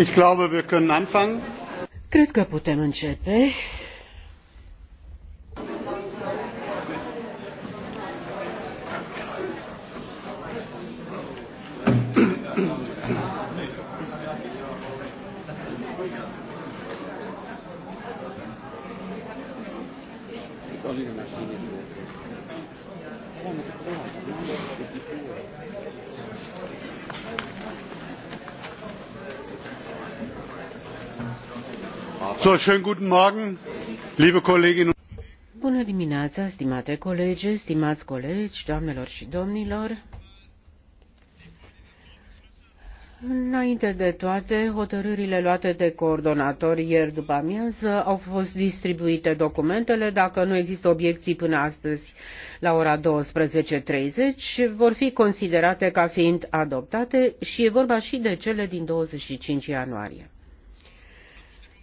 Ich glaube, wir können anfangen. Cred că putem începe. Bună dimineața, stimate colege, stimați colegi, doamnelor și domnilor. Înainte de toate, hotărârile luate de coordonatori ieri după amiază au fost distribuite documentele. Dacă nu există obiecții până astăzi la ora 12.30, vor fi considerate ca fiind adoptate și e vorba și de cele din 25 ianuarie.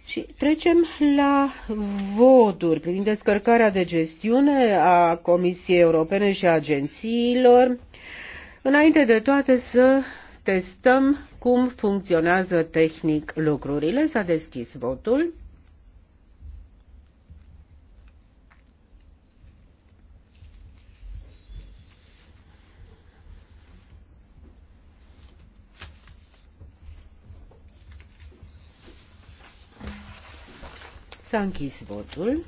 Și trecem la voturi privind descărcarea de gestiune a Comisiei Europene și a agențiilor. Înainte de toate să testăm cum funcționează tehnic lucrurile. S-a deschis votul. S-a închis votul.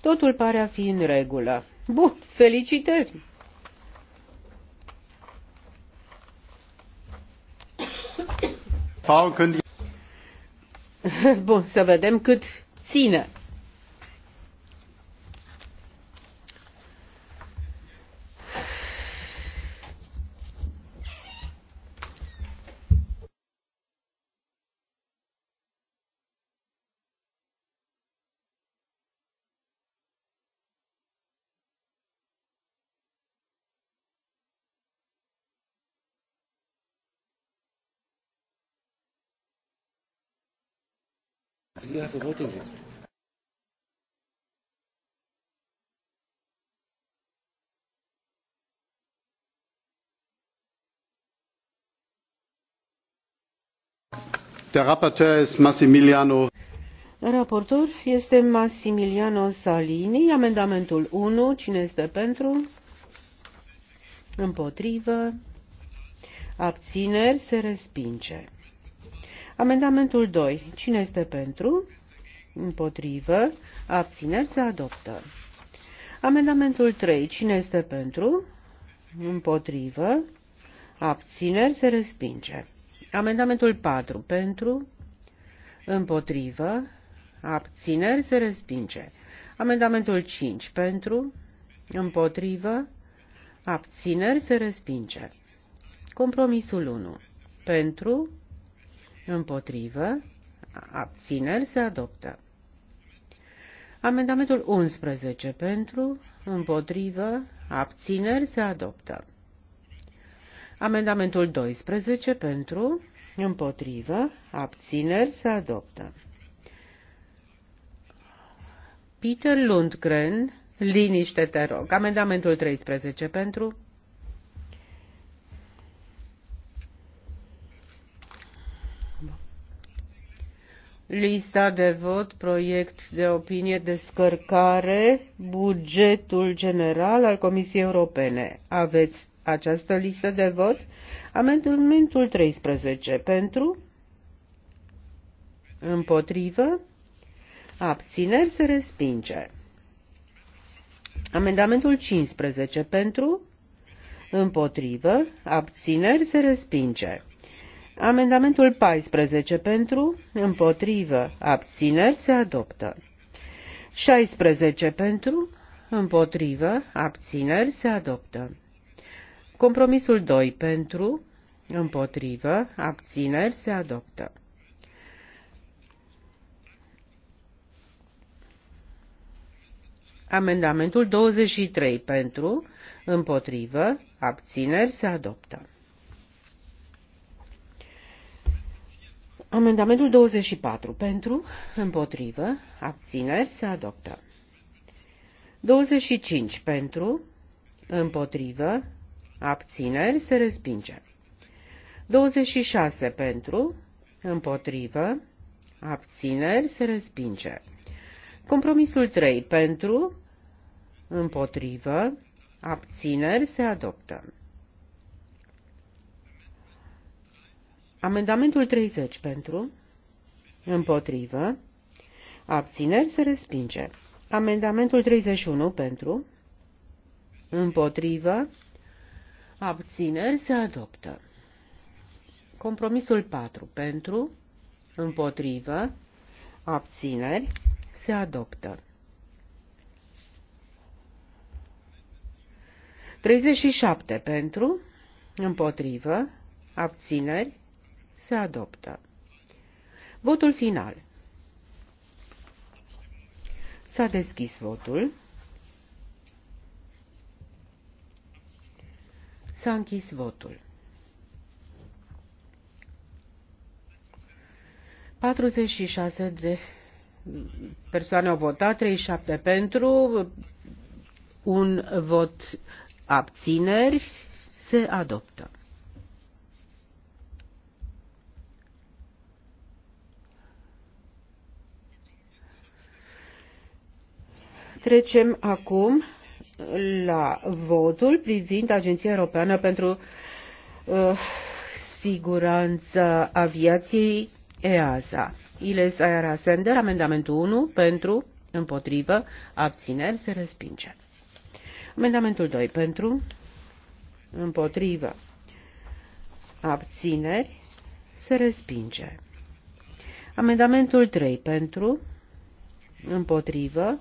Totul pare a fi în regulă. Bun, felicitări! Bun, să vedem cât ține. de asta, a voting vezi. Massimiliano. Raportor este Massimiliano Salini. Amendamentul 1. Cine este pentru? Împotrivă. Abțineri se respinge. Amendamentul 2. Cine este pentru? Împotrivă. Abțineri se adoptă. Amendamentul 3. Cine este pentru? Împotrivă. Abțineri se respinge. Amendamentul 4. Pentru? Împotrivă. Abțineri se respinge. Amendamentul 5. Pentru? Împotrivă. Abțineri se respinge. Compromisul 1. Pentru? Împotrivă. Abțineri se adoptă. Amendamentul 11 pentru, împotrivă, abțineri se adoptă. Amendamentul 12 pentru, împotrivă, abțineri se adoptă. Peter Lundgren, liniște te rog. Amendamentul 13 pentru, Lista de vot, proiect de opinie, descărcare, bugetul general al Comisiei Europene. Aveți această listă de vot? Amendamentul 13 pentru, împotrivă, abțineri se respinge. Amendamentul 15 pentru, împotrivă, abțineri se respinge. Amendamentul 14 pentru, împotrivă, abțineri se adoptă. 16 pentru, împotrivă, abțineri se adoptă. Compromisul 2 pentru, împotrivă, abțineri se adoptă. Amendamentul 23 pentru, împotrivă, abțineri se adoptă. Amendamentul 24 pentru, împotrivă, abțineri se adoptă. 25 pentru, împotrivă, abțineri se respinge. 26 pentru, împotrivă, abțineri se respinge. Compromisul 3 pentru, împotrivă, abțineri se adoptă. Amendamentul 30 pentru, împotrivă, abțineri se respinge. Amendamentul 31 pentru, împotrivă, abțineri se adoptă. Compromisul 4 pentru, împotrivă, abțineri se adoptă. 37 pentru, împotrivă, abțineri se adoptă. Votul final. S-a deschis votul. S-a închis votul. 46 de persoane au votat, 37 pentru, un vot abțineri, se adoptă. Trecem acum la votul privind Agenția Europeană pentru uh, Siguranța Aviației EASA. Iles Aera Sender, amendamentul 1, pentru, împotrivă, abțineri, se respinge. Amendamentul 2, pentru, împotrivă, abțineri, se respinge. Amendamentul 3, pentru, împotrivă,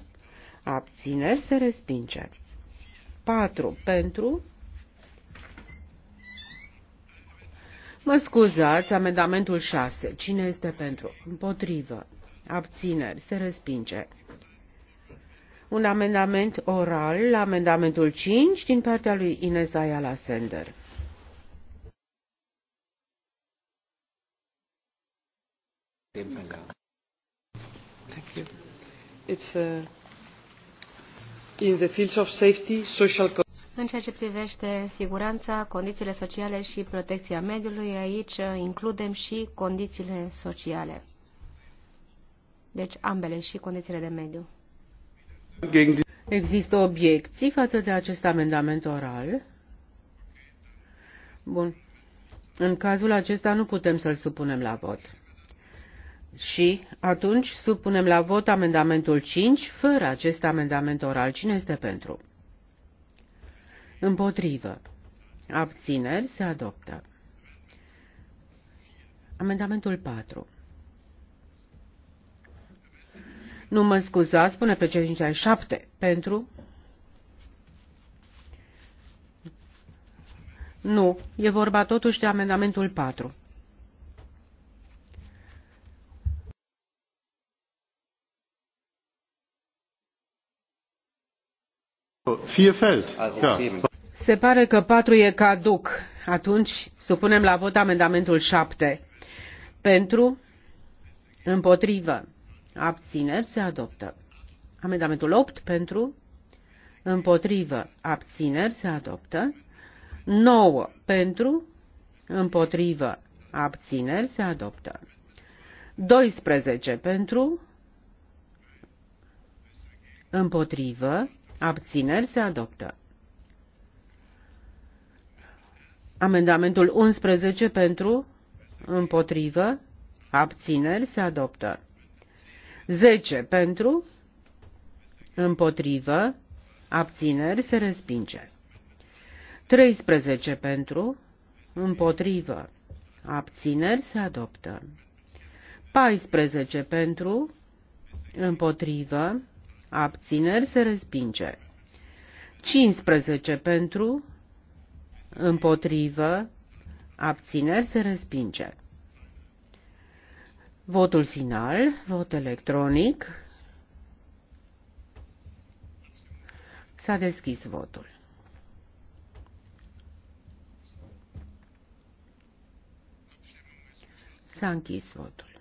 abțineri, se respinge. 4 pentru, Mă scuzați, amendamentul 6. Cine este pentru? Împotrivă. Abțineri. Se respinge. Un amendament oral la amendamentul 5 din partea lui Ines Ayala Sender. Thank you. It's a in the fields of safety, social în ceea ce privește siguranța, condițiile sociale și protecția mediului, aici uh, includem și condițiile sociale. Deci ambele și condițiile de mediu. Există obiecții față de acest amendament oral? Bun. În cazul acesta nu putem să-l supunem la vot. Și atunci supunem la vot amendamentul 5 fără acest amendament oral. Cine este pentru? Împotrivă. Abțineri se adoptă. Amendamentul 4. Nu mă scuzați, spune președintele 7. Pentru? Nu, e vorba totuși de amendamentul 4. Vier fällt. Ja. Se pare că patru e caduc. Atunci supunem la vot amendamentul 7. Pentru, împotrivă, abțineri se adoptă. Amendamentul 8 pentru, împotrivă, abțineri se adoptă. 9 pentru, împotrivă, abțineri se adoptă. 12 pentru, împotrivă, Abțineri se adoptă. Amendamentul 11 pentru, împotrivă, abțineri se adoptă. 10 pentru, împotrivă, abțineri se respinge. 13 pentru, împotrivă, abțineri se adoptă. 14 pentru, împotrivă, abțineri se respinge. 15 pentru, împotrivă, abțineri se respinge. Votul final, vot electronic. S-a deschis votul. S-a închis votul.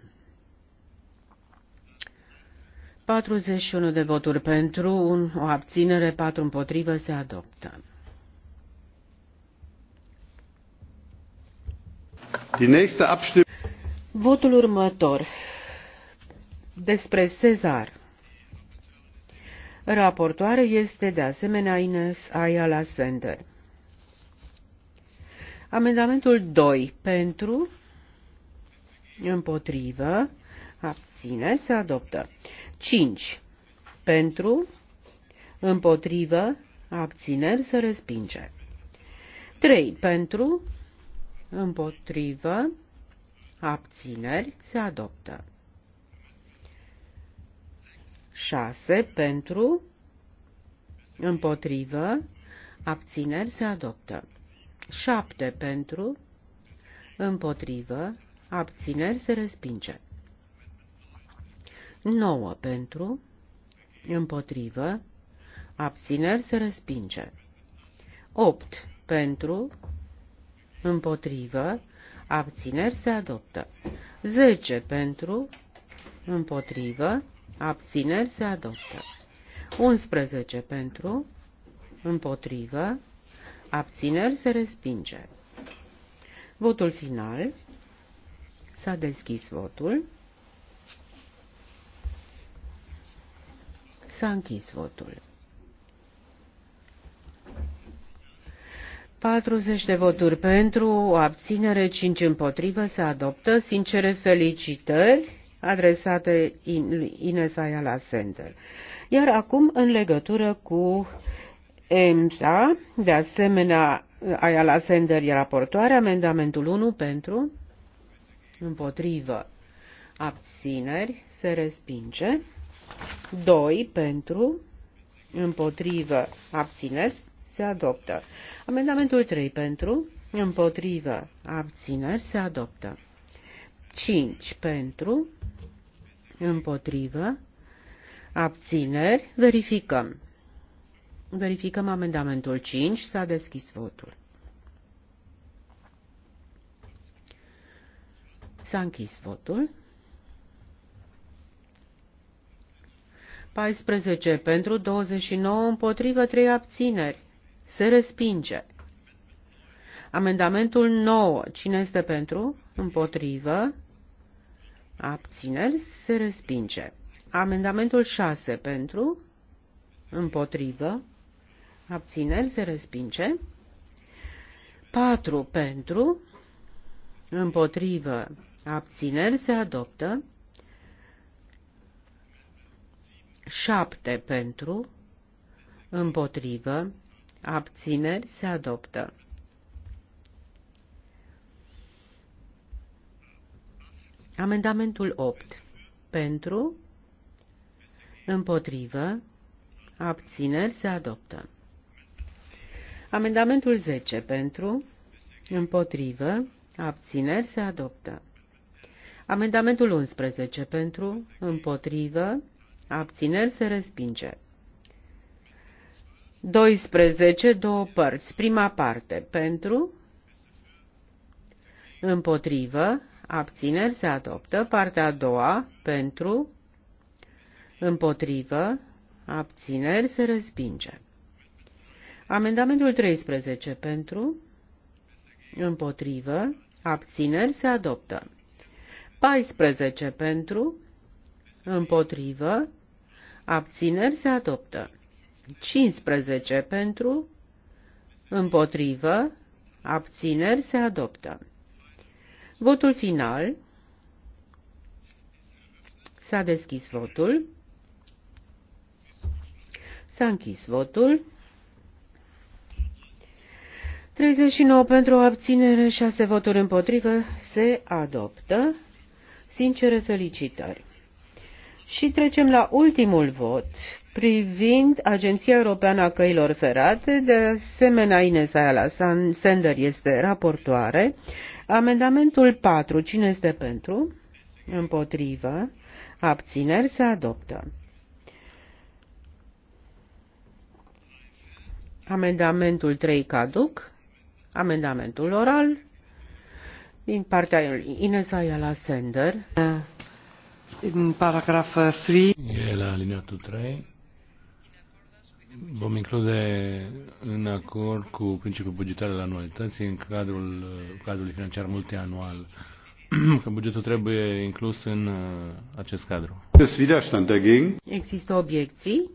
41 de voturi pentru, un o abținere, 4 împotrivă, se adoptă. Votul următor despre Cezar. Raportoare este de asemenea Ines Ayala Sender. Amendamentul 2 pentru, împotrivă, abține, se adoptă. 5 pentru, împotrivă, abțineri se respinge. 3 pentru, împotrivă, abțineri se adoptă. 6 pentru, împotrivă, abțineri se adoptă. 7 pentru, împotrivă, abțineri se respinge. 9 pentru, împotrivă, abțineri se respinge. 8 pentru, împotrivă, abțineri se adoptă. 10 pentru, împotrivă, abțineri se adoptă. 11 pentru, împotrivă, abțineri se respinge. Votul final. S-a deschis votul. S-a închis votul. 40 de voturi pentru, o abținere, 5 împotrivă, se adoptă. Sincere felicitări adresate lui Ines Ayala Sender. Iar acum, în legătură cu EMSA, de asemenea, Ayala Sender e raportoare, amendamentul 1 pentru, împotrivă, abțineri, se respinge. 2 pentru, împotrivă, abțineri, se adoptă. Amendamentul 3 pentru, împotrivă, abțineri, se adoptă. 5 pentru, împotrivă, abțineri, verificăm. Verificăm amendamentul 5, s-a deschis votul. S-a închis votul. 14 pentru 29 împotrivă 3 abțineri. Se respinge. Amendamentul 9. Cine este pentru? Împotrivă. Abțineri. Se respinge. Amendamentul 6 pentru? Împotrivă. Abțineri. Se respinge. 4 pentru? Împotrivă. Abțineri. Se adoptă. 7 pentru, împotrivă, abțineri se adoptă. Amendamentul 8 pentru, împotrivă, abțineri se adoptă. Amendamentul 10 pentru, împotrivă, abțineri se adoptă. Amendamentul 11 pentru, împotrivă, Abțineri se respinge. 12, două părți. Prima parte, pentru, împotrivă, abțineri se adoptă. Partea a doua, pentru, împotrivă, abțineri se respinge. Amendamentul 13, pentru, împotrivă, abțineri se adoptă. 14 pentru, împotrivă, Abțineri se adoptă. 15 pentru, împotrivă, abțineri se adoptă. Votul final. S-a deschis votul. S-a închis votul. 39 pentru abținere, 6 voturi împotrivă, se adoptă. Sincere felicitări! Și trecem la ultimul vot privind Agenția Europeană a Căilor Ferate. De asemenea, Ines Ayala Sender este raportoare. Amendamentul 4. Cine este pentru? Împotrivă. Abțineri se adoptă. Amendamentul 3 caduc. Amendamentul oral din partea Ines Ayala Sender. Uh, în paragraf 3. E la alineatul 3. Vom include în acord cu principiul bugetar al anualității în cadrul uh, cadrului financiar multianual că bugetul trebuie inclus în uh, acest cadru. Există obiecții?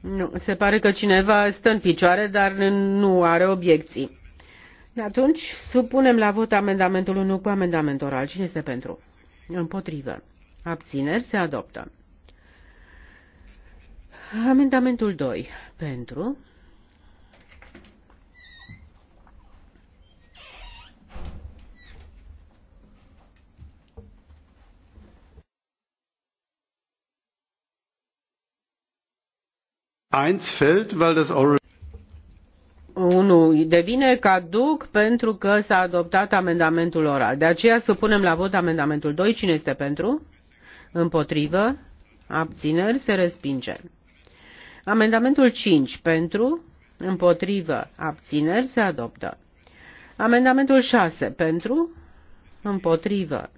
Nu, se pare că cineva stă în picioare, dar nu are obiecții. Atunci supunem la vot amendamentul 1 cu amendament oral. Cine este pentru? Împotrivă. Abțineri se adoptă. Amendamentul 2. Pentru. Eins fällt, weil das oral 1 devine caduc pentru că s-a adoptat amendamentul oral. De aceea să punem la vot amendamentul 2. Cine este pentru? Împotrivă? Abțineri? Se respinge. Amendamentul 5. Pentru? Împotrivă? Abțineri? Se adoptă. Amendamentul 6. Pentru? Împotrivă?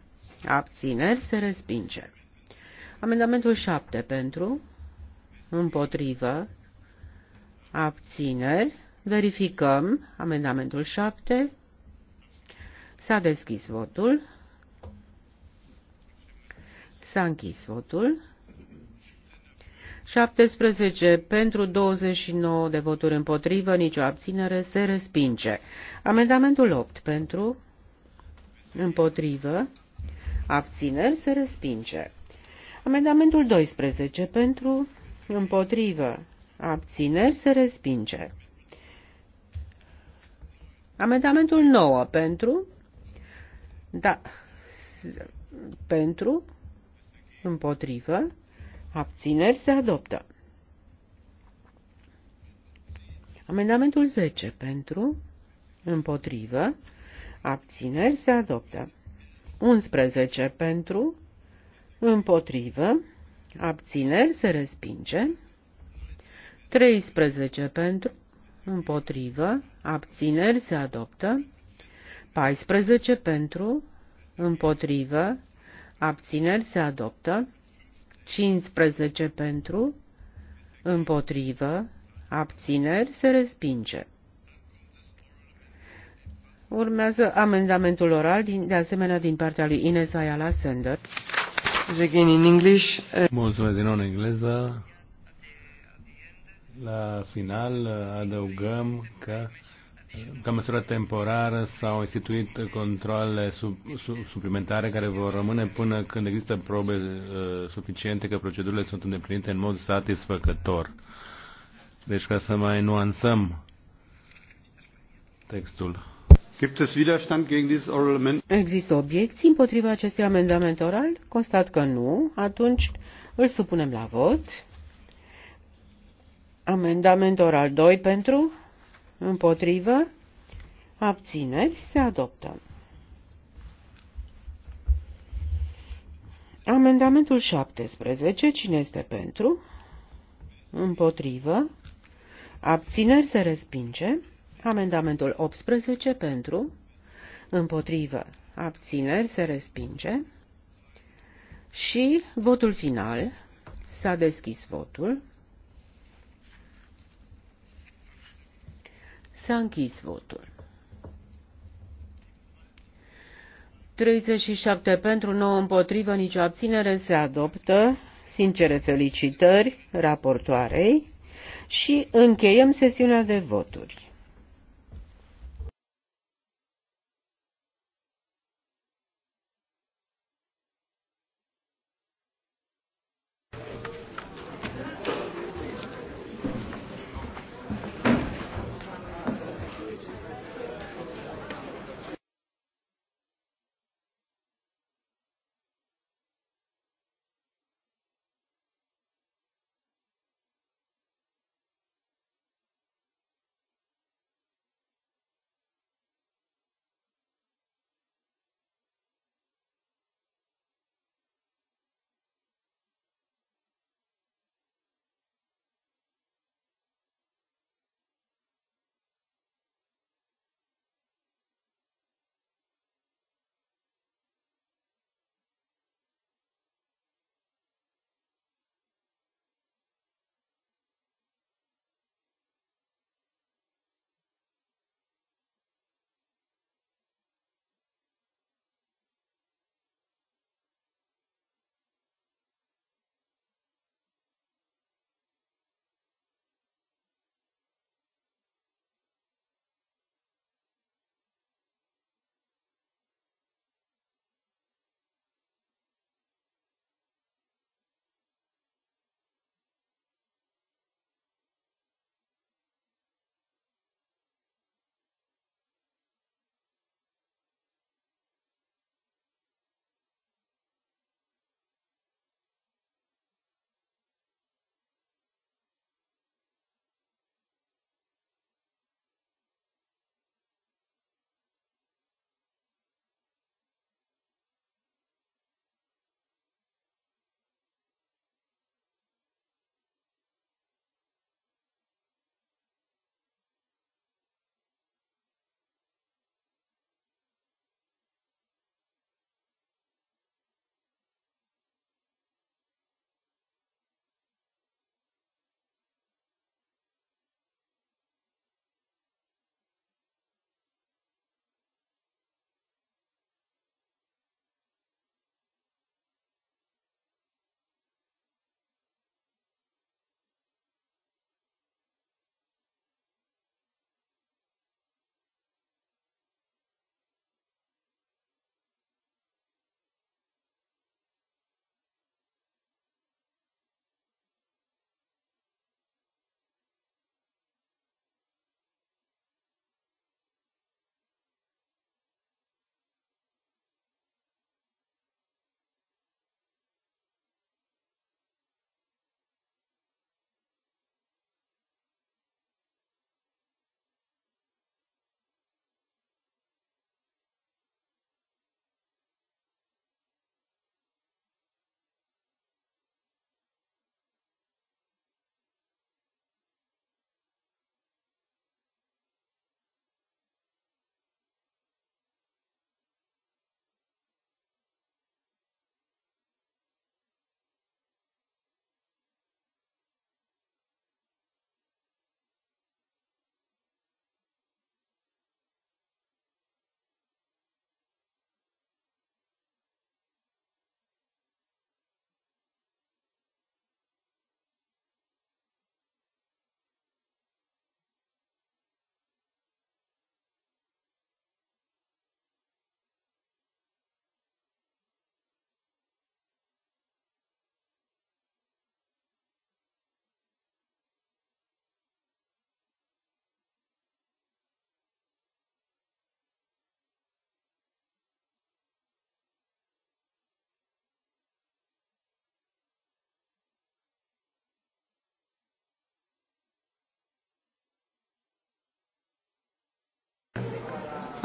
Abțineri? Se respinge. Amendamentul 7. Pentru? Împotrivă? Abțineri? Verificăm amendamentul 7. S-a deschis votul. S-a închis votul. 17 pentru 29 de voturi împotrivă, nicio abținere, se respinge. Amendamentul 8 pentru, împotrivă, abțineri, se respinge. Amendamentul 12 pentru, împotrivă, abțineri, se respinge. Amendamentul 9 pentru, da, pentru, împotrivă, abțineri se adoptă. Amendamentul 10 pentru, împotrivă, abțineri se adoptă. 11 pentru, împotrivă, abțineri se respinge. 13 pentru, împotrivă, abțineri se adoptă, 14 pentru, împotrivă, abțineri se adoptă, 15 pentru, împotrivă, abțineri se respinge. Urmează amendamentul oral, din, de asemenea din partea lui Ines Ayala Sender. Mulțumesc din nou în engleză la final adăugăm că ca măsură temporară s-au instituit controle sub, sub, suplimentare care vor rămâne până când există probe uh, suficiente că procedurile sunt îndeplinite în mod satisfăcător. Deci ca să mai nuanțăm textul. Există obiecții împotriva acestui amendament oral? Constat că nu. Atunci îl supunem la vot. Amendament oral 2 pentru, împotrivă, abțineri, se adoptă. Amendamentul 17, cine este pentru? Împotrivă. Abțineri se respinge. Amendamentul 18 pentru. Împotrivă. Abțineri se respinge. Și votul final. S-a deschis votul. S-a închis votul. 37 pentru, 9 împotrivă, nicio abținere se adoptă. Sincere felicitări raportoarei și încheiem sesiunea de voturi.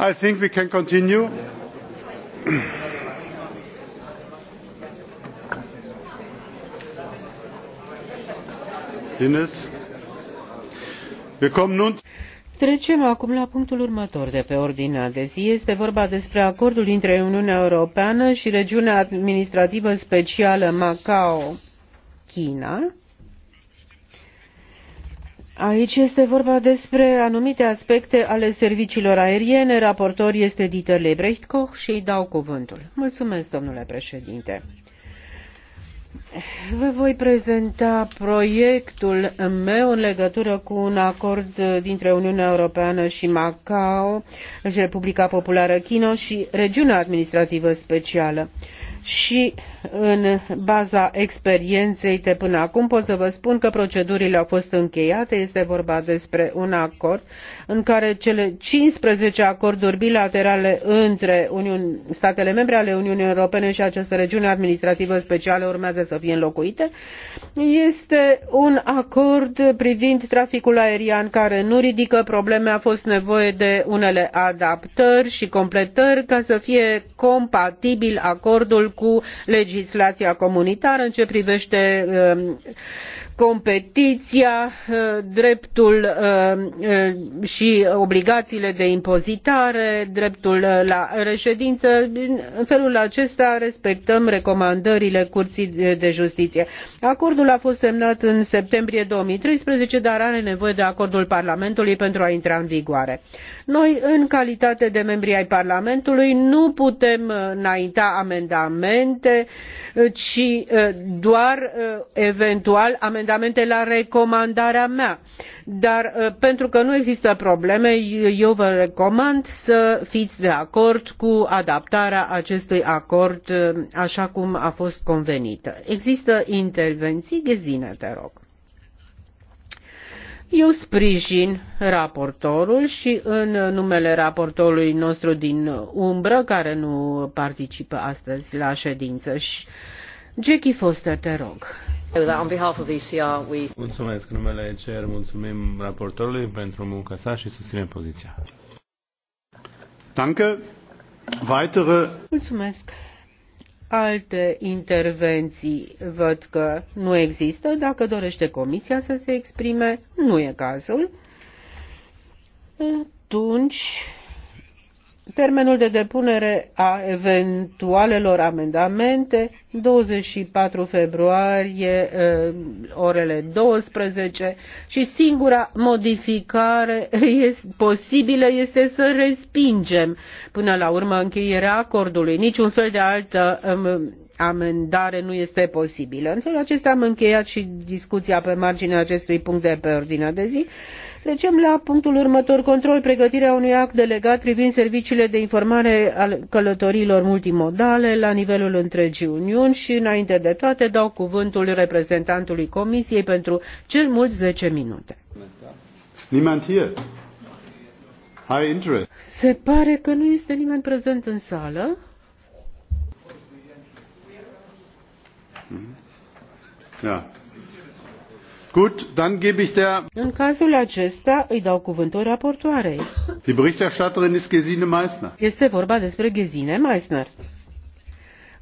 I think we can continue. Ines. Trecem acum la punctul următor de pe ordinea de zi. Este vorba despre acordul dintre Uniunea Europeană și regiunea administrativă specială Macao, China. Aici este vorba despre anumite aspecte ale serviciilor aeriene. Raportor este Dieter Lebrecht Koch și îi dau cuvântul. Mulțumesc, domnule președinte. Vă voi prezenta proiectul meu în legătură cu un acord dintre Uniunea Europeană și Macao, Republica Populară China și regiunea administrativă specială și în baza experienței de până acum pot să vă spun că procedurile au fost încheiate. Este vorba despre un acord în care cele 15 acorduri bilaterale între Uniun, statele membre ale Uniunii Europene și această regiune administrativă specială urmează să fie înlocuite. Este un acord privind traficul aerian care nu ridică probleme. A fost nevoie de unele adaptări și completări ca să fie compatibil acordul cu legislația comunitară în ce privește um, competiția, uh, dreptul uh, uh, și obligațiile de impozitare, dreptul la reședință. În felul acesta respectăm recomandările Curții de Justiție. Acordul a fost semnat în septembrie 2013, dar are nevoie de acordul Parlamentului pentru a intra în vigoare. Noi, în calitate de membri ai Parlamentului, nu putem uh, înainta amendamente, uh, ci uh, doar eventual amendamente la recomandarea mea. Dar pentru că nu există probleme, eu vă recomand să fiți de acord cu adaptarea acestui acord așa cum a fost convenită. Există intervenții? Ghezine, te rog. Eu sprijin raportorul și în numele raportorului nostru din umbră, care nu participă astăzi la ședință. Și Jackie Foster, te rog. Mulțumesc. În numele ECR mulțumim raportorului pentru munca sa și susținem poziția. Danke. Weitere... Mulțumesc alte intervenții văd că nu există. Dacă dorește comisia să se exprime, nu e cazul. Atunci Termenul de depunere a eventualelor amendamente, 24 februarie, uh, orele 12 și singura modificare posibilă este să respingem până la urmă încheierea acordului. Niciun fel de altă um, amendare nu este posibilă. În felul acesta am încheiat și discuția pe marginea acestui punct de pe ordinea de zi. Trecem la punctul următor, control, pregătirea unui act delegat privind serviciile de informare al călătorilor multimodale la nivelul întregii Uniuni și, înainte de toate, dau cuvântul reprezentantului Comisiei pentru cel mult 10 minute. Se pare că nu este nimeni prezent în sală. Mm -hmm. Da. În cazul acesta îi dau cuvântul raportoarei. Die Berichterstatterin ist Gesine Meissner. Este vorba despre Gesine Meissner.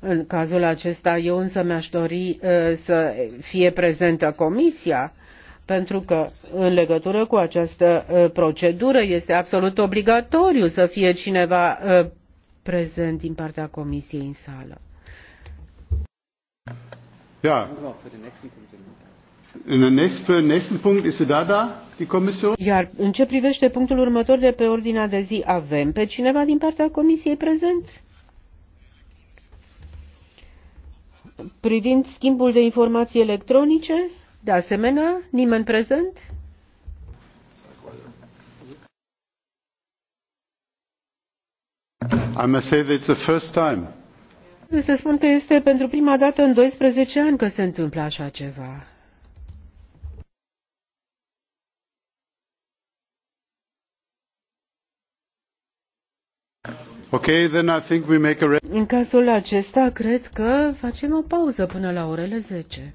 În cazul acesta eu însă mi-aș dori uh, să fie prezentă comisia pentru că în legătură cu această uh, procedură este absolut obligatoriu să fie cineva uh, prezent din partea comisiei în sală. Ja. Pentru nächsten punct este da da? Iar în ce privește punctul următor de pe ordinea de zi, avem pe cineva din partea Comisiei prezent? Privind schimbul de informații electronice, de asemenea, nimeni prezent? I must say that it's the first time. Să spun că este pentru prima dată în 12 ani că se întâmplă așa ceva. Okay, then I think we make a... În cazul acesta, cred că facem o pauză până la orele 10.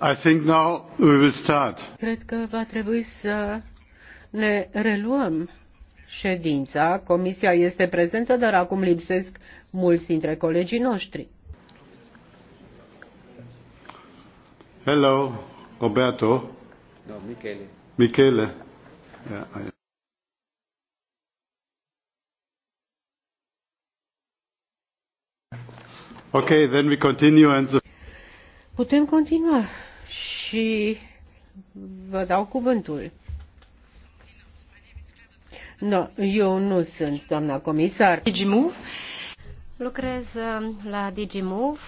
I think now we will start. Cred că va trebui să ne reluăm ședința. Comisia este prezentă, dar acum lipsesc mulți dintre colegii noștri. Hello, Roberto. No, Michele. Michele. Yeah, I... Okay, then we continue and the Putem continua și vă dau cuvântul. No, eu nu sunt doamna comisar. DigiMove. Lucrez uh, la DigiMove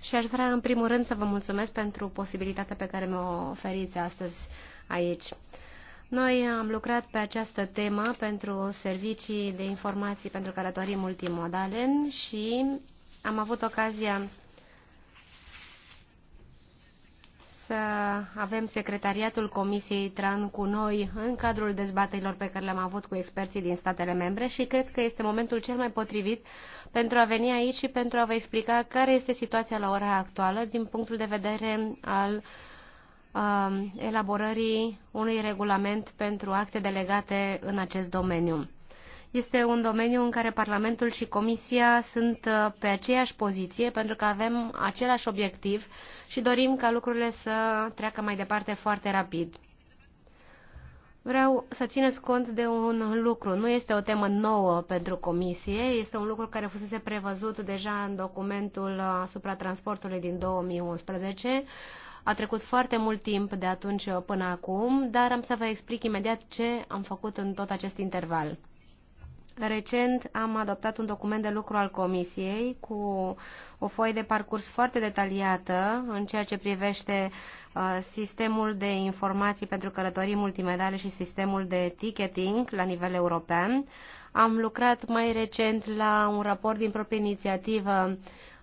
și aș vrea în primul rând să vă mulțumesc pentru posibilitatea pe care mi-o oferiți astăzi aici. Noi am lucrat pe această temă pentru servicii de informații pentru călătorii multimodale și am avut ocazia să avem secretariatul Comisiei TRAN cu noi în cadrul dezbaterilor pe care le-am avut cu experții din statele membre și cred că este momentul cel mai potrivit pentru a veni aici și pentru a vă explica care este situația la ora actuală din punctul de vedere al uh, elaborării unui regulament pentru acte delegate în acest domeniu. Este un domeniu în care Parlamentul și Comisia sunt uh, pe aceeași poziție pentru că avem același obiectiv și dorim ca lucrurile să treacă mai departe foarte rapid. Vreau să țineți cont de un lucru. Nu este o temă nouă pentru comisie, este un lucru care fusese prevăzut deja în documentul uh, asupra transportului din 2011. A trecut foarte mult timp de atunci până acum, dar am să vă explic imediat ce am făcut în tot acest interval. Recent am adoptat un document de lucru al Comisiei cu o foaie de parcurs foarte detaliată în ceea ce privește uh, sistemul de informații pentru călătorii multimedale și sistemul de ticketing la nivel european. Am lucrat mai recent la un raport din proprie inițiativă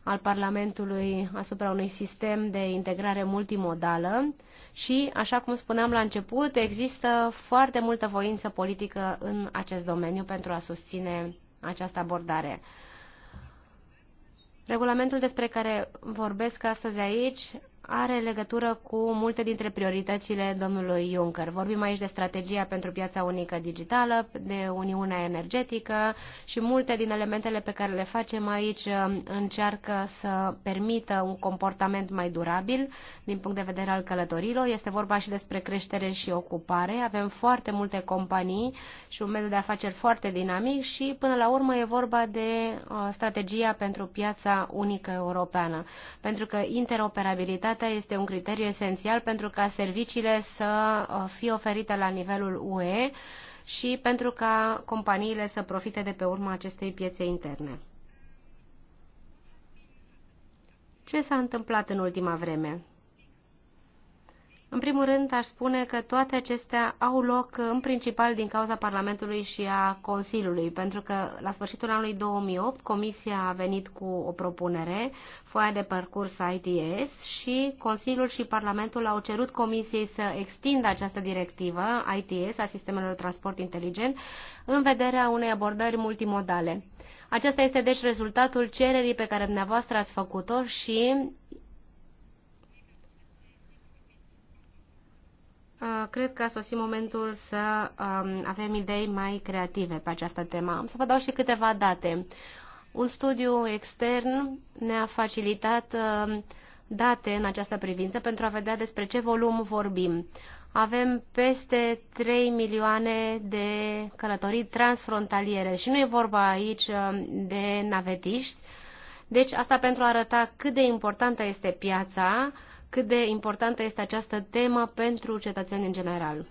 al Parlamentului asupra unui sistem de integrare multimodală și, așa cum spuneam la început, există foarte multă voință politică în acest domeniu pentru a susține această abordare. Regulamentul despre care vorbesc astăzi aici are legătură cu multe dintre prioritățile domnului Juncker. Vorbim aici de strategia pentru piața unică digitală, de Uniunea energetică și multe din elementele pe care le facem aici uh, încearcă să permită un comportament mai durabil din punct de vedere al călătorilor. Este vorba și despre creștere și ocupare. Avem foarte multe companii și un mediu de afaceri foarte dinamic și până la urmă e vorba de uh, strategia pentru piața unică europeană. Pentru că interoperabilitatea calitatea este un criteriu esențial pentru ca serviciile să uh, fie oferite la nivelul UE și pentru ca companiile să profite de pe urma acestei piețe interne. Ce s-a întâmplat în ultima vreme? În primul rând, aș spune că toate acestea au loc în principal din cauza Parlamentului și a Consiliului, pentru că la sfârșitul anului 2008 Comisia a venit cu o propunere, foaia de parcurs ITS, și Consiliul și Parlamentul au cerut Comisiei să extindă această directivă ITS, a sistemelor de transport inteligent, în vederea unei abordări multimodale. Acesta este deci rezultatul cererii pe care dumneavoastră ați făcut-o și Uh, cred că a sosit momentul să um, avem idei mai creative pe această temă. Am să vă dau și câteva date. Un studiu extern ne-a facilitat uh, date în această privință pentru a vedea despre ce volum vorbim. Avem peste 3 milioane de călătorii transfrontaliere și nu e vorba aici uh, de navetiști. Deci asta pentru a arăta cât de importantă este piața, cât de importantă este această temă pentru cetățenii în general.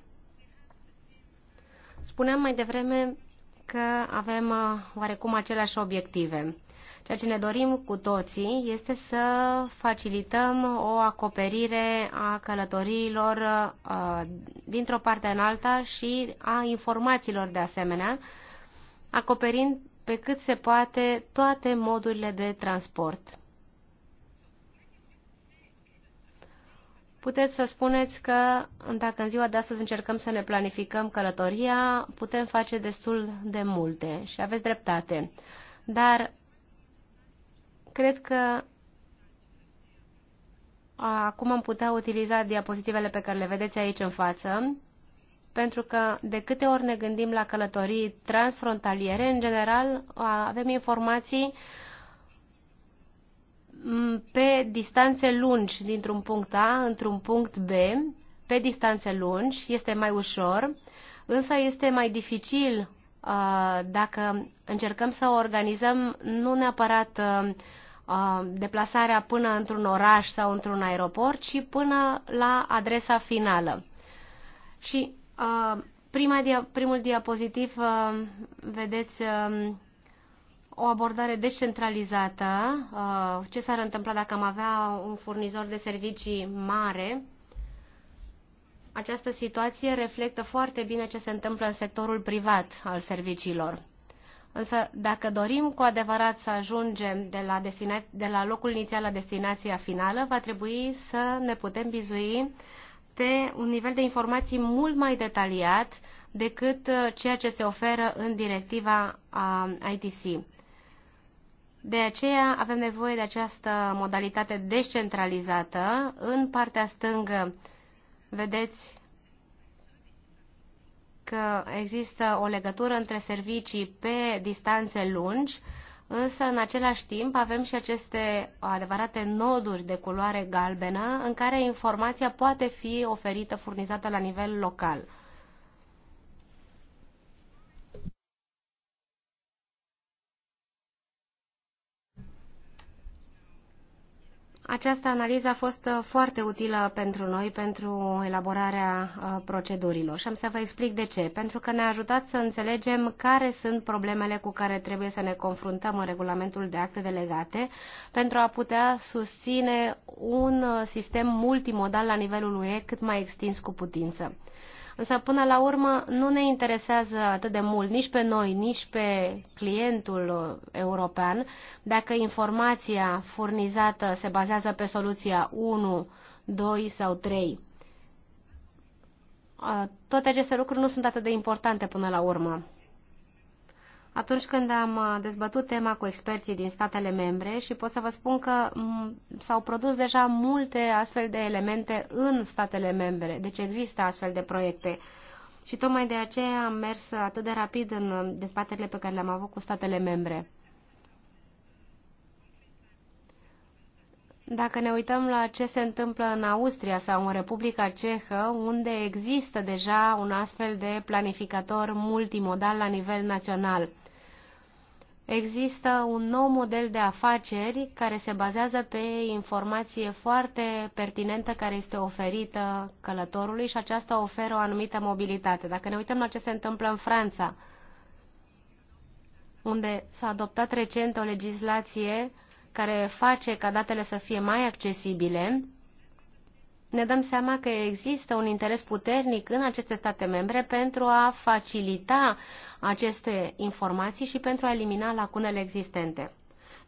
Spuneam mai devreme că avem uh, oarecum aceleași obiective. Ceea ce ne dorim cu toții este să facilităm o acoperire a călătoriilor uh, dintr-o parte în alta și a informațiilor de asemenea, acoperind pe cât se poate toate modurile de transport. puteți să spuneți că dacă în ziua de astăzi încercăm să ne planificăm călătoria, putem face destul de multe și aveți dreptate. Dar cred că acum am putea utiliza diapozitivele pe care le vedeți aici în față, pentru că de câte ori ne gândim la călătorii transfrontaliere, în general avem informații uh, pe distanțe lungi dintr-un punct A într-un punct B, pe distanțe lungi, este mai ușor, însă este mai dificil dacă încercăm să organizăm nu neapărat deplasarea până într-un oraș sau într-un aeroport, ci până la adresa finală. Și prima, primul diapozitiv, vedeți o abordare descentralizată, uh, ce s-ar întâmpla dacă am avea un furnizor de servicii mare, această situație reflectă foarte bine ce se întâmplă în sectorul privat al serviciilor. Însă, dacă dorim cu adevărat să ajungem de la, destina- de la locul inițial la destinația finală, va trebui să ne putem bizui pe un nivel de informații mult mai detaliat decât uh, ceea ce se oferă în directiva uh, ITC. De aceea avem nevoie de această modalitate descentralizată. În partea stângă vedeți că există o legătură între servicii pe distanțe lungi, însă în același timp avem și aceste adevărate noduri de culoare galbenă în care informația poate fi oferită, furnizată la nivel local. Această analiză a fost uh, foarte utilă pentru noi, pentru elaborarea uh, procedurilor și am să vă explic de ce. Pentru că ne-a ajutat să înțelegem care sunt problemele cu care trebuie să ne confruntăm în regulamentul de acte delegate pentru a putea susține un uh, sistem multimodal la nivelul UE cât mai extins cu putință. Însă, până la urmă, nu ne interesează atât de mult nici pe noi, nici pe clientul european dacă informația furnizată se bazează pe soluția 1, 2 sau 3. Toate aceste lucruri nu sunt atât de importante până la urmă atunci când am uh, dezbătut tema cu experții din statele membre și pot să vă spun că mm, s-au produs deja multe astfel de elemente în statele membre, deci există astfel de proiecte. Și tocmai de aceea am mers atât de rapid în uh, dezbaterile pe care le-am avut cu statele membre. Dacă ne uităm la ce se întâmplă în Austria sau în Republica Cehă, unde există deja un astfel de planificator multimodal la nivel național – există un nou model de afaceri care se bazează pe informație foarte pertinentă care este oferită călătorului și aceasta oferă o anumită mobilitate. Dacă ne uităm la ce se întâmplă în Franța, unde s-a adoptat recent o legislație care face ca datele să fie mai accesibile, ne dăm seama că există un interes puternic în aceste state membre pentru a facilita aceste informații și pentru a elimina lacunele existente.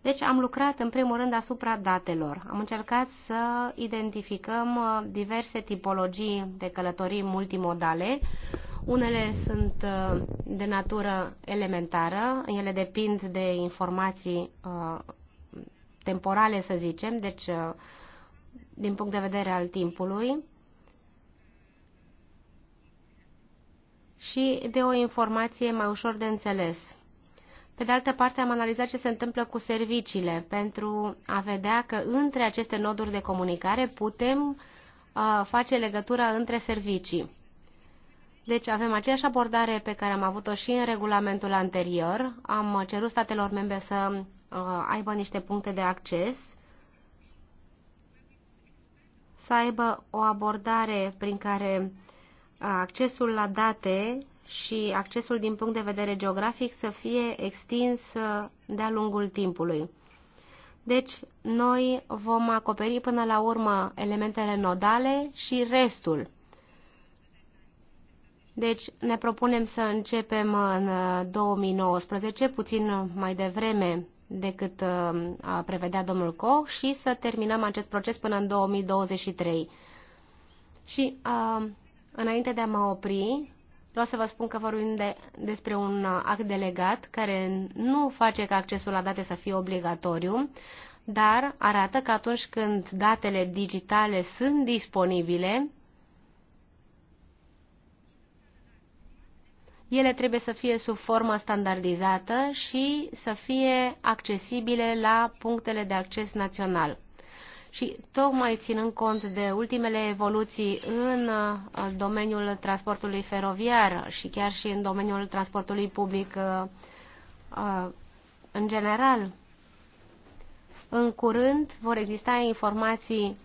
Deci am lucrat în primul rând asupra datelor. Am încercat să identificăm uh, diverse tipologii de călătorii multimodale. Unele sunt uh, de natură elementară, ele depind de informații uh, temporale, să zicem, deci din punct de vedere al timpului și de o informație mai ușor de înțeles. Pe de altă parte, am analizat ce se întâmplă cu serviciile pentru a vedea că între aceste noduri de comunicare putem uh, face legătura între servicii. Deci avem aceeași abordare pe care am avut-o și în regulamentul anterior. Am cerut statelor membre să uh, aibă niște puncte de acces să aibă o abordare prin care accesul la date și accesul din punct de vedere geografic să fie extins de-a lungul timpului. Deci, noi vom acoperi până la urmă elementele nodale și restul. Deci, ne propunem să începem în 2019, puțin mai devreme decât uh, a prevedea domnul Koch și să terminăm acest proces până în 2023. Și uh, înainte de a mă opri, vreau să vă spun că vorbim de, despre un uh, act delegat care nu face ca accesul la date să fie obligatoriu, dar arată că atunci când datele digitale sunt disponibile, Ele trebuie să fie sub formă standardizată și să fie accesibile la punctele de acces național. Și tocmai ținând cont de ultimele evoluții în uh, domeniul transportului feroviar și chiar și în domeniul transportului public uh, uh, în general, în curând vor exista informații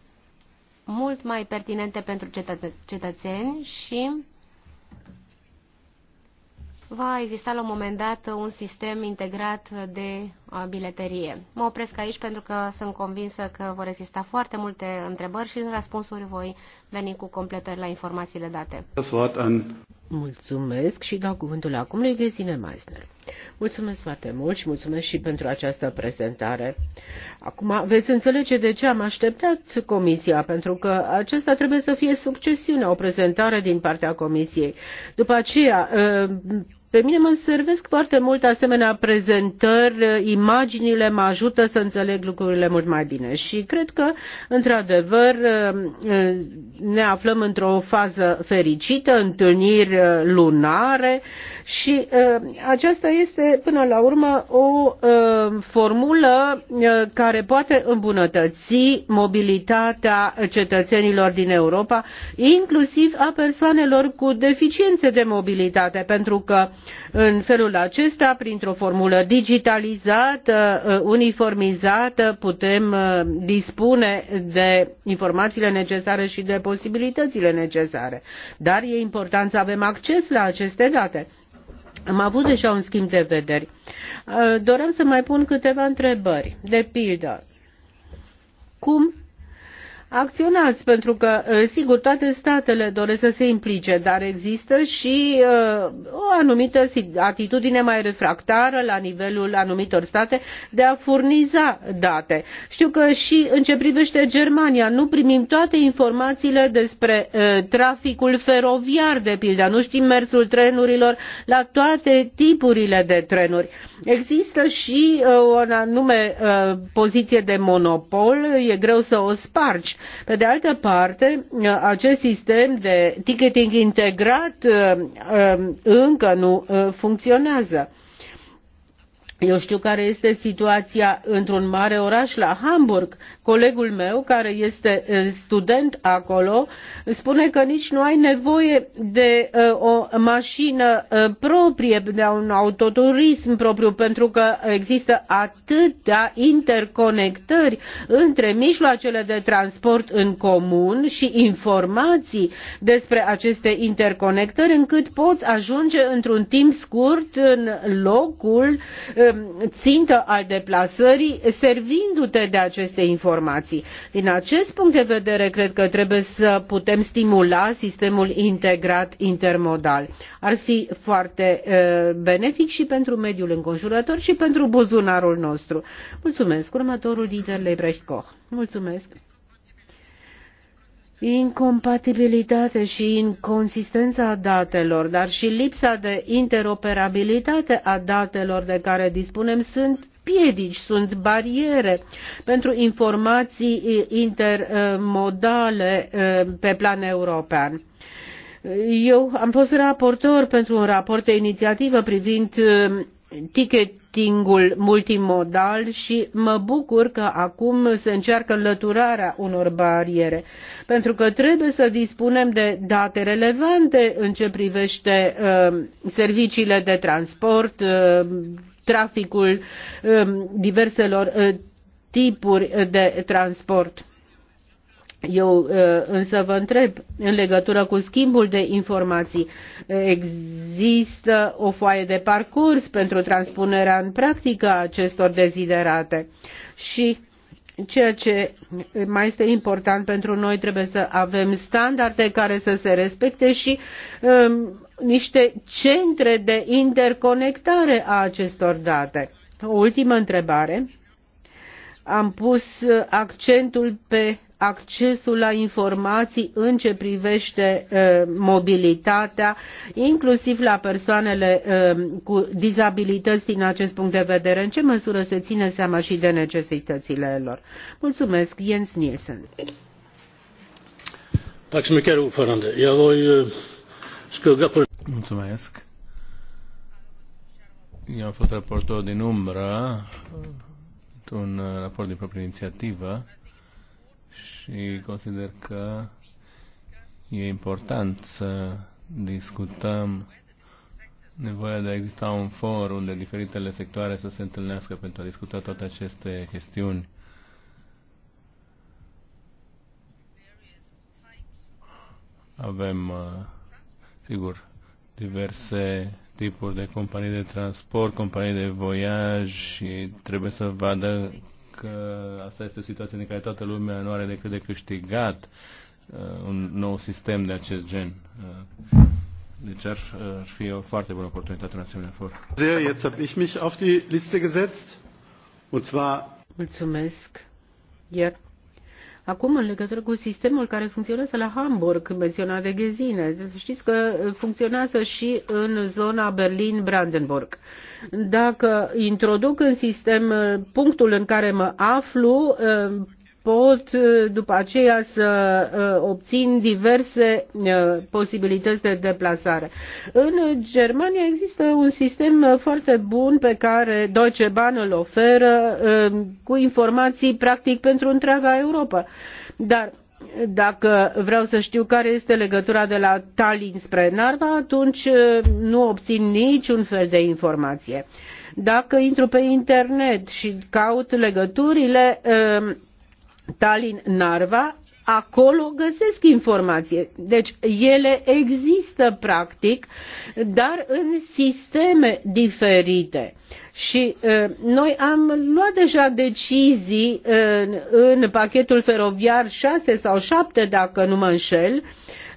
mult mai pertinente pentru cetă cetățeni și va exista la un moment dat un sistem integrat de bileterie. Mă opresc aici pentru că sunt convinsă că vor exista foarte multe întrebări și în răspunsuri voi veni cu completări la informațiile date. Mulțumesc și dau cuvântul acum lui Gesine Meisner. Mulțumesc foarte mult și mulțumesc și pentru această prezentare. Acum veți înțelege de ce am așteptat Comisia, pentru că acesta trebuie să fie succesiunea, o prezentare din partea Comisiei. După aceea, pe mine mă servesc foarte mult asemenea prezentări, imaginile mă ajută să înțeleg lucrurile mult mai bine și cred că, într-adevăr, ne aflăm într-o fază fericită, întâlniri lunare și uh, aceasta este, până la urmă, o uh, formulă uh, care poate îmbunătăți mobilitatea cetățenilor din Europa, inclusiv a persoanelor cu deficiențe de mobilitate, pentru că în felul acesta, printr-o formulă digitalizată, uh, uniformizată, putem uh, dispune de informațiile necesare și de posibilitățile necesare. Dar e important să avem acces la aceste date. Am avut deja un schimb de vederi. Uh, doream să mai pun câteva întrebări. De pildă, cum acționați, pentru că, ă, sigur, toate statele doresc să se implice, dar există și uh, o anumită atitudine mai refractară la nivelul anumitor state de a furniza date. Știu că și în ce privește Germania nu primim toate informațiile despre uh, traficul feroviar, de pildă, nu știm mersul trenurilor la toate tipurile de trenuri. Există și uh, o anume uh, poziție de monopol, e greu să o spargi pe de altă parte, acest sistem de ticketing integrat uh, uh, încă nu uh, funcționează. Eu știu care este situația într-un mare oraș la Hamburg, Colegul meu, care este eh, student acolo, spune că nici nu ai nevoie de eh, o mașină eh, proprie, de un autoturism propriu, pentru că există atâtea interconectări între mijloacele de transport în comun și informații despre aceste interconectări, încât poți ajunge într-un timp scurt în locul țintă al deplasării, servindu-te de aceste informații informații. Din acest punct de vedere, cred că trebuie să putem stimula sistemul integrat intermodal. Ar fi foarte uh, benefic și pentru mediul înconjurător și pentru buzunarul nostru. Mulțumesc. Următorul lider Lebrecht Koch. Mulțumesc. Incompatibilitate și inconsistența datelor, dar și lipsa de interoperabilitate a datelor de care dispunem sunt piedici, sunt bariere pentru informații intermodale eh, pe plan european. Eu am fost raportor pentru un raport de inițiativă privind eh, ticketingul multimodal și mă bucur că acum se încearcă înlăturarea unor bariere, pentru că trebuie să dispunem de date relevante în ce privește uh, serviciile de transport, uh, traficul um, diverselor uh, tipuri de transport. Eu uh, însă vă întreb, în legătură cu schimbul de informații, există o foaie de parcurs pentru transpunerea în practică a acestor deziderate și ceea ce mai este important pentru noi trebuie să avem standarde care să se respecte și um, niște centre de interconectare a acestor date. O ultimă întrebare. Am pus accentul pe accesul la informații în ce privește mobilitatea, inclusiv la persoanele cu dizabilități din acest punct de vedere, în ce măsură se ține seama și de necesitățile lor. Mulțumesc, Jens Nielsen. Mulțumesc. Eu am fost raportor din umbră, un raport din proprie inițiativă și consider că e important să discutăm nevoia de a exista un for unde diferitele sectoare să se întâlnească pentru a discuta toate aceste chestiuni. Avem, uh, sigur, diverse tipuri de companii de transport, companii de voiaj și trebuie să vadă că asta este o situație în care toată lumea nu are decât de câștigat uh, un nou sistem de acest gen. Uh, deci ar, uh, ar fi o foarte bună oportunitate în asemenea for. Mulțumesc. Iar Acum, în legătură cu sistemul care funcționează la Hamburg, menționat de Ghezine, știți că funcționează și în zona Berlin-Brandenburg. Dacă introduc în sistem uh, punctul în care mă aflu, uh, pot uh, după aceea să uh, obțin diverse uh, posibilități de deplasare. În Germania există un sistem foarte bun pe care Deutsche Bahn îl oferă cu informații practic pentru întreaga Europa. Dar dacă vreau să știu care este legătura de la Tallinn spre Narva, atunci nu obțin niciun fel de informație. Dacă intru pe internet și caut legăturile, uh, Tallinn-Narva, acolo găsesc informație. Deci ele există practic, dar în sisteme diferite. Și uh, noi am luat deja decizii în, uh, în pachetul feroviar 6 sau 7, dacă nu mă înșel,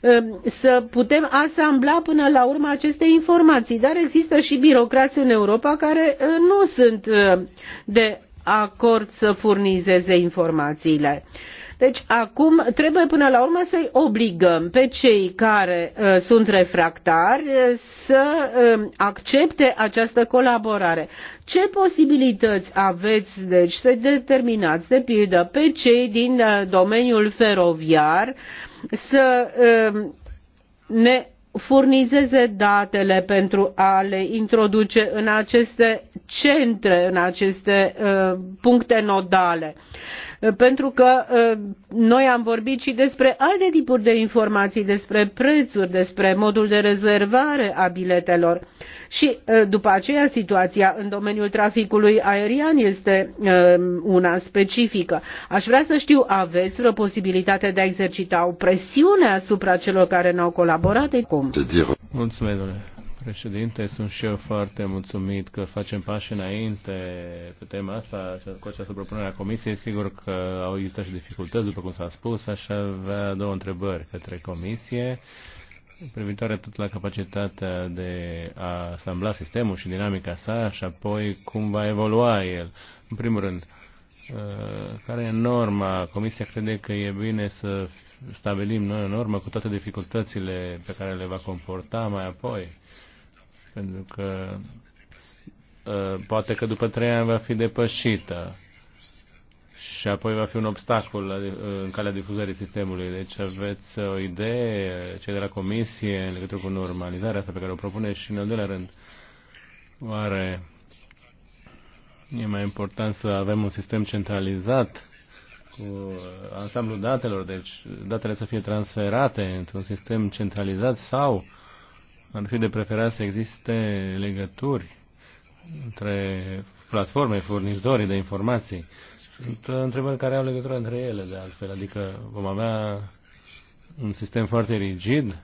uh, să putem asambla până la urmă aceste informații. Dar există și birocrați în Europa care uh, nu sunt de acord să furnizeze informațiile. Deci acum trebuie până la urmă să-i obligăm pe cei care uh, sunt refractari uh, să uh, accepte această colaborare. Ce posibilități aveți, deci, să determinați, de pildă, pe cei din uh, domeniul feroviar să uh, ne furnizeze datele pentru a le introduce în aceste centre, în aceste uh, puncte nodale pentru că noi am vorbit și despre alte tipuri de informații, despre prețuri, despre modul de rezervare a biletelor. Și după aceea situația în domeniul traficului aerian este una specifică. Aș vrea să știu, aveți vreo posibilitate de a exercita o presiune asupra celor care n-au colaborat? Cum? Mulțumesc, domnule președinte, sunt și eu foarte mulțumit că facem pași înainte pe tema asta cu această propunere a Comisiei. Sigur că au existat și dificultăți, după cum s-a spus, aș avea două întrebări către Comisie privitoare tot la capacitatea de a asambla sistemul și dinamica sa și apoi cum va evolua el. În primul rând, uh, care e norma? Comisia crede că e bine să stabilim noi o normă cu toate dificultățile pe care le va comporta mai apoi pentru că ă, poate că după trei ani va fi depășită și apoi va fi un obstacol ă, în calea difuzării sistemului. Deci aveți o idee, cei de la comisie, în legătură cu normalizarea asta pe care o propune și în al doilea rând, oare e mai important să avem un sistem centralizat cu ansamblul datelor, deci datele să fie transferate într-un sistem centralizat sau uh, ar fi de preferat să existe legături între platforme, furnizorii de informații. Sunt întrebări care au legătură între ele, de altfel. Adică vom avea un sistem foarte rigid,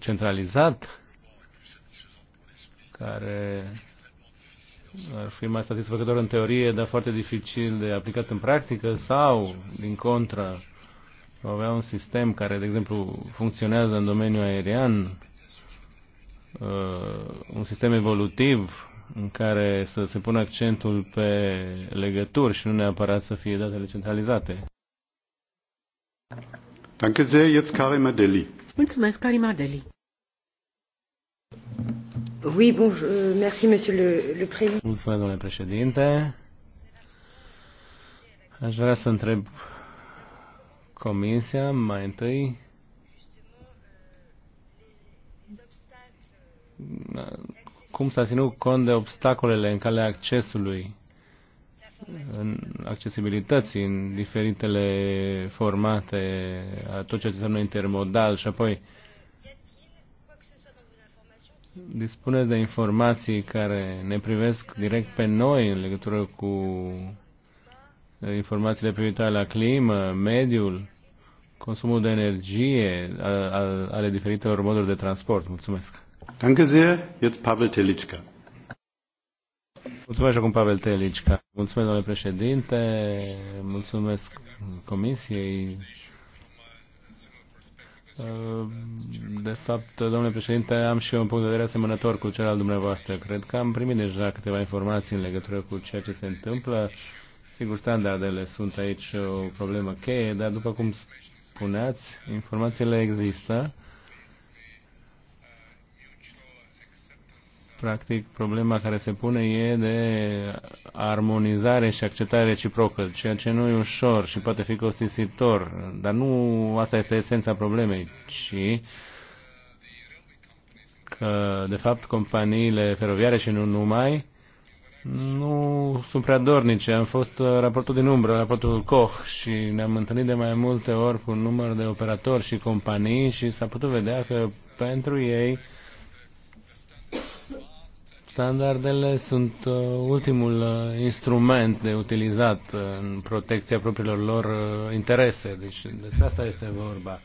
centralizat, care ar fi mai satisfăcător în teorie, dar foarte dificil de aplicat în practică, sau, din contră, va avea un sistem care, de exemplu, funcționează în domeniul aerian, uh, un sistem evolutiv în care să se pună accentul pe legături și nu neapărat să fie datele centralizate. Danke sehr, jetzt Karim Adeli. Mulțumesc, Karim Adeli. Oui, bonjour, euh, merci, monsieur le, le président. Mulțumesc, domnule președinte. Aș vrea să întreb Comisia mai întâi cum s-a ținut cont de obstacolele în calea accesului, în accesibilității, în diferitele formate, a tot ce înseamnă intermodal și apoi dispuneți de informații care ne privesc direct pe noi în legătură cu Eh, informațiile privitoare la climă, mediul, consumul de energie ale diferitelor moduri de transport. Mulțumesc. Danke sehr. Jetzt Pavel Telitschka. Mulțumesc acum Pavel Telitschka. Mulțumesc, domnule președinte. Mulțumesc Comisiei. Eh, de fapt, domnule președinte, am și eu un punct de vedere asemănător cu cel al dumneavoastră. Cred că am primit deja câteva informații în legătură cu ceea ce se întâmplă Sigur, standardele sunt aici o problemă cheie, dar după cum spuneați, informațiile există. Practic, problema care se pune e de armonizare și acceptare reciprocă, ceea ce nu e ușor și poate fi costisitor, dar nu asta este esența problemei, ci că, de fapt, companiile feroviare și nu numai, nu sunt prea dornice. Am fost uh, raportul din umbră, raportul Koch și ne-am întâlnit de mai multe ori cu un număr de operatori și companii și s-a putut vedea că pentru ei standardele sunt uh, ultimul uh, instrument de utilizat în protecția propriilor lor interese. Deci despre asta este vorba.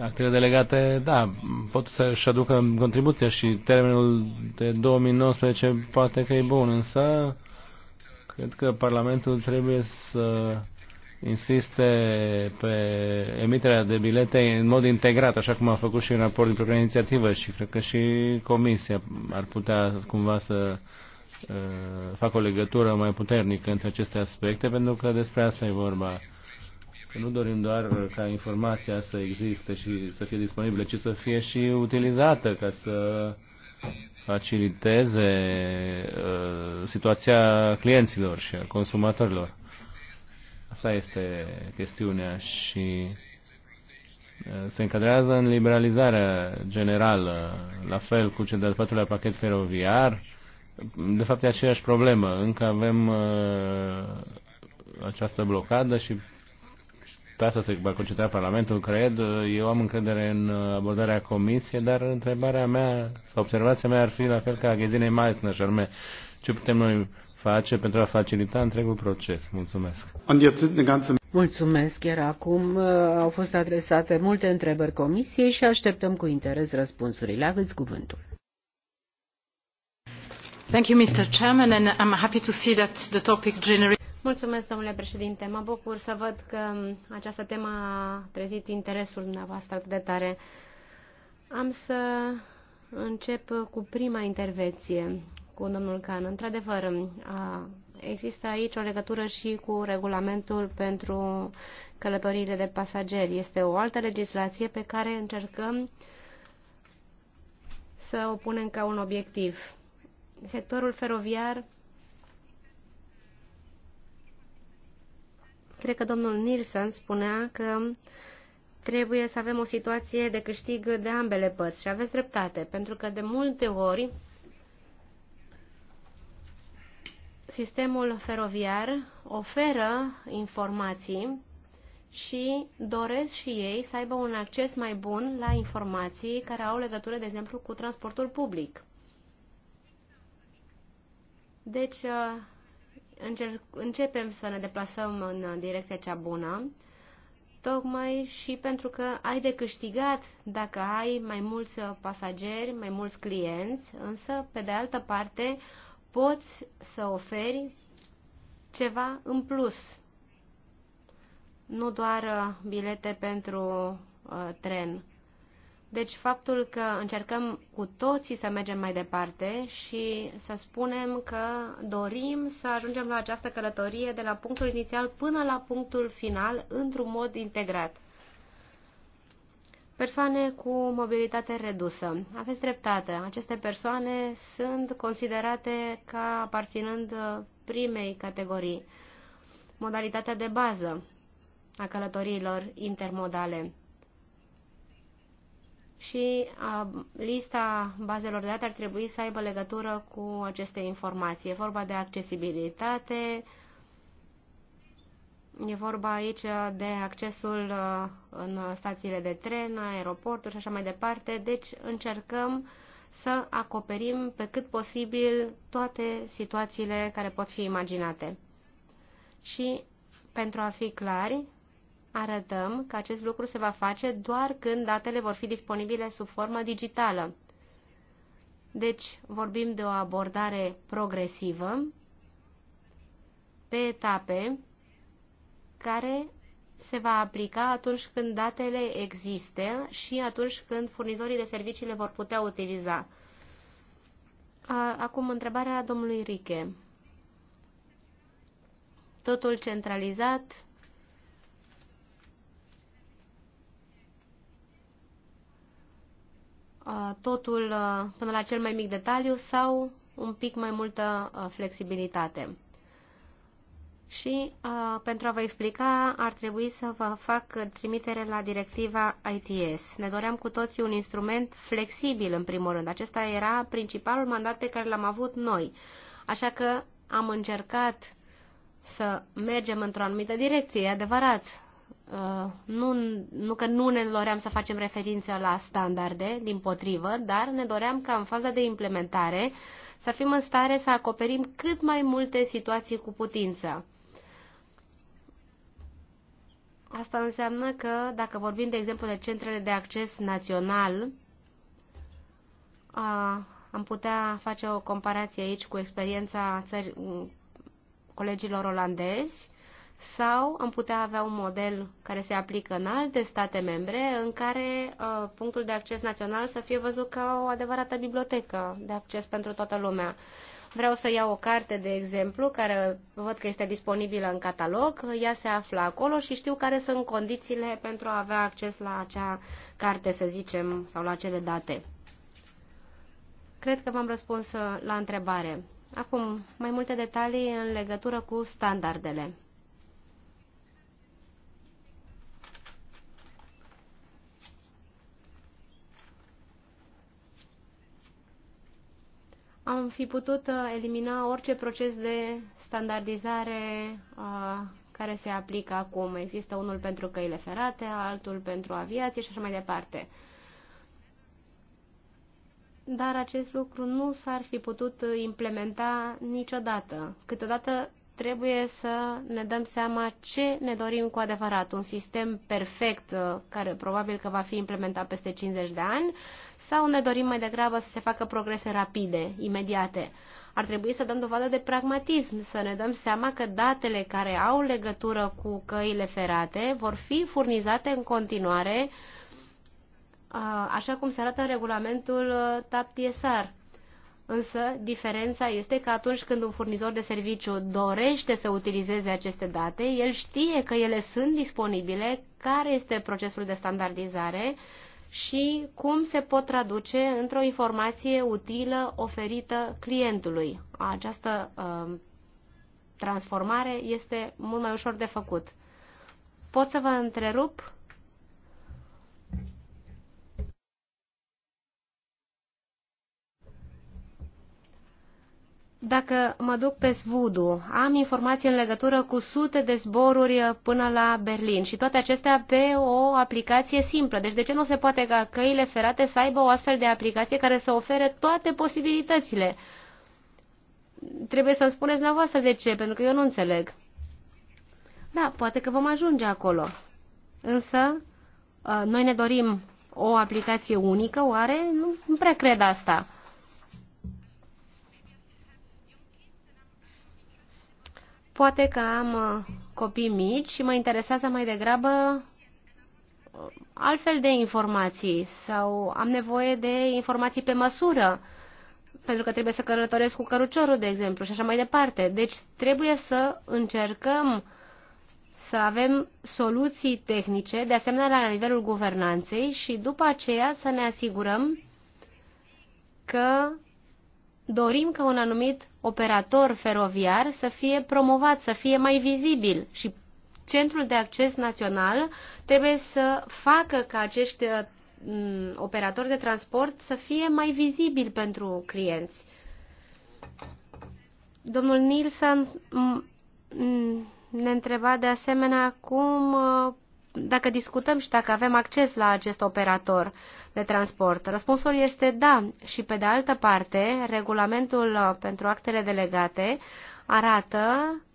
Actele delegate, da, pot să-și aducă contribuția și termenul de 2019 poate că e bun, însă cred că Parlamentul trebuie să insiste pe emiterea de bilete în mod integrat, așa cum a făcut și în raport din propria inițiativă și cred că și Comisia ar putea cumva să uh, facă o legătură mai puternică între aceste aspecte, pentru că despre asta e vorba că nu dorim doar uh, ca informația să existe și să fie disponibilă, ci să fie și utilizată ca să faciliteze uh, situația clienților și a consumatorilor. Asta este chestiunea și uh, se încadrează în liberalizarea generală, la fel cu cel de-al patrulea pachet feroviar. De fapt, e aceeași problemă. Încă avem uh, această blocadă și pe asta se va concentra Parlamentul, cred. Eu am încredere în abordarea Comisiei, dar întrebarea mea, sau observația mea ar fi la fel ca Ghezinei Meissner, și anume, ce putem noi face pentru a facilita întregul proces? Mulțumesc! Mulțumesc, iar acum uh, au fost adresate multe întrebări Comisiei și așteptăm cu interes răspunsurile. Aveți cuvântul. Thank you, Mr. Chairman, and I'm happy to see that the topic generates Mulțumesc, domnule președinte. Mă bucur să văd că această temă a trezit interesul dumneavoastră atât de tare. Am să încep cu prima intervenție cu domnul Can. Într-adevăr, există aici o legătură și cu regulamentul pentru călătoriile de pasageri. Este o altă legislație pe care încercăm să o punem ca un obiectiv. Sectorul feroviar Cred că domnul Nilsson spunea că trebuie să avem o situație de câștig de ambele părți și aveți dreptate, pentru că de multe ori sistemul feroviar oferă informații și doresc și ei să aibă un acces mai bun la informații care au legătură, de exemplu, cu transportul public. Deci, începem să ne deplasăm în direcția cea bună, tocmai și pentru că ai de câștigat dacă ai mai mulți pasageri, mai mulți clienți, însă, pe de altă parte, poți să oferi ceva în plus. Nu doar uh, bilete pentru uh, tren. Deci faptul că încercăm cu toții să mergem mai departe și să spunem că dorim să ajungem la această călătorie de la punctul inițial până la punctul final într-un mod integrat. Persoane cu mobilitate redusă. Aveți dreptate. Aceste persoane sunt considerate ca aparținând primei categorii, modalitatea de bază a călătoriilor intermodale și a, lista bazelor de date ar trebui să aibă legătură cu aceste informații. E vorba de accesibilitate, e vorba aici de accesul în stațiile de tren, aeroporturi și așa mai departe. Deci încercăm să acoperim pe cât posibil toate situațiile care pot fi imaginate. Și pentru a fi clari, arătăm că acest lucru se va face doar când datele vor fi disponibile sub formă digitală. Deci, vorbim de o abordare progresivă, pe etape, care se va aplica atunci când datele există și atunci când furnizorii de servicii le vor putea utiliza. Acum, întrebarea domnului Riche. Totul centralizat, Uh, totul uh, până la cel mai mic detaliu sau un pic mai multă uh, flexibilitate. Și pentru a vă explica, ar trebui să vă fac trimitere la directiva ITS. Ne doream cu toții un instrument flexibil, în primul rând. Acesta era principalul mandat pe care l-am avut noi. Așa că am încercat să mergem într-o anumită direcție, e adevărat. Uh, nu, nu că nu ne doream să facem referință la standarde, din potrivă, dar ne doream ca în faza de implementare să fim în stare să acoperim cât mai multe situații cu putință. Asta înseamnă că dacă vorbim, de exemplu, de centrele de acces național, a, uh, am putea face o comparație aici cu experiența țări, colegilor olandezi, sau am putea avea un model care se aplică în alte state membre în care uh, punctul de acces național să fie văzut ca o adevărată bibliotecă de acces pentru toată lumea. Vreau să iau o carte, de exemplu, care văd că este disponibilă în catalog, ea se află acolo și știu care sunt condițiile pentru a avea acces la acea carte, să zicem, sau la acele date. Cred că v-am răspuns uh, la întrebare. Acum, mai multe detalii în legătură cu standardele. am fi putut uh, elimina orice proces de standardizare uh, care se aplică acum. Există unul pentru căile ferate, altul pentru aviație și așa mai departe. Dar acest lucru nu s-ar fi putut uh, implementa niciodată. Câteodată trebuie să ne dăm seama ce ne dorim cu adevărat. Un sistem perfect, care probabil că va fi implementat peste 50 de ani, sau ne dorim mai degrabă să se facă progrese rapide, imediate? Ar trebui să dăm dovadă de pragmatism, să ne dăm seama că datele care au legătură cu căile ferate vor fi furnizate în continuare, așa cum se arată în regulamentul TAP-TSR. Însă, diferența este că atunci când un furnizor de serviciu dorește să utilizeze aceste date, el știe că ele sunt disponibile, care este procesul de standardizare și cum se pot traduce într-o informație utilă oferită clientului. Această uh, transformare este mult mai ușor de făcut. Pot să vă întrerup? Dacă mă duc pe Svudu, am informații în legătură cu sute de zboruri uh, până la Berlin și toate acestea pe o aplicație simplă. Deci de ce nu se poate ca căile ferate să aibă o astfel de aplicație care să ofere toate posibilitățile? Trebuie să-mi spuneți la voastră de ce, pentru că eu nu înțeleg. Da, poate că vom ajunge acolo. Însă, uh, noi ne dorim o aplicație unică, oare? Nu, nu prea cred asta. Poate că am uh, copii mici și mă interesează mai degrabă uh, altfel de informații sau am nevoie de informații pe măsură, pentru că trebuie să călătoresc cu căruciorul, de exemplu, și așa mai departe. Deci trebuie să încercăm să avem soluții tehnice, de asemenea la nivelul guvernanței și după aceea să ne asigurăm că dorim ca un anumit operator feroviar să fie promovat, să fie mai vizibil și Centrul de Acces Național trebuie să facă ca acești uh, operatori de transport să fie mai vizibili pentru clienți. Domnul Nilsson ne întreba de asemenea cum uh, dacă discutăm și dacă avem acces la acest operator de transport? Răspunsul este da și pe de altă parte, regulamentul uh, pentru actele delegate arată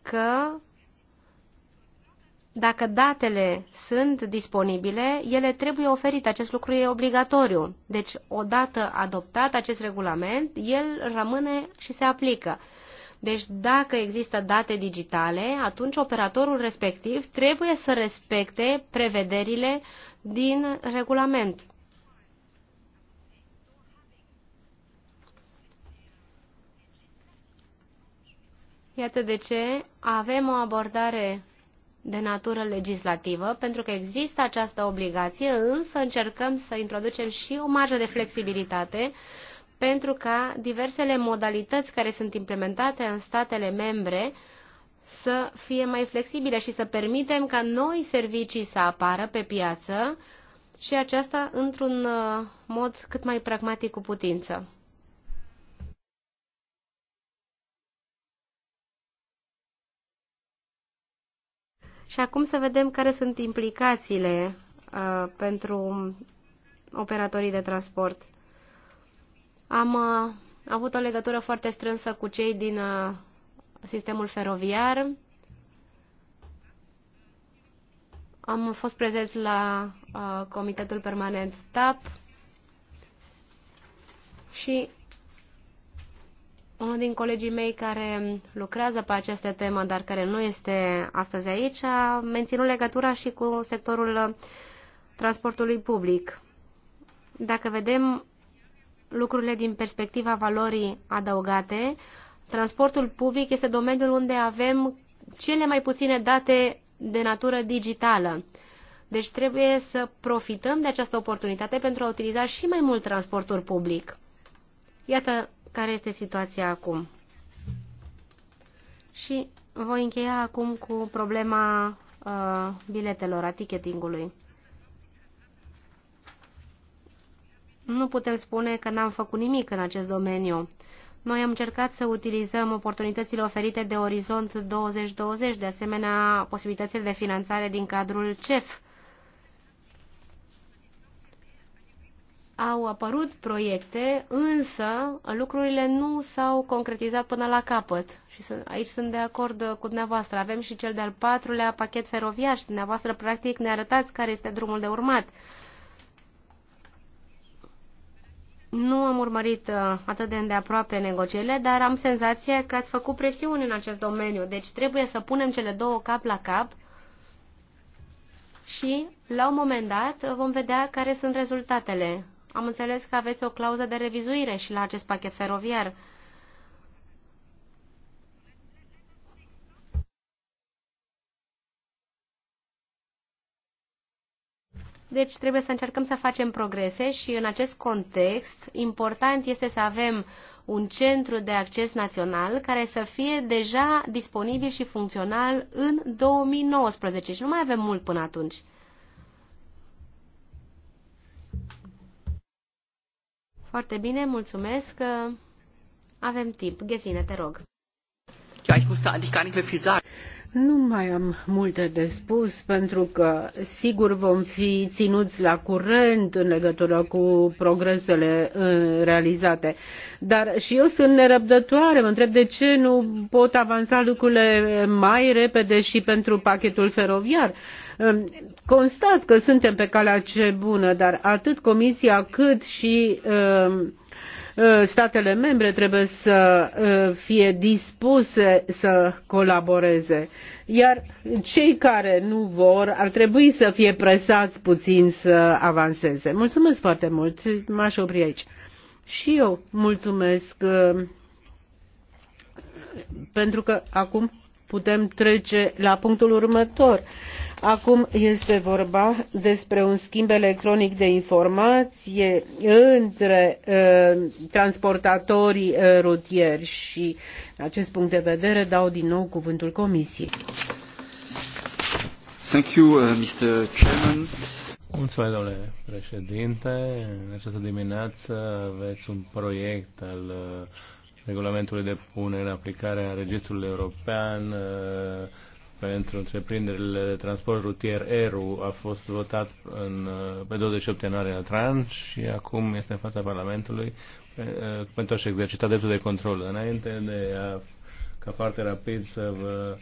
că dacă datele sunt disponibile, ele trebuie oferite. Acest lucru e obligatoriu. Deci, odată adoptat acest regulament, el rămâne și se aplică. Deci dacă există date digitale, atunci operatorul respectiv trebuie să respecte prevederile din regulament. Iată de ce avem o abordare de natură legislativă, pentru că există această obligație, însă încercăm să introducem și o marjă de flexibilitate pentru ca diversele modalități care sunt implementate în statele membre să fie mai flexibile și să permitem ca noi servicii să apară pe piață și aceasta într-un uh, mod cât mai pragmatic cu putință. Și acum să vedem care sunt implicațiile uh, pentru operatorii de transport. Am uh, avut o legătură foarte strânsă cu cei din uh, sistemul feroviar. Am fost prezenți la uh, Comitetul Permanent TAP și unul din colegii mei care lucrează pe această temă, dar care nu este astăzi aici, a menținut legătura și cu sectorul transportului public. Dacă vedem lucrurile din perspectiva valorii adăugate. Transportul public este domeniul unde avem cele mai puține date de natură digitală. Deci trebuie să profităm de această oportunitate pentru a utiliza și mai mult transportul public. Iată care este situația acum. Și voi încheia acum cu problema uh, biletelor, a ticketingului. nu putem spune că n-am făcut nimic în acest domeniu. Noi am încercat să utilizăm oportunitățile oferite de Orizont 2020, de asemenea posibilitățile de finanțare din cadrul CEF. Au apărut proiecte, însă lucrurile nu s-au concretizat până la capăt. Și aici sunt de acord cu dumneavoastră. Avem și cel de-al patrulea pachet feroviar și dumneavoastră practic ne arătați care este drumul de urmat. Nu am urmărit uh, atât de îndeaproape negocierile, dar am senzația că ați făcut presiuni în acest domeniu. Deci trebuie să punem cele două cap la cap și, la un moment dat, vom vedea care sunt rezultatele. Am înțeles că aveți o clauză de revizuire și la acest pachet feroviar. Deci trebuie să încercăm să facem progrese și în acest context important este să avem un centru de acces național care să fie deja disponibil și funcțional în 2019 și nu mai avem mult până atunci. Foarte bine, mulțumesc. Avem timp. Gesine, te rog. Ja, ich musste să gar nicht mehr viel sagen. Nu mai am multe de spus pentru că sigur vom fi ținuți la curent în legătură cu progresele uh, realizate. Dar și eu sunt nerăbdătoare, mă întreb de ce nu pot avansa lucrurile mai repede și pentru pachetul feroviar. Um, constat că suntem pe calea ce bună, dar atât Comisia cât și uh, Uh, statele membre trebuie să uh, fie dispuse să colaboreze. Iar cei care nu vor ar trebui să fie presați puțin să avanseze. Mulțumesc foarte mult, m-aș opri aici. Și eu mulțumesc uh, pentru că acum putem trece la punctul următor Acum este vorba despre un schimb electronic de informație între uh, transportatorii uh, rutieri și, în acest punct de vedere, dau din nou cuvântul Comisiei. Thank you, uh, Mr. Chairman. Mulțumesc, domnule președinte. În această dimineață aveți un proiect al uh, regulamentului de punere în aplicare a Registrului European uh, pentru întreprinderile de transport rutier ERU a fost votat în, uh, pe 28 ianuarie în Tran și acum este în fața Parlamentului uh, pentru a-și exercita dreptul de control. Înainte de a, ca foarte rapid să vă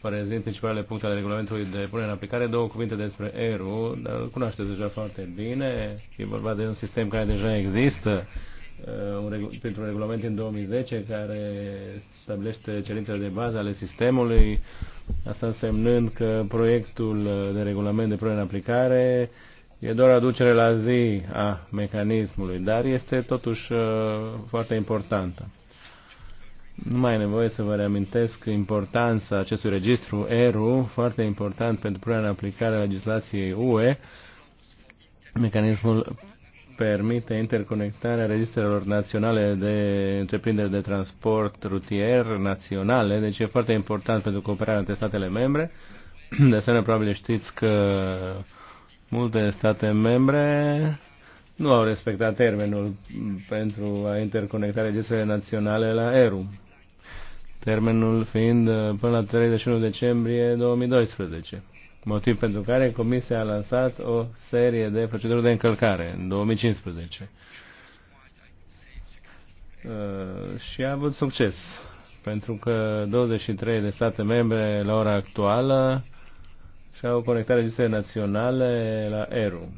prezint principalele puncte ale regulamentului de punere în aplicare, două cuvinte despre ERU, dar îl cunoașteți deja foarte bine. E vorba de un sistem care deja există uh, un, printr-un regulament în 2010 care stabilește cerințele de bază ale sistemului, Asta însemnând că proiectul de regulament de punere în aplicare e doar aducere la zi a mecanismului, dar este totuși uh, foarte importantă. Nu mai e nevoie să vă reamintesc importanța acestui registru ERU, foarte important pentru punerea în aplicare a legislației UE, mecanismul permite interconectarea registrelor naționale de întreprinderi de transport rutier naționale, deci e foarte important pentru cooperarea între statele membre. De asemenea, probabil știți că multe state membre nu au respectat termenul pentru a interconecta registrele naționale la ERU, termenul fiind uh, până la 31 decembrie 2012 motiv pentru care Comisia a lansat o serie de proceduri de încălcare în 2015 uh, și a avut succes, pentru că 23 de state membre la ora actuală și-au conectat registrele naționale la ERU.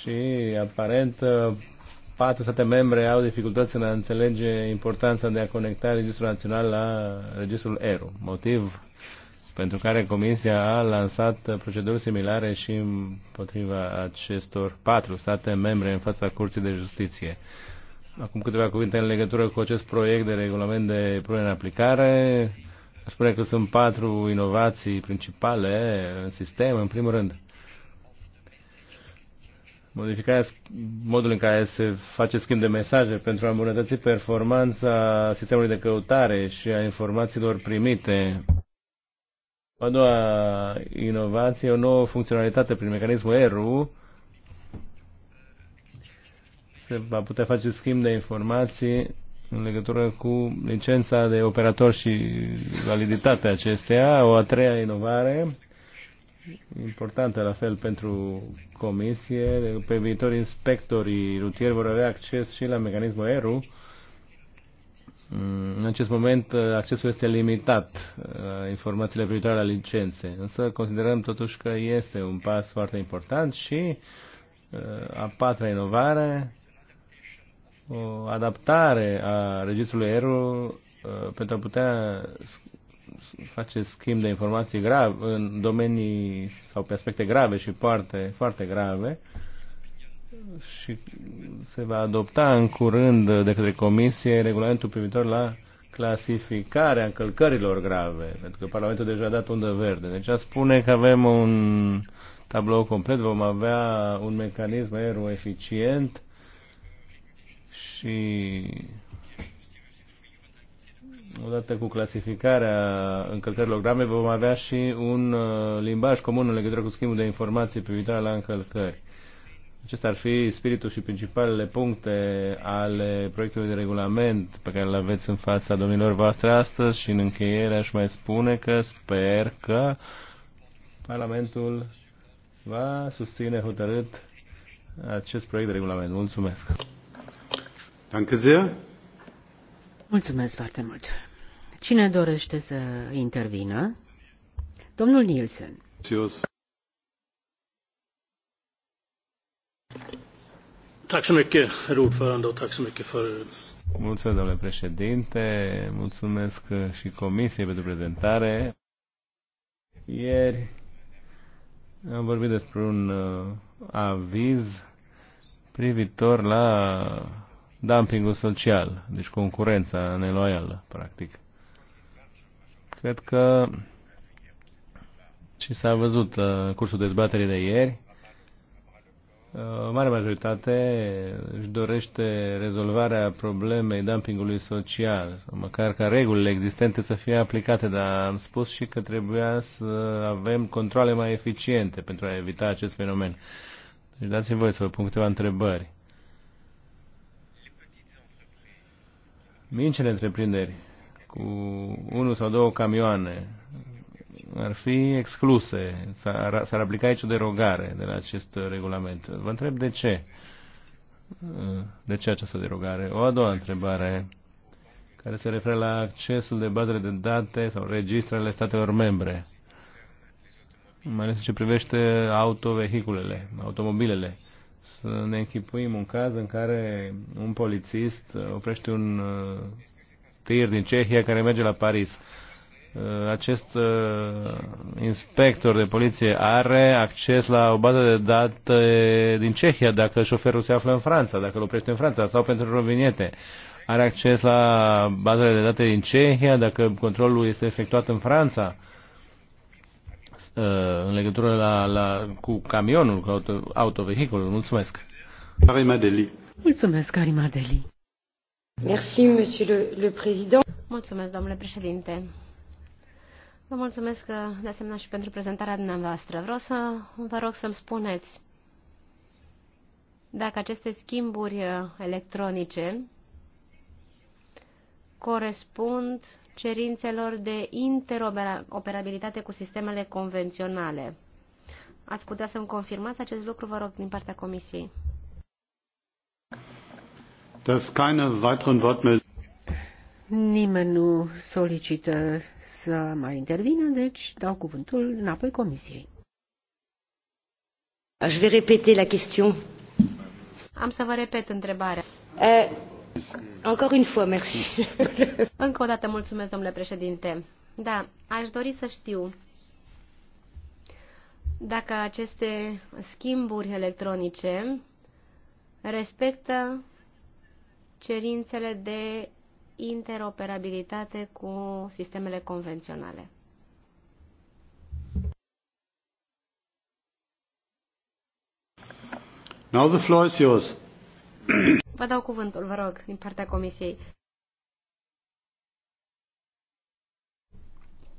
Și aparent patru state membre au dificultăți în a înțelege importanța de a conecta Registrul Național la Registrul ERU, motiv pentru care Comisia a lansat proceduri similare și împotriva acestor patru state membre în fața Curții de Justiție. Acum câteva cuvinte în legătură cu acest proiect de regulament de pune în aplicare. Spune că sunt patru inovații principale în sistem, în primul rând modificarea modului în care se face schimb de mesaje pentru a îmbunătăți performanța sistemului de căutare și a informațiilor primite. O a doua inovație, o nouă funcționalitate prin mecanismul ERU. Se va putea face schimb de informații în legătură cu licența de operator și validitatea acesteia. O a treia inovare, importantă la fel pentru comisie. Pe viitor, inspectorii rutieri vor avea acces și la mecanismul ERU. În acest moment, accesul este limitat, uh, informațiile privitoare la licențe, însă considerăm totuși că este un pas foarte important și uh, a patra inovare, o adaptare a registrului ERU uh, pentru a putea face schimb de informații grav în domenii sau pe aspecte grave și foarte, foarte grave și se va adopta în curând de către Comisie regulamentul privitor la clasificarea încălcărilor grave, pentru că Parlamentul deja a dat undă verde. Deci a spune că avem un tablou complet, vom avea un mecanism aero eficient și odată cu clasificarea încălcărilor grave, vom avea și un uh, limbaj comun în legătură cu schimbul de informații privitoare la încălcări. Acesta ar fi spiritul și principalele puncte ale proiectului de regulament pe care îl aveți în fața domnilor voastre astăzi și în încheiere aș mai spune că sper că Parlamentul va susține hotărât acest proiect de regulament. Mulțumesc! Danke sehr. Mulțumesc foarte mult. Cine dorește să intervină? Domnul Nielsen. Mulțumesc. Mulțumesc, domnule președinte, mulțumesc și comisiei pentru prezentare. Ieri am vorbit despre un uh, aviz privitor la dumpingul social, deci concurența neloială, practic. Cred că și s-a văzut uh, în cursul dezbaterii de ieri, uh, mare majoritate își dorește rezolvarea problemei dumpingului social, sau măcar ca regulile existente să fie aplicate, dar am spus și că trebuia să avem controle mai eficiente pentru a evita acest fenomen. Deci dați-mi voi să vă pun câteva întrebări. micile întreprinderi cu unul sau două camioane ar fi excluse, s-ar aplica aici o derogare de la acest regulament. Vă întreb de ce. De ce această derogare? O a doua întrebare care se referă la accesul de bazele de date sau registrele statelor membre, mai ales ce privește autovehiculele, automobilele să ne închipuim un caz în care un polițist uh, oprește un uh, tir din Cehia care merge la Paris. Uh, acest inspector de poliție are acces la o bază de date din Cehia dacă șoferul se află în Franța, dacă îl oprește în Franța sau pentru roviniete. Are acces la bazele de date din Cehia dacă controlul este efectuat în Franța. Uh, Uh, în legătură la, la, cu camionul, cu auto, autovehiculul. Mulțumesc. Karima Deli. Mulțumesc, Karima Deli. Merci, monsieur le, le président. Mulțumesc, domnule președinte. Vă mulțumesc uh, de asemenea și pentru prezentarea dumneavoastră. Vreau să vă rog să-mi spuneți dacă aceste schimburi uh, electronice corespund cerințelor de interoperabilitate cu sistemele convenționale. Ați putea să-mi confirmați acest lucru, vă rog, din partea Comisiei. Das keine weiteren Nimeni nu solicită să mai intervină, deci dau cuvântul înapoi Comisiei. Je vais la question. Am să vă repet întrebarea. Uh, Încă o dată mulțumesc, domnule președinte. Da, aș dori să știu dacă aceste schimburi electronice respectă cerințele de interoperabilitate cu sistemele convenționale. Now the floor is yours. Vă dau cuvântul, vă rog, din partea Comisiei.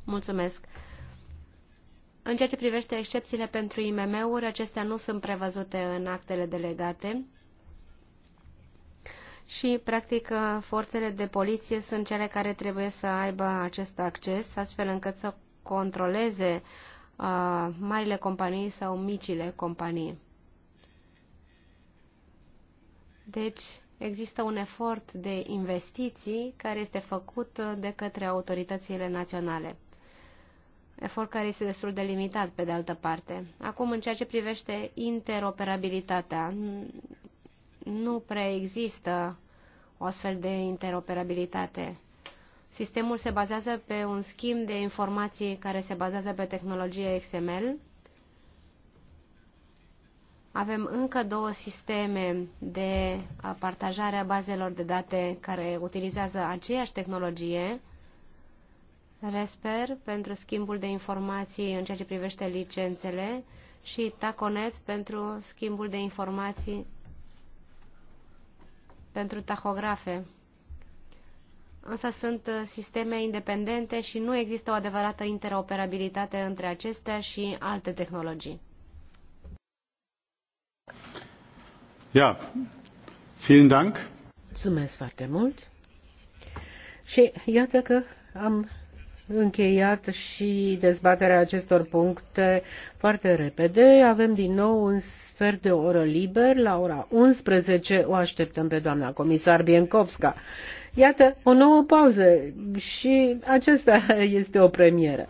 Mulțumesc. În ceea ce privește excepțiile pentru IMM-uri, acestea nu sunt prevăzute în actele delegate și, practic, forțele de poliție sunt cele care trebuie să aibă acest acces, astfel încât să controleze uh, marile companii sau micile companii. Deci există un efort de investiții care este făcut de către autoritățile naționale. Efort care este destul de limitat, pe de altă parte. Acum, în ceea ce privește interoperabilitatea, nu prea există o astfel de interoperabilitate. Sistemul se bazează pe un schimb de informații care se bazează pe tehnologie XML avem încă două sisteme de partajare a bazelor de date care utilizează aceeași tehnologie, RESPER pentru schimbul de informații în ceea ce privește licențele și TACONET pentru schimbul de informații pentru tahografe. Însă sunt sisteme independente și nu există o adevărată interoperabilitate între acestea și alte tehnologii. Mulțumesc foarte mult. Și iată că am încheiat și dezbaterea acestor puncte foarte repede. Avem din nou un sfert de oră liber. La ora unsprezece o așteptăm pe doamna comisar Biencovska. Iată, o nouă pauză și acesta este o premieră.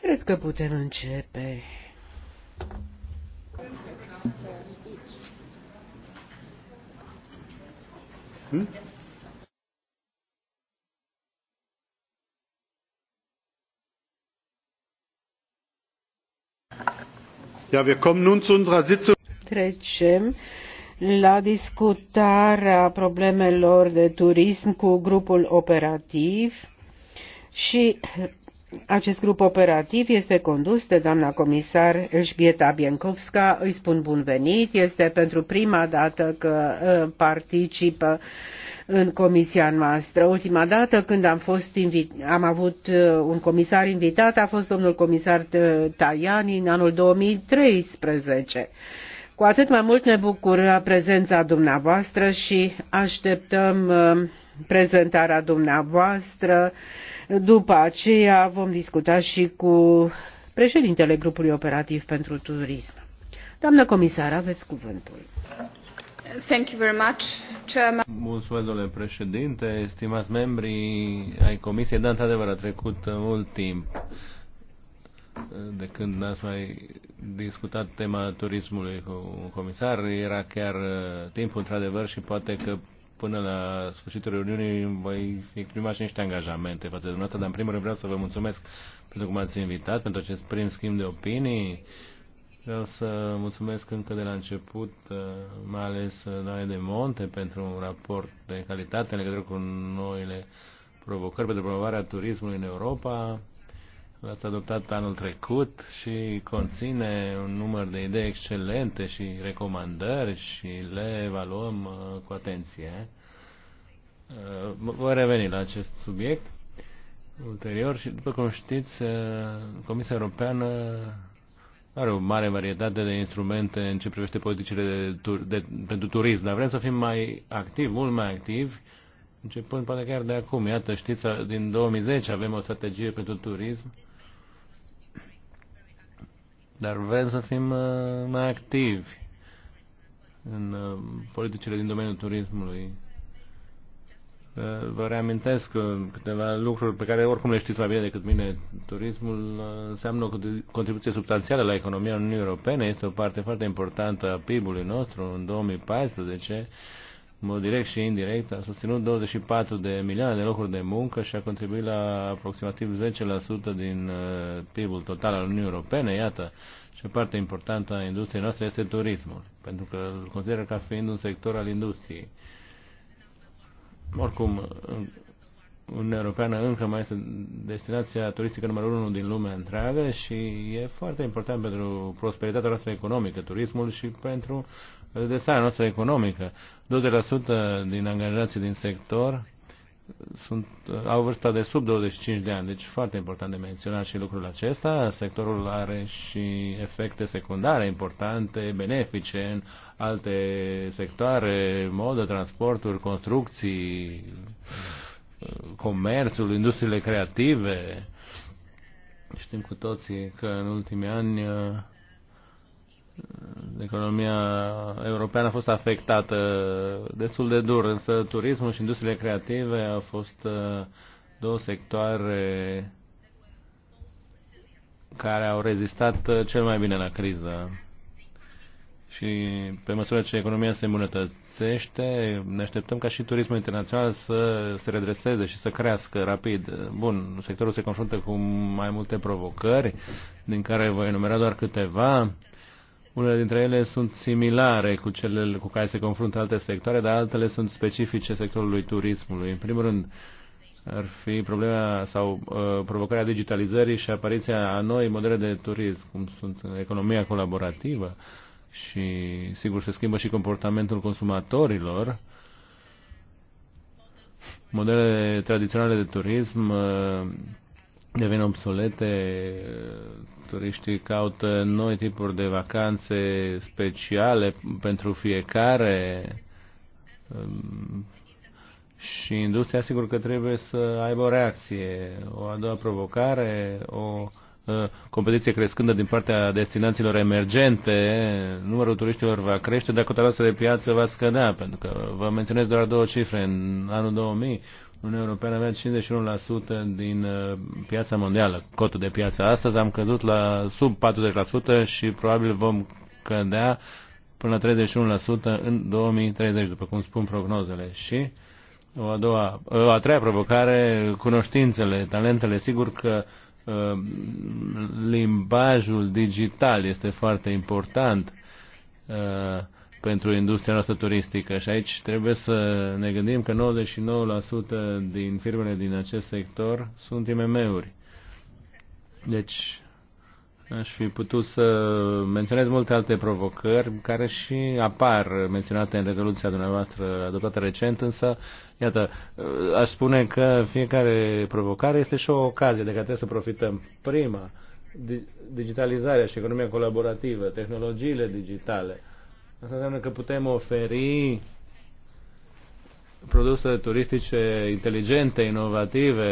Cred că putem începe. Hmm? Ja, wir kommen nun zu unserer Sitzung. Trecem la discutarea problemelor de turism cu grupul operativ și acest grup operativ este condus de doamna comisar Elżbieta Biencovska, îi spun bun venit, este pentru prima dată că uh, participă în comisia noastră. Ultima dată când am, fost invit- am avut uh, un comisar invitat a fost domnul comisar uh, Tajani în anul 2013. Cu atât mai mult ne bucură prezența dumneavoastră și așteptăm prezentarea dumneavoastră după aceea vom discuta și cu președintele grupului operativ pentru turism. Doamnă comisar, aveți cuvântul. Thank you very much, Chairman. Mulțumesc, domnule președinte, estimați membri ai comisiei, dar într-adevăr a trecut mult timp de când ați mai discutat tema turismului cu un comisar, era chiar uh, timpul într-adevăr și poate că până la sfârșitul reuniunii voi exprima și niște angajamente față de dumneavoastră, dar în primul rând vreau să vă mulțumesc pentru că m-ați invitat, pentru acest prim schimb de opinii. Vreau să mulțumesc încă de la început, uh, mai ales uh, Doamne de Monte, pentru un raport de calitate în legătură cu noile provocări pentru promovarea turismului în Europa L-ați adoptat anul trecut și conține un număr de idei excelente și recomandări și le evaluăm uh, cu atenție. Uh, voi reveni la acest subiect ulterior și, după cum știți, uh, Comisia Europeană are o mare varietate de instrumente în ce privește politicile de, tur, de, pentru turism, dar vrem să fim mai activi, mult mai activi, începând poate chiar de acum. Iată, știți, din 2010 avem o strategie pentru turism dar vrem să fim uh, mai activi în uh, politicile din domeniul turismului. Uh, vă reamintesc câteva lucruri pe care oricum le știți mai bine decât mine. Turismul înseamnă o contribuție substanțială la economia Uniunii Europene, este o parte foarte importantă a PIB-ului nostru. În 2014 în mod direct și indirect, a susținut 24 de milioane de locuri de muncă și a contribuit la aproximativ 10% din uh, PIB-ul total al Uniunii Europene. Iată, și o parte importantă a industriei noastre este turismul, pentru că îl consideră ca fiind un sector al industriei. Oricum, Uniunea Europeană încă mai este destinația turistică numărul unu din lumea întreagă și e foarte important pentru prosperitatea noastră economică, turismul și pentru de țara noastră economică. 20% din angajații din sector sunt, au vârsta de sub 25 de ani, deci foarte important de menționat și lucrul acesta. Sectorul are și efecte secundare importante, benefice în alte sectoare, modă, transporturi, construcții, comerțul, industriile creative. Știm cu toții că în ultimii ani economia europeană a fost afectată destul de dur, însă turismul și industriile creative au fost uh, două sectoare care au rezistat uh, cel mai bine la criză. Și pe măsură ce economia se îmbunătățește, ne așteptăm ca și turismul internațional să se redreseze și să crească rapid. Bun, sectorul se confruntă cu mai multe provocări, din care voi enumera doar câteva unele dintre ele sunt similare cu cele cu care se confruntă alte sectoare, dar altele sunt specifice sectorului turismului. În primul rând, ar fi problema sau uh, provocarea digitalizării și apariția a noi modele de turism, cum sunt economia colaborativă și, sigur, se schimbă și comportamentul consumatorilor. Modele tradiționale de turism uh, devin obsolete, turiștii caută noi tipuri de vacanțe speciale pentru fiecare um, și industria sigur că trebuie să aibă o reacție, o a doua provocare, o uh, competiție crescândă din partea destinațiilor emergente, numărul turiștilor va crește, dar o de piață va scădea, pentru că vă menționez doar două cifre. În anul 2000, Uniunea Europeană avea 51% din uh, piața mondială, cotul de piață. Astăzi am căzut la sub 40% și probabil vom cădea până la 31% în 2030, după cum spun prognozele. Și o a, doua, o a treia provocare, cunoștințele, talentele. Sigur că uh, limbajul digital este foarte important. Uh, pentru industria noastră turistică. Și aici trebuie să ne gândim că 99% din firmele din acest sector sunt IMM-uri. Deci, aș fi putut să menționez multe alte provocări care și apar menționate în rezoluția dumneavoastră adoptată recent, însă, iată, aș spune că fiecare provocare este și o ocazie de care trebuie să profităm. Prima, digitalizarea și economia colaborativă, tehnologiile digitale, Asta înseamnă că putem oferi produse turistice inteligente, inovative,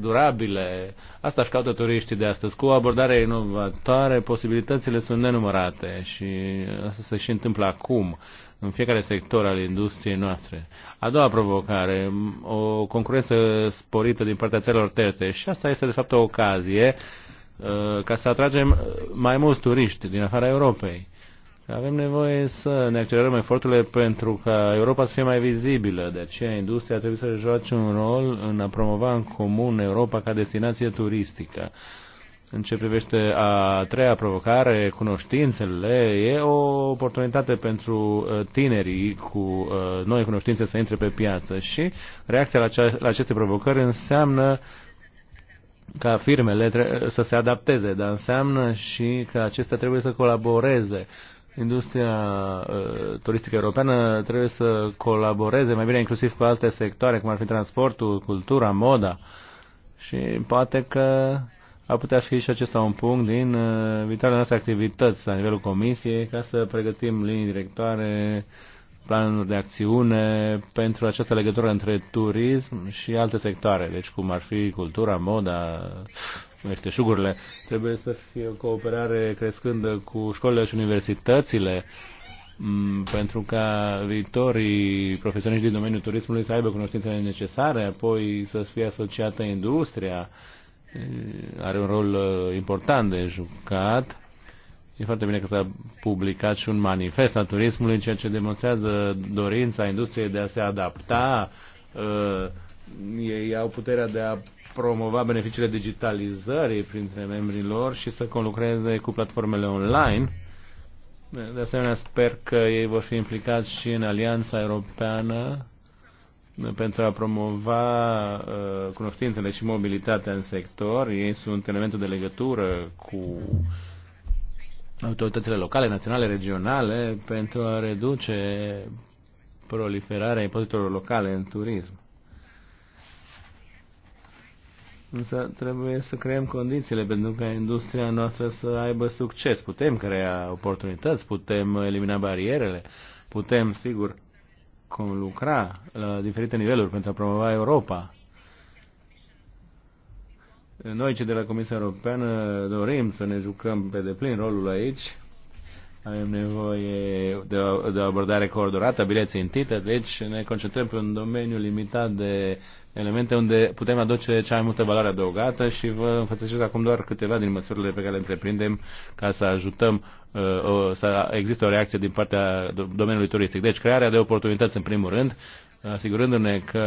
durabile. Asta își caută turiștii de astăzi. Cu o abordare inovatoare, posibilitățile sunt nenumărate și asta se și întâmplă acum în fiecare sector al industriei noastre. A doua provocare, o concurență sporită din partea țărilor terțe și asta este de fapt o ocazie uh, ca să atragem mai mulți turiști din afara Europei avem nevoie să ne accelerăm eforturile pentru ca Europa să fie mai vizibilă. De aceea, industria trebuie să joace un rol în a promova în comun Europa ca destinație turistică. În ce privește a treia provocare, cunoștințele, e o oportunitate pentru uh, tinerii cu uh, noi cunoștințe să intre pe piață și reacția la, cea, la aceste provocări înseamnă ca firmele să se adapteze, dar înseamnă și că acestea trebuie să colaboreze industria uh, turistică europeană trebuie să colaboreze mai bine inclusiv cu alte sectoare, cum ar fi transportul, cultura, moda. Și poate că ar putea fi și acesta un punct din uh, viitoarele noastre activități la nivelul comisiei ca să pregătim linii directoare, planuri de acțiune pentru această legătură între turism și alte sectoare, deci cum ar fi cultura, moda, numește șugurile. Trebuie să fie o cooperare crescândă cu școlile și universitățile pentru ca viitorii profesioniști din domeniul turismului să aibă cunoștințele necesare, apoi să fie asociată industria, are un rol uh, important de jucat. E foarte bine că s-a publicat și un manifest al turismului, ceea ce demonstrează dorința industriei de a se adapta. Uh, ei au puterea de a promova beneficiile digitalizării printre membrii lor și să conlucreze cu platformele online. De asemenea, sper că ei vor fi implicați și în Alianța Europeană pentru a promova uh, cunoștințele și mobilitatea în sector. Ei sunt elementul de legătură cu autoritățile locale, naționale, regionale pentru a reduce proliferarea impozitelor locale în turism. Însă trebuie să creăm condițiile pentru ca industria noastră să aibă succes. Putem crea oportunități, putem elimina barierele, putem, sigur, lucra la diferite niveluri pentru a promova Europa. Noi, cei de la Comisia Europeană, dorim să ne jucăm pe deplin rolul aici avem nevoie de o, de o abordare coordonată, bine țintită, deci ne concentrăm pe un domeniu limitat de elemente unde putem aduce cea mai multă valoare adăugată și vă înfățășesc acum doar câteva din măsurile pe care le întreprindem ca să ajutăm uh, să există o reacție din partea domeniului turistic. Deci crearea de oportunități în primul rând, asigurându-ne că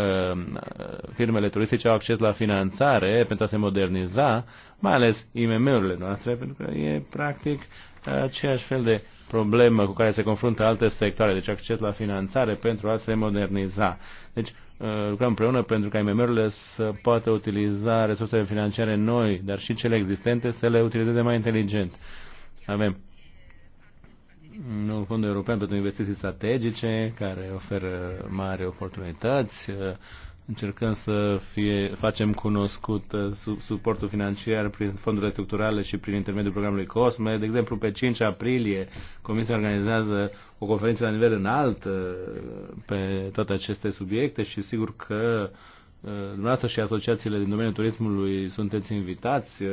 uh, firmele turistice au acces la finanțare pentru a se moderniza, mai ales IMM-urile noastre, pentru că e practic aceeași fel de problemă cu care se confruntă alte sectoare, deci acces la finanțare pentru a se moderniza. Deci uh, lucrăm împreună pentru ca IMM-urile să poată utiliza resursele financiare noi, dar și cele existente, să le utilizeze mai inteligent. Avem un fond european pentru investiții strategice care oferă mari oportunități, uh, Încercăm să fie, facem cunoscut uh, suportul financiar prin fondurile structurale și prin intermediul programului COSME. De exemplu, pe 5 aprilie Comisia organizează o conferință la nivel înalt uh, pe toate aceste subiecte și sigur că uh, dumneavoastră și asociațiile din domeniul turismului sunteți invitați. Uh,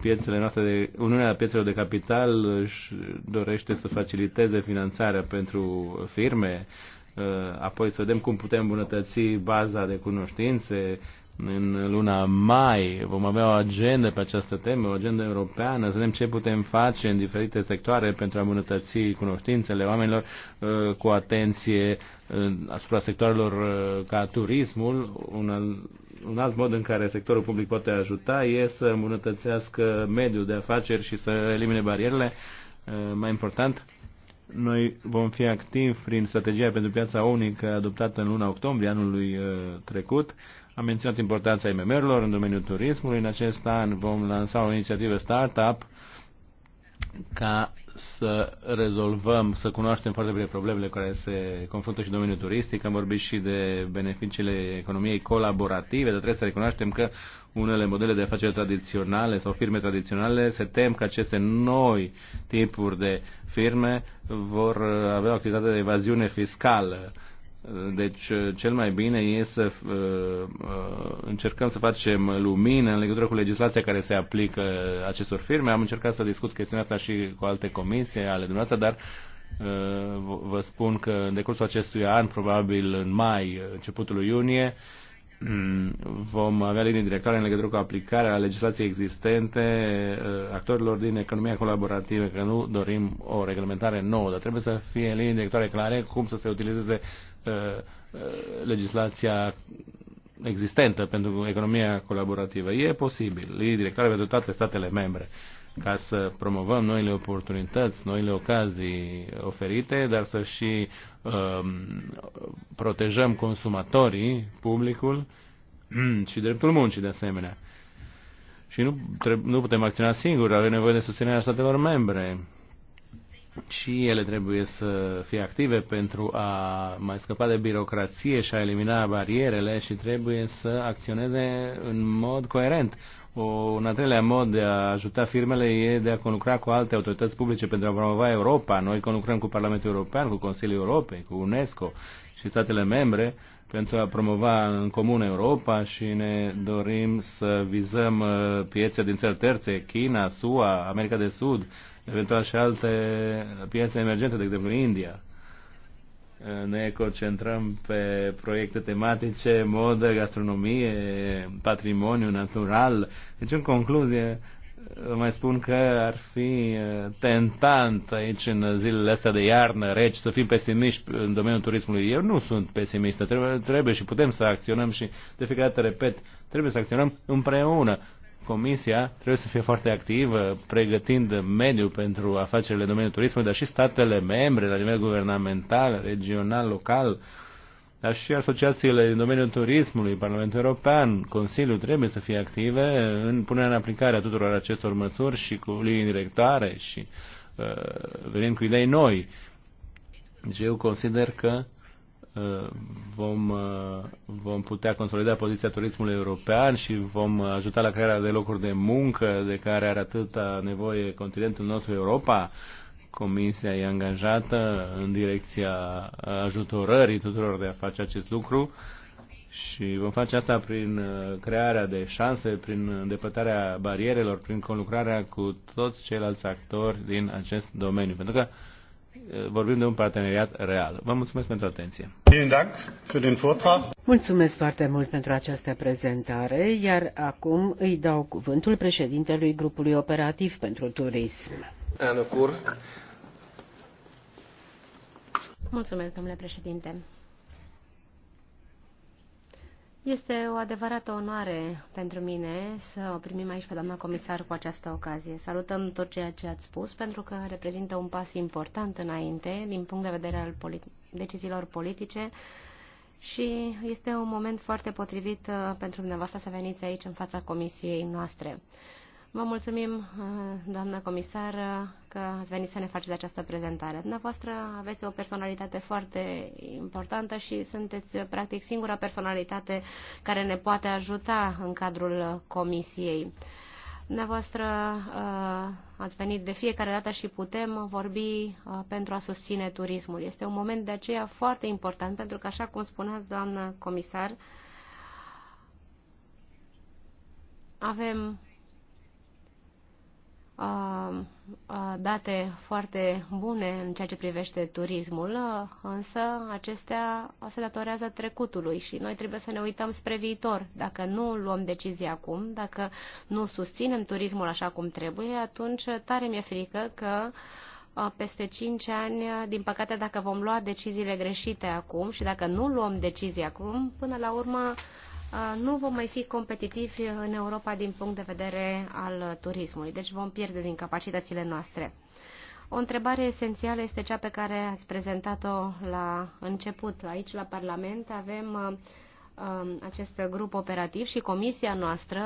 piețele noastre de, Uniunea Piețelor de Capital își dorește să faciliteze finanțarea pentru firme Uh, apoi să vedem cum putem îmbunătăți baza de cunoștințe. În luna mai vom avea o agendă pe această temă, o agendă europeană, să vedem ce putem face în diferite sectoare pentru a îmbunătăți cunoștințele oamenilor uh, cu atenție uh, asupra sectoarelor ca turismul. Un alt, un alt mod în care sectorul public poate ajuta e să îmbunătățească mediul de afaceri și să elimine barierele. Mai important, noi vom fi activi prin strategia pentru piața unică adoptată în luna octombrie anului uh, trecut. Am menționat importanța IMM-urilor în domeniul turismului. În acest an vom lansa o inițiativă startup ca să rezolvăm, să cunoaștem foarte bine problemele care se confruntă și în domeniul turistic. Am vorbit și de beneficiile economiei colaborative, dar trebuie să recunoaștem că unele modele de afaceri tradiționale sau firme tradiționale se tem că aceste noi tipuri de firme vor avea o activitate de evaziune fiscală deci eh, cel mai bine e să uh, încercăm să facem lumină în legătură cu legislația care se aplică acestor firme. Am încercat să discut chestiunea asta și cu alte comisii ale dumneavoastră, dar uh, vă spun că în decursul acestui an, probabil în mai, începutul lui iunie, vom avea linii directoare în legătură cu aplicarea legislației existente actorilor din economia colaborativă, că nu dorim o reglementare nouă, dar trebuie să fie linii directoare clare cum să se utilizeze Uh, uh, legislația existentă pentru economia colaborativă. E posibil. E directoare pentru toate statele membre ca să promovăm noile oportunități, noile ocazii oferite, dar să și um, protejăm consumatorii, publicul și dreptul muncii de asemenea. Și nu, nu putem acționa singuri, avem nevoie de susținerea statelor membre și ele trebuie să fie active pentru a mai scăpa de birocrație și a elimina barierele și trebuie să acționeze în mod coerent. O, un al treilea mod de a ajuta firmele e de a conlucra cu alte autorități publice pentru a promova Europa. Noi conlucrăm cu Parlamentul European, cu Consiliul Europei, cu UNESCO și statele membre pentru a promova în comun Europa și ne dorim să vizăm uh, piețe din țări terțe, China, SUA, America de Sud, eventual și alte piețe emergente, de exemplu India. Ne concentrăm pe proiecte tematice, modă, gastronomie, patrimoniu natural. Deci, în concluzie, mai spun că ar fi uh, tentant aici în zilele astea de iarnă reci să fim pesimiști în domeniul turismului. Eu nu sunt pesimist, trebuie, trebuie și putem să acționăm și de fiecare dată repet, trebuie să acționăm împreună. Comisia trebuie să fie foarte activă, pregătind mediul pentru afacerile domeniul turismului, dar și statele membre, la nivel guvernamental, regional, local, dar și asociațiile din domeniul turismului, Parlamentul European, Consiliul trebuie să fie active în punerea în aplicare a tuturor acestor măsuri și cu linii directoare și uh, venind cu idei noi. Deci eu consider că Eh, vom, eh, vom putea consolida poziția turismului european și vom ajuta la crearea de locuri de muncă de care are atâta nevoie continentul nostru Europa. Comisia e angajată în direcția ajutorării tuturor de a face acest lucru și vom face asta prin eh, crearea de șanse, prin îndepărtarea barierelor, prin conlucrarea cu toți ceilalți actori din acest domeniu. Pentru că vorbim de un parteneriat real. Vă mulțumesc pentru atenție. Mulțumesc foarte mult pentru această prezentare, iar acum îi dau cuvântul președintelui grupului operativ pentru turism. Mulțumesc, domnule președinte. Este o adevărată onoare pentru mine să o primim aici pe doamna comisar cu această ocazie. Salutăm tot ceea ce ați spus, pentru că reprezintă un pas important înainte din punct de vedere al politi- deciziilor politice și este un moment foarte potrivit uh, pentru dumneavoastră să veniți aici în fața comisiei noastre. Vă mulțumim, uh, doamna comisar, că ați venit să ne faceți această prezentare. Dumneavoastră aveți o personalitate foarte importantă și sunteți, practic, singura personalitate care ne poate ajuta în cadrul comisiei. Dumneavoastră uh, ați venit de fiecare dată și putem vorbi uh, pentru a susține turismul. Este un moment de aceea foarte important, pentru că, așa cum spuneați, doamnă comisar, avem date foarte bune în ceea ce privește turismul, însă acestea se datorează trecutului și noi trebuie să ne uităm spre viitor. Dacă nu luăm decizii acum, dacă nu susținem turismul așa cum trebuie, atunci tare mi-e frică că peste 5 ani, din păcate, dacă vom lua deciziile greșite acum și dacă nu luăm decizii acum, până la urmă nu vom mai fi competitivi în Europa din punct de vedere al turismului, deci vom pierde din capacitățile noastre. O întrebare esențială este cea pe care ați prezentat-o la început. Aici, la Parlament, avem acest grup operativ și comisia noastră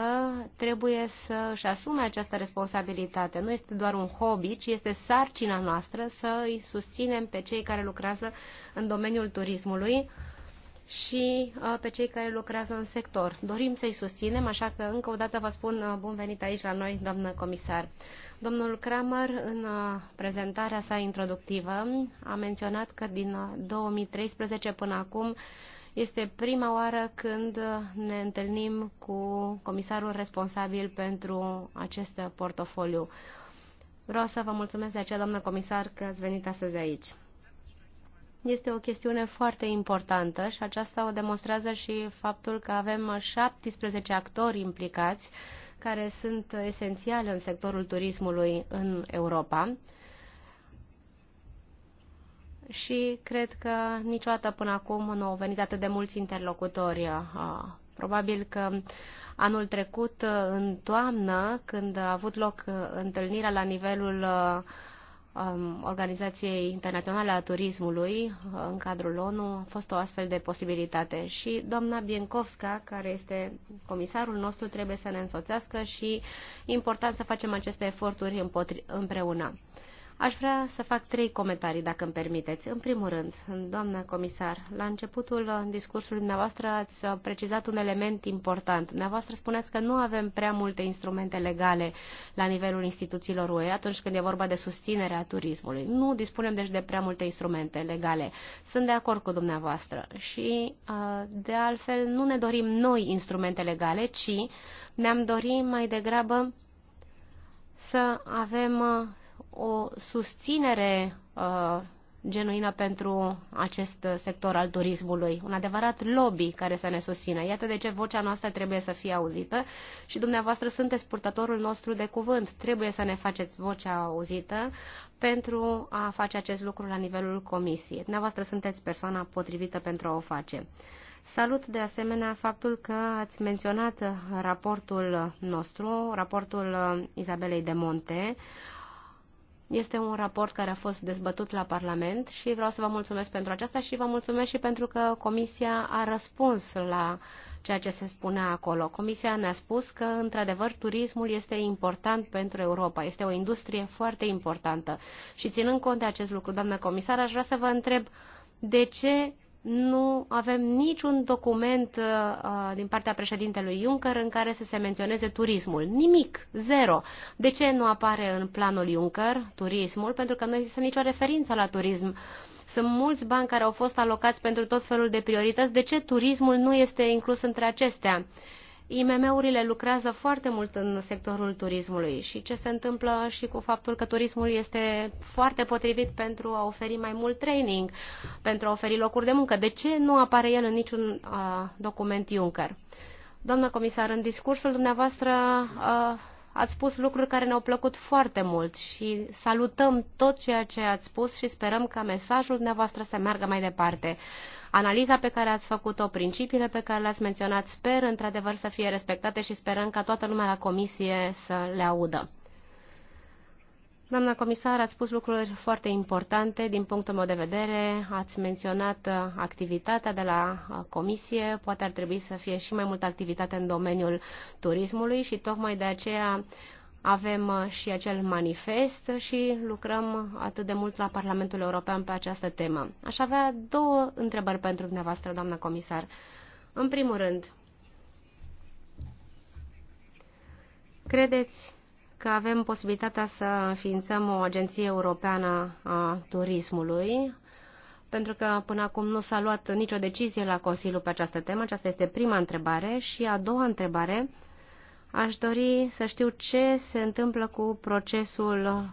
trebuie să își asume această responsabilitate. Nu este doar un hobby, ci este sarcina noastră să îi susținem pe cei care lucrează în domeniul turismului și uh, pe cei care lucrează în sector. Dorim să-i susținem, așa că încă o dată vă spun uh, bun venit aici la noi, doamnă comisar. Domnul Kramer, în uh, prezentarea sa introductivă, a menționat că din 2013 până acum este prima oară când ne întâlnim cu comisarul responsabil pentru acest portofoliu. Vreau să vă mulțumesc de aceea, doamnă comisar, că ați venit astăzi aici este o chestiune foarte importantă și aceasta o demonstrează și faptul că avem 17 actori implicați care sunt esențiali în sectorul turismului în Europa și cred că niciodată până acum nu au venit atât de mulți interlocutori. Probabil că anul trecut, în toamnă, când a avut loc uh, întâlnirea la nivelul uh, Um, Organizației Internaționale a Turismului uh, în cadrul ONU a fost o astfel de posibilitate și doamna Biencovska, care este comisarul nostru, trebuie să ne însoțească și important să facem aceste eforturi împreună. Aș vrea să fac trei comentarii, dacă îmi permiteți. În primul rând, doamnă comisar, la începutul discursului dumneavoastră ați precizat un element important. Dumneavoastră spuneați că nu avem prea multe instrumente legale la nivelul instituțiilor UE atunci când e vorba de susținerea turismului. Nu dispunem deci de prea multe instrumente legale. Sunt de acord cu dumneavoastră și, uh, de altfel, nu ne dorim noi instrumente legale, ci ne-am dorit mai degrabă să avem uh, o susținere uh, genuină pentru acest sector al turismului, un adevărat lobby care să ne susțină. Iată de ce vocea noastră trebuie să fie auzită și dumneavoastră sunteți purtătorul nostru de cuvânt. Trebuie să ne faceți vocea auzită pentru a face acest lucru la nivelul comisiei. Dumneavoastră sunteți persoana potrivită pentru a o face. Salut de asemenea faptul că ați menționat raportul nostru, raportul uh, Izabelei de Monte, este un raport care a fost dezbătut la Parlament și vreau să vă mulțumesc pentru aceasta și vă mulțumesc și pentru că Comisia a răspuns la ceea ce se spunea acolo. Comisia ne-a spus că, într-adevăr, turismul este important pentru Europa, este o industrie foarte importantă. Și ținând cont de acest lucru, doamnă comisar, aș vrea să vă întreb de ce nu avem niciun document uh, uh, din partea președintelui Juncker în care să se menționeze turismul. Nimic, zero. De ce nu apare în planul Juncker turismul? Pentru că nu există nicio referință la turism. Sunt mulți bani care au fost alocați pentru tot felul de priorități. De ce turismul nu este inclus între acestea? IMM-urile lucrează foarte mult în sectorul turismului și ce se întâmplă și cu faptul că turismul este foarte potrivit pentru a oferi mai mult training, pentru a oferi locuri de muncă. De ce nu apare el în niciun uh, document Juncker? Doamnă comisar, în discursul dumneavoastră uh, ați spus lucruri care ne-au plăcut foarte mult și salutăm tot ceea ce ați spus și sperăm ca mesajul dumneavoastră să meargă mai departe. Uh, Analiza pe care ați făcut-o, principiile pe care le-ați menționat, sper într-adevăr să fie respectate și sperăm ca toată lumea la comisie să le audă. Doamna comisar, ați spus lucruri foarte importante din punctul meu de vedere. Ați menționat uh, activitatea de la uh, comisie. Poate ar trebui să fie și mai multă activitate în domeniul turismului și tocmai de aceea avem uh, și acel manifest și lucrăm atât de mult la Parlamentul European pe această temă. Aș avea două întrebări pentru dumneavoastră, doamnă comisar. În primul rând, credeți că avem posibilitatea să înființăm o agenție europeană a turismului, pentru că până acum nu s-a luat nicio decizie la Consiliu pe această temă. Aceasta este prima întrebare. Și a doua întrebare, Aș dori să știu ce se întâmplă cu procesul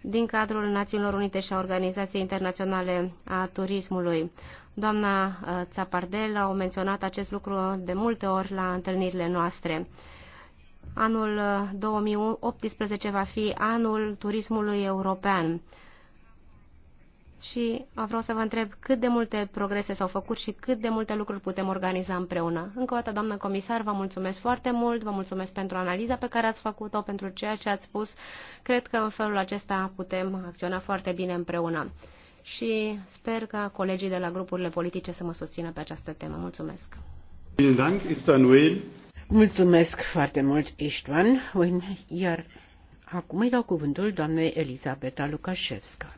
din cadrul Națiunilor Unite și a Organizației Internaționale a Turismului. Doamna uh, Țapardel a menționat acest lucru de multe ori la întâlnirile noastre. Anul 2018 uh, va fi anul turismului european și vreau să vă întreb cât de multe progrese s-au făcut și cât de multe lucruri putem organiza împreună. Încă o dată, doamnă comisar, vă mulțumesc foarte mult, vă mulțumesc pentru analiza pe care ați făcut-o, pentru ceea ce ați spus. Cred că în felul acesta putem acționa foarte bine împreună. Și sper ca colegii de la grupurile politice să mă susțină pe această temă. Mulțumesc! Mulțumesc foarte mult, Istvan. Iar acum îi dau cuvântul doamnei Elisabeta Lukashevska.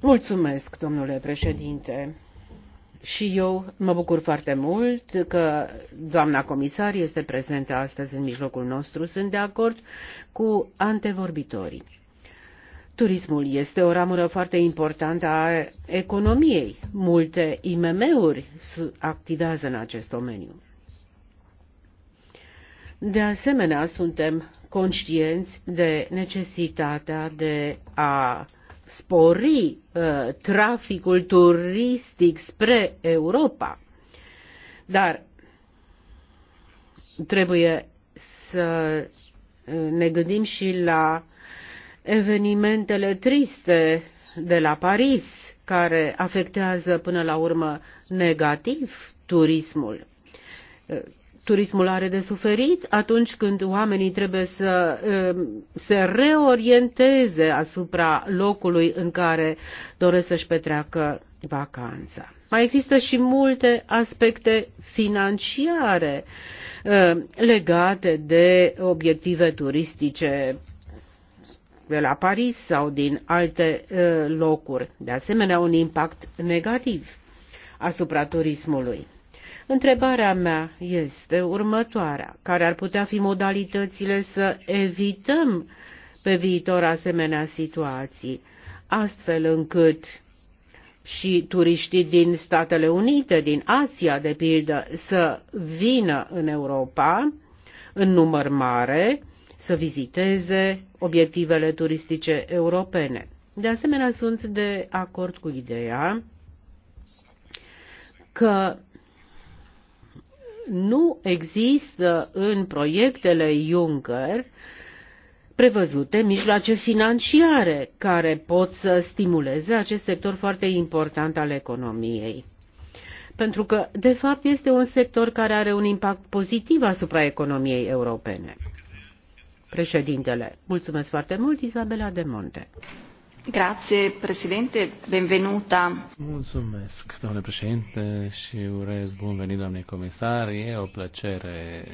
Mulțumesc, domnule președinte. Și eu mă bucur foarte mult că doamna comisar este prezentă astăzi în mijlocul nostru. Sunt de acord cu antevorbitorii. Turismul este o ramură foarte importantă a economiei. Multe IMM-uri activează în acest domeniu. De asemenea, suntem conștienți de necesitatea de a spori uh, traficul turistic spre Europa. Dar trebuie să uh, ne gândim și la evenimentele triste de la Paris, care afectează până la urmă negativ turismul. Uh, turismul are de suferit atunci când oamenii trebuie să um, se reorienteze asupra locului în care doresc să-și petreacă vacanța. Mai există și multe aspecte financiare um, legate de obiective turistice de la Paris sau din alte uh, locuri. De asemenea, un impact negativ asupra turismului. Întrebarea mea este următoarea. Care ar putea fi modalitățile să evităm pe viitor asemenea situații, astfel încât și turiștii din Statele Unite, din Asia, de pildă, să vină în Europa în număr mare, să viziteze obiectivele turistice europene. De asemenea, sunt de acord cu ideea că nu există în proiectele Juncker prevăzute mijloace financiare care pot să stimuleze acest sector foarte important al economiei. Pentru că, de fapt, este un sector care are un impact pozitiv asupra economiei europene. Președintele, mulțumesc foarte mult, Isabela de Monte președinte. Benvenuta. Mulțumesc, domnule președinte, și urez bun venit, doamne comisar. E o plăcere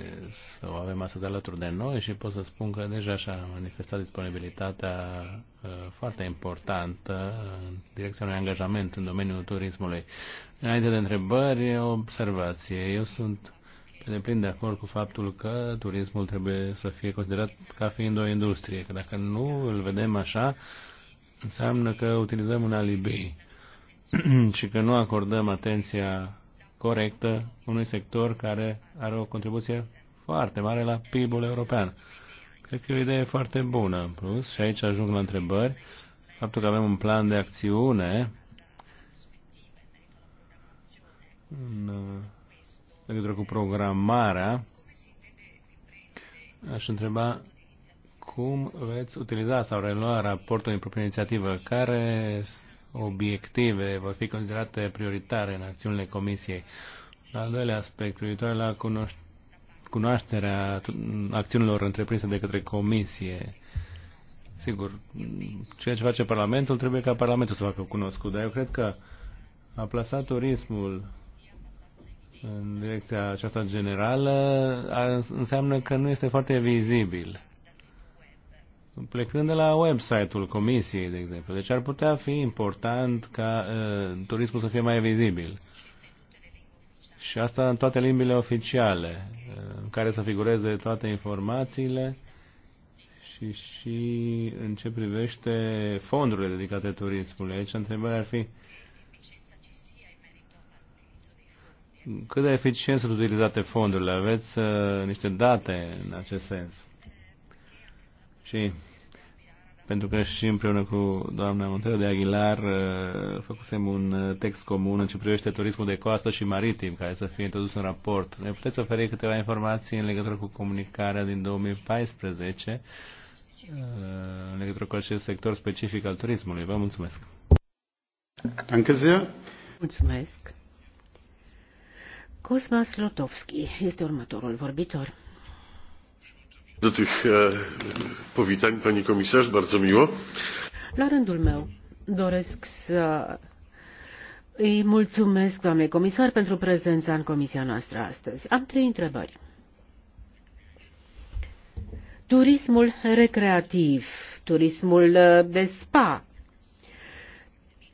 să o avem astăzi alături de noi și pot să spun că deja și-a manifestat disponibilitatea uh, foarte importantă în direcția unui angajament în domeniul turismului. Înainte de întrebări, observație. Eu sunt pe deplin de acord cu faptul că turismul trebuie să fie considerat ca fiind o industrie, că dacă nu îl vedem așa, înseamnă că utilizăm un alibi și că nu acordăm atenția corectă unui sector care are o contribuție foarte mare la PIB-ul european. Cred că e o idee foarte bună, în plus, și aici ajung la întrebări. Faptul că avem un plan de acțiune în uh, legătură cu programarea, aș întreba cum veți utiliza sau relua raportul din propria inițiativă? Care obiective vor fi considerate prioritare în acțiunile Comisiei? Al doilea aspect, privitor la cunoașterea acțiunilor întreprinse de către Comisie. Sigur, ceea ce face Parlamentul trebuie ca Parlamentul să facă cunoscut, dar eu cred că a plasat turismul în direcția aceasta generală înseamnă că nu este foarte vizibil plecând de la website-ul comisiei, de exemplu. Deci ar putea fi important ca uh, turismul să fie mai vizibil. Și asta în toate limbile oficiale, uh, în care să figureze toate informațiile și, și în ce privește fondurile dedicate turismului. Aici întrebarea ar fi cât de eficient sunt utilizate fondurile? Aveți uh, niște date în acest sens? Și pentru că și împreună cu doamna Montero de Aguilar uh, făcusem un uh, text comun în ce privește turismul de coastă și maritim, care să fie introdus în raport. Ne puteți oferi câteva informații în legătură cu comunicarea din 2014 uh, în legătură cu acest sector specific al turismului. Vă mulțumesc! Mulțumesc! Cosmas Lotovski este următorul vorbitor. Do tych powitań, pani komisarz, bardzo miło. La rândul meu, doresc să îi mulțumesc, doamne comisar, pentru prezența în comisia noastră astăzi. Am trei întrebări. Turismul recreativ, turismul de spa,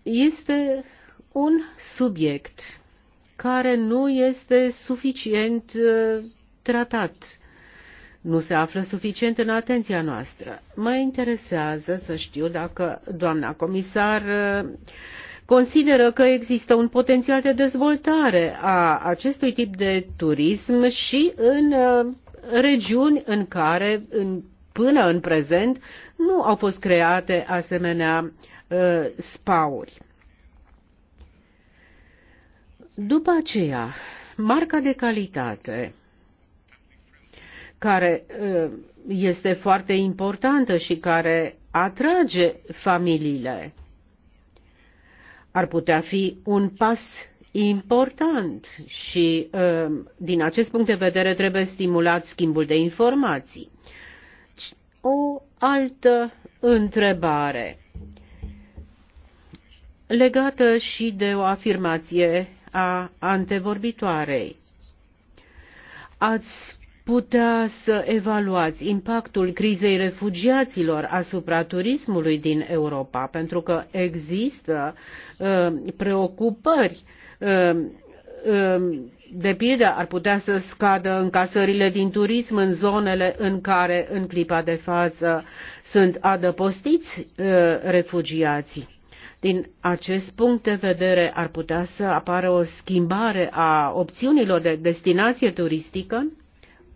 este un subiect care nu este suficient tratat nu se află suficient în atenția noastră. Mă interesează să știu dacă doamna comisar uh, consideră că există un potențial de dezvoltare a acestui tip de turism și în uh, regiuni în care în, până în prezent nu au fost create asemenea uh, spauri. După aceea, marca de calitate – care ă, este foarte importantă și care atrage familiile. Ar putea fi un pas important și ă, din acest punct de vedere trebuie stimulat schimbul de informații. O altă întrebare legată și de o afirmație a antevorbitoarei. Ați putea să evaluați impactul crizei refugiaților asupra turismului din Europa? Pentru că există uh, preocupări. Uh, uh, de pildă, ar putea să scadă încasările din turism în zonele în care, în clipa de față, sunt adăpostiți uh, refugiații. Din acest punct de vedere, ar putea să apară o schimbare a opțiunilor de destinație turistică?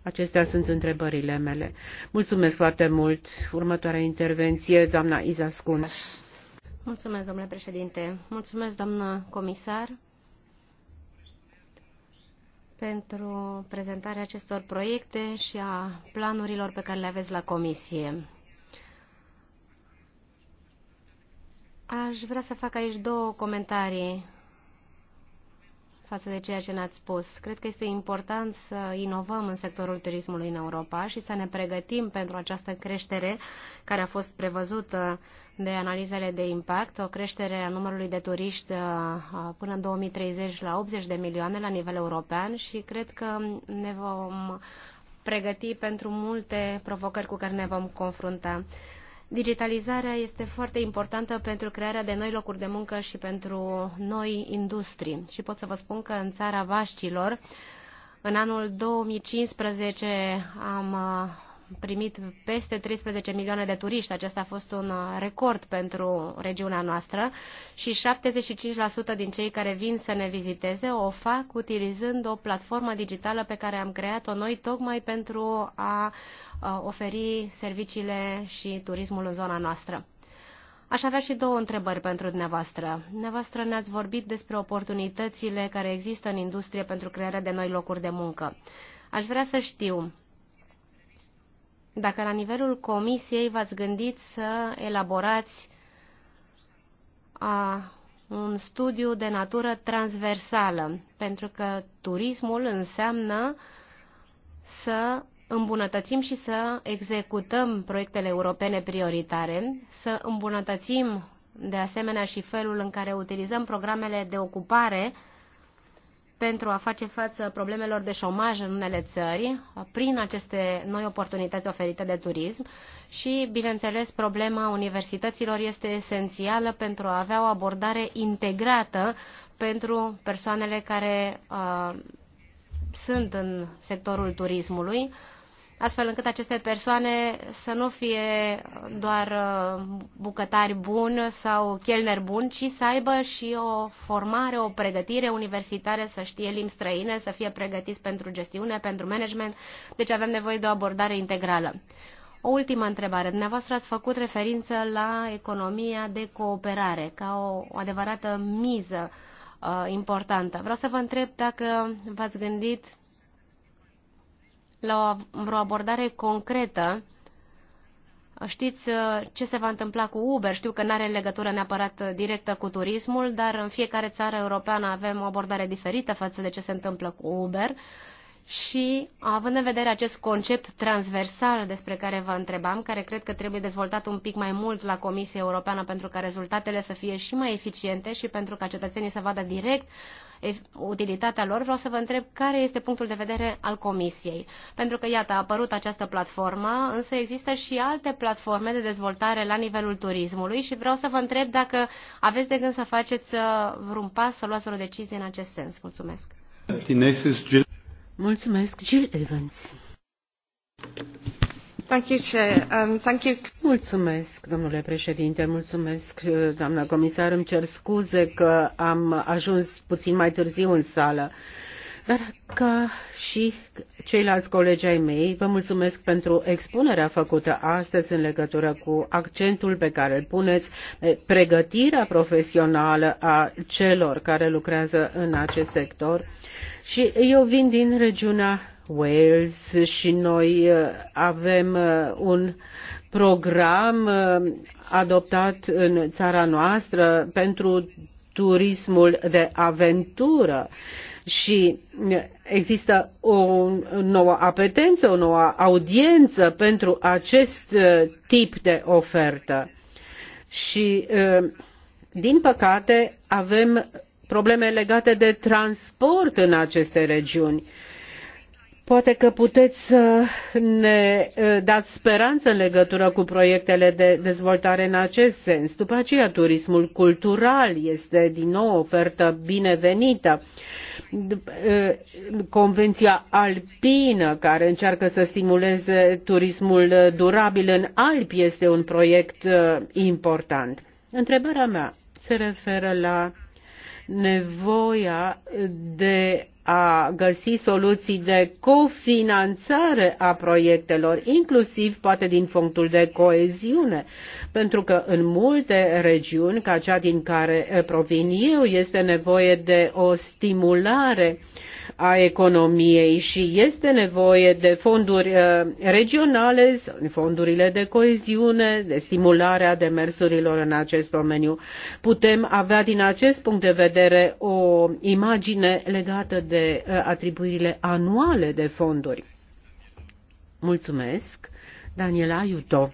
Acestea sunt întrebările mele. Mulțumesc foarte mult. Următoarea intervenție, doamna Iza Scun. Mulțumesc, domnule președinte. Mulțumesc, doamnă comisar, pentru prezentarea acestor proiecte și a planurilor pe care le aveți la comisie. Aș vrea să fac aici două comentarii față de ceea ce ne-ați spus. Cred că este important să inovăm în sectorul turismului în Europa și să ne pregătim pentru această creștere care a fost prevăzută de analizele de impact, o creștere a numărului de turiști uh, uh, până în 2030 la 80 de milioane la nivel european și cred că ne vom pregăti pentru multe provocări cu care ne vom confrunta. Digitalizarea este foarte importantă pentru crearea de noi locuri de muncă și pentru noi industrii. Și pot să vă spun că în țara Vaștilor, în anul 2015 am primit peste 13 milioane de turiști. Acesta a fost un uh, record pentru regiunea noastră și 75% din cei care vin să ne viziteze o fac utilizând o platformă digitală pe care am creat-o noi tocmai pentru a uh, oferi serviciile și turismul în zona noastră. Aș avea și două întrebări pentru dumneavoastră. Dumneavoastră ne-ați vorbit despre oportunitățile care există în industrie pentru crearea de noi locuri de muncă. Aș vrea să știu dacă la nivelul comisiei v-ați gândit să elaborați a, un studiu de natură transversală, pentru că turismul înseamnă să îmbunătățim și să executăm proiectele europene prioritare, să îmbunătățim de asemenea și felul în care utilizăm programele de ocupare pentru a face față problemelor de șomaj în unele țări prin aceste noi oportunități oferite de turism și, bineînțeles, problema universităților este esențială pentru a avea o abordare integrată pentru persoanele care uh, sunt în sectorul turismului, uh, astfel încât aceste persoane să nu fie doar uh, bucătari buni sau chelneri buni, ci să aibă și o formare, o pregătire universitară, să știe limbi străine, să fie pregătiți pentru gestiune, pentru management. Deci avem nevoie de o abordare integrală. O ultimă întrebare. Dumneavoastră ați făcut referință la economia de cooperare ca o, o adevărată miză uh, importantă. Vreau să vă întreb dacă v-ați gândit la o, vreo abordare concretă. Știți uh, ce se va întâmpla cu Uber? Știu că nu are legătură neapărat directă cu turismul, dar în fiecare țară europeană avem o abordare diferită față de ce se întâmplă cu Uber. Uh, și având în vedere acest concept transversal despre care vă întrebam, care cred că trebuie dezvoltat un pic mai mult la Comisia Europeană pentru ca rezultatele să fie și mai eficiente și pentru ca cetățenii să vadă direct utilitatea lor, vreau să vă întreb care este punctul de vedere al Comisiei. Pentru că, iată, a apărut această platformă, însă există și alte platforme de dezvoltare la nivelul turismului și vreau să vă întreb dacă aveți de gând să faceți uh, vreun pas, să luați o decizie în acest sens. Mulțumesc. Mulțumesc, Jill Evans. Thank you, Chair. Um, thank you. Mulțumesc, domnule președinte, mulțumesc, uh, doamna comisar. Îmi cer scuze că am ajuns puțin mai târziu în sală. Dar ca și ceilalți colegi ai mei, vă mulțumesc pentru expunerea făcută astăzi în legătură cu accentul pe care îl puneți pregătirea profesională a celor care lucrează în acest sector și eu vin din regiunea Wales și noi uh, avem uh, un program uh, adoptat în țara noastră pentru turismul de aventură și există o nouă apetență, o nouă audiență pentru acest tip de ofertă. Și, din păcate, avem probleme legate de transport în aceste regiuni. Poate că puteți să ne eh, dați speranță în legătură cu proiectele de dezvoltare în acest sens. După aceea, turismul cultural este din nou o ofertă binevenită. Eh, Convenția alpină care încearcă să stimuleze turismul eh, durabil în Alpi este un proiect important. Întrebarea mea se referă la nevoia de a găsi soluții de cofinanțare a proiectelor, inclusiv poate din fondul de coeziune, pentru că în multe regiuni, ca cea din care provin eu, este nevoie de o stimulare uh, a economiei și este nevoie de fonduri uh, regionale, fondurile de coeziune, de stimularea demersurilor în acest domeniu. Putem avea din acest punct de vedere o imagine legată de uh, atribuirile anuale de fonduri. Mulțumesc. Daniela Iuto.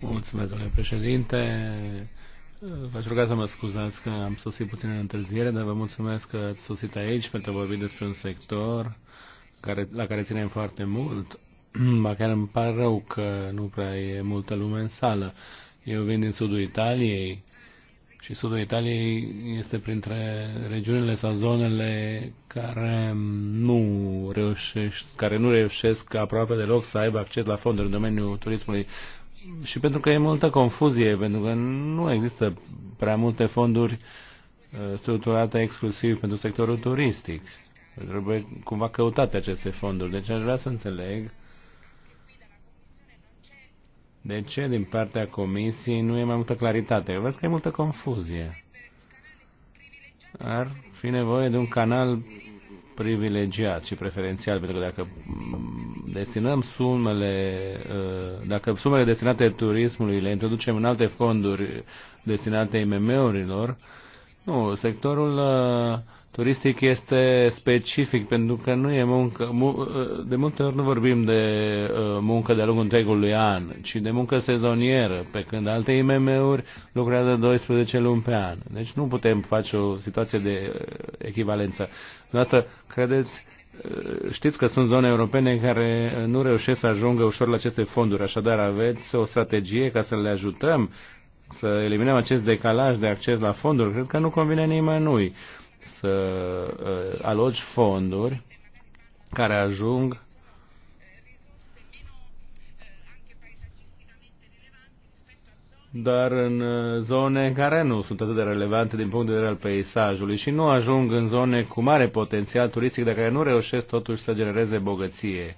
Mulțumesc, domnule președinte. V-aș ruga să mă scuzați că am sosit puțin în întârziere, dar vă mulțumesc că ați sosit aici pentru a vorbi despre un sector care, la care ținem foarte mult. Ba chiar îmi par rău că nu prea e multă lume în sală. Eu vin din sudul Italiei și sudul Italiei este printre regiunile sau zonele care nu reușesc, care nu reușesc aproape deloc să aibă acces la fonduri în domeniul turismului și pentru că e multă confuzie, pentru că nu există prea multe fonduri uh, structurate exclusiv pentru sectorul turistic. Trebuie cumva căutate aceste fonduri. Deci aș vrea să înțeleg de ce din partea Comisiei nu e mai multă claritate. Eu văd că e multă confuzie. Ar fi nevoie de un canal privilegiat și preferențial, pentru că dacă destinăm sumele, uh, dacă sumele destinate turismului le introducem în alte fonduri destinate IMM-urilor, nu, sectorul uh, turistic este specific pentru că nu e muncă, uh, de multe ori nu vorbim de muncă de-a lungul întregului an, ci de muncă sezonieră, pe când alte IMM-uri lucrează 12 luni pe an. Deci nu putem face o situație de echivalență. Dumneavoastră, credeți, uh, știți că sunt zone europene care uh, nu reușesc să ajungă ușor la aceste fonduri, așadar aveți o strategie ca să le ajutăm să eliminăm acest decalaj de acces la fonduri? Cred că nu convine nimănui să uh, aloci fonduri care ajung dar în uh, zone care nu sunt atât de relevante din punct de vedere al peisajului și nu ajung în zone cu mare potențial turistic, dar care nu reușesc totuși să genereze bogăție.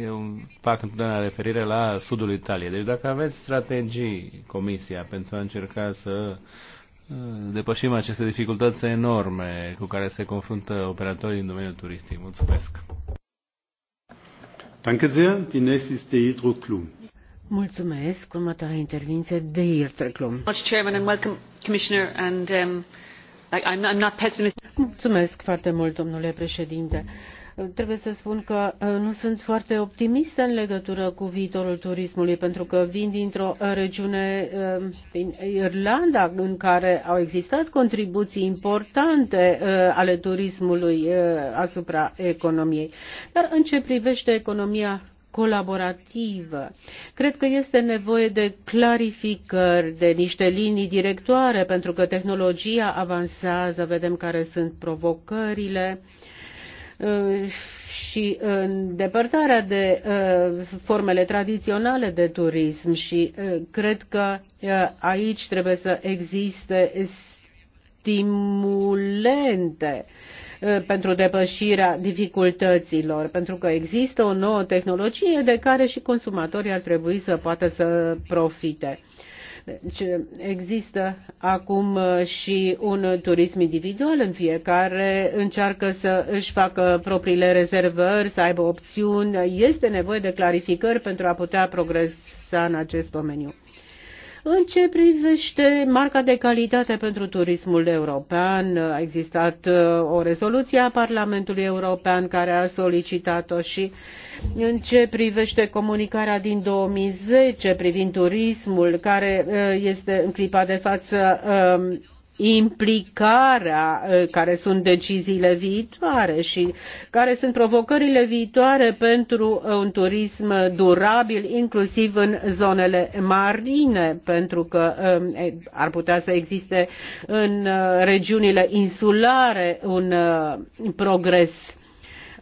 Eu fac întotdeauna referire la sudul Italiei. Deci dacă aveți strategii, Comisia, pentru a încerca să uh, depășim aceste dificultăți enorme cu care se confruntă operatorii în domeniul turistic. Mulțumesc! Danke sehr. Die nächste ist Deidro Klum. Mulțumesc. Următoarea intervenție de Irtreclum. Mulțumesc foarte mult, domnule președinte. Trebuie să spun că uh, nu sunt foarte optimistă în legătură cu viitorul turismului, pentru că vin dintr-o uh, regiune uh, din Irlanda în care au existat contribuții importante ale turismului asupra economiei. Dar în ce privește economia colaborativă. Cred că este nevoie de clarificări, de niște linii directoare, pentru că tehnologia avansează, vedem care sunt provocările uh, și îndepărtarea de uh, formele tradiționale de turism și uh, cred că aici trebuie să existe stimulente uh, Eh, pentru depășirea dificultăților, pentru că există o nouă tehnologie de care și consumatorii ar trebui să poată să profite. Deci există acum eh, și un turism individual în fiecare încearcă să își facă propriile rezervări, să aibă opțiuni. Este nevoie de clarificări pentru a putea progresa în acest domeniu. În ce privește marca de calitate pentru turismul european, a existat uh, o rezoluție a Parlamentului European care a solicitat-o și în ce privește comunicarea din 2010 privind turismul, care uh, este în clipa de față um, implicarea, ă, care sunt deciziile viitoare și care sunt provocările viitoare pentru un turism durabil, inclusiv în zonele marine, pentru că ă, ar putea să existe în ă, regiunile insulare un progres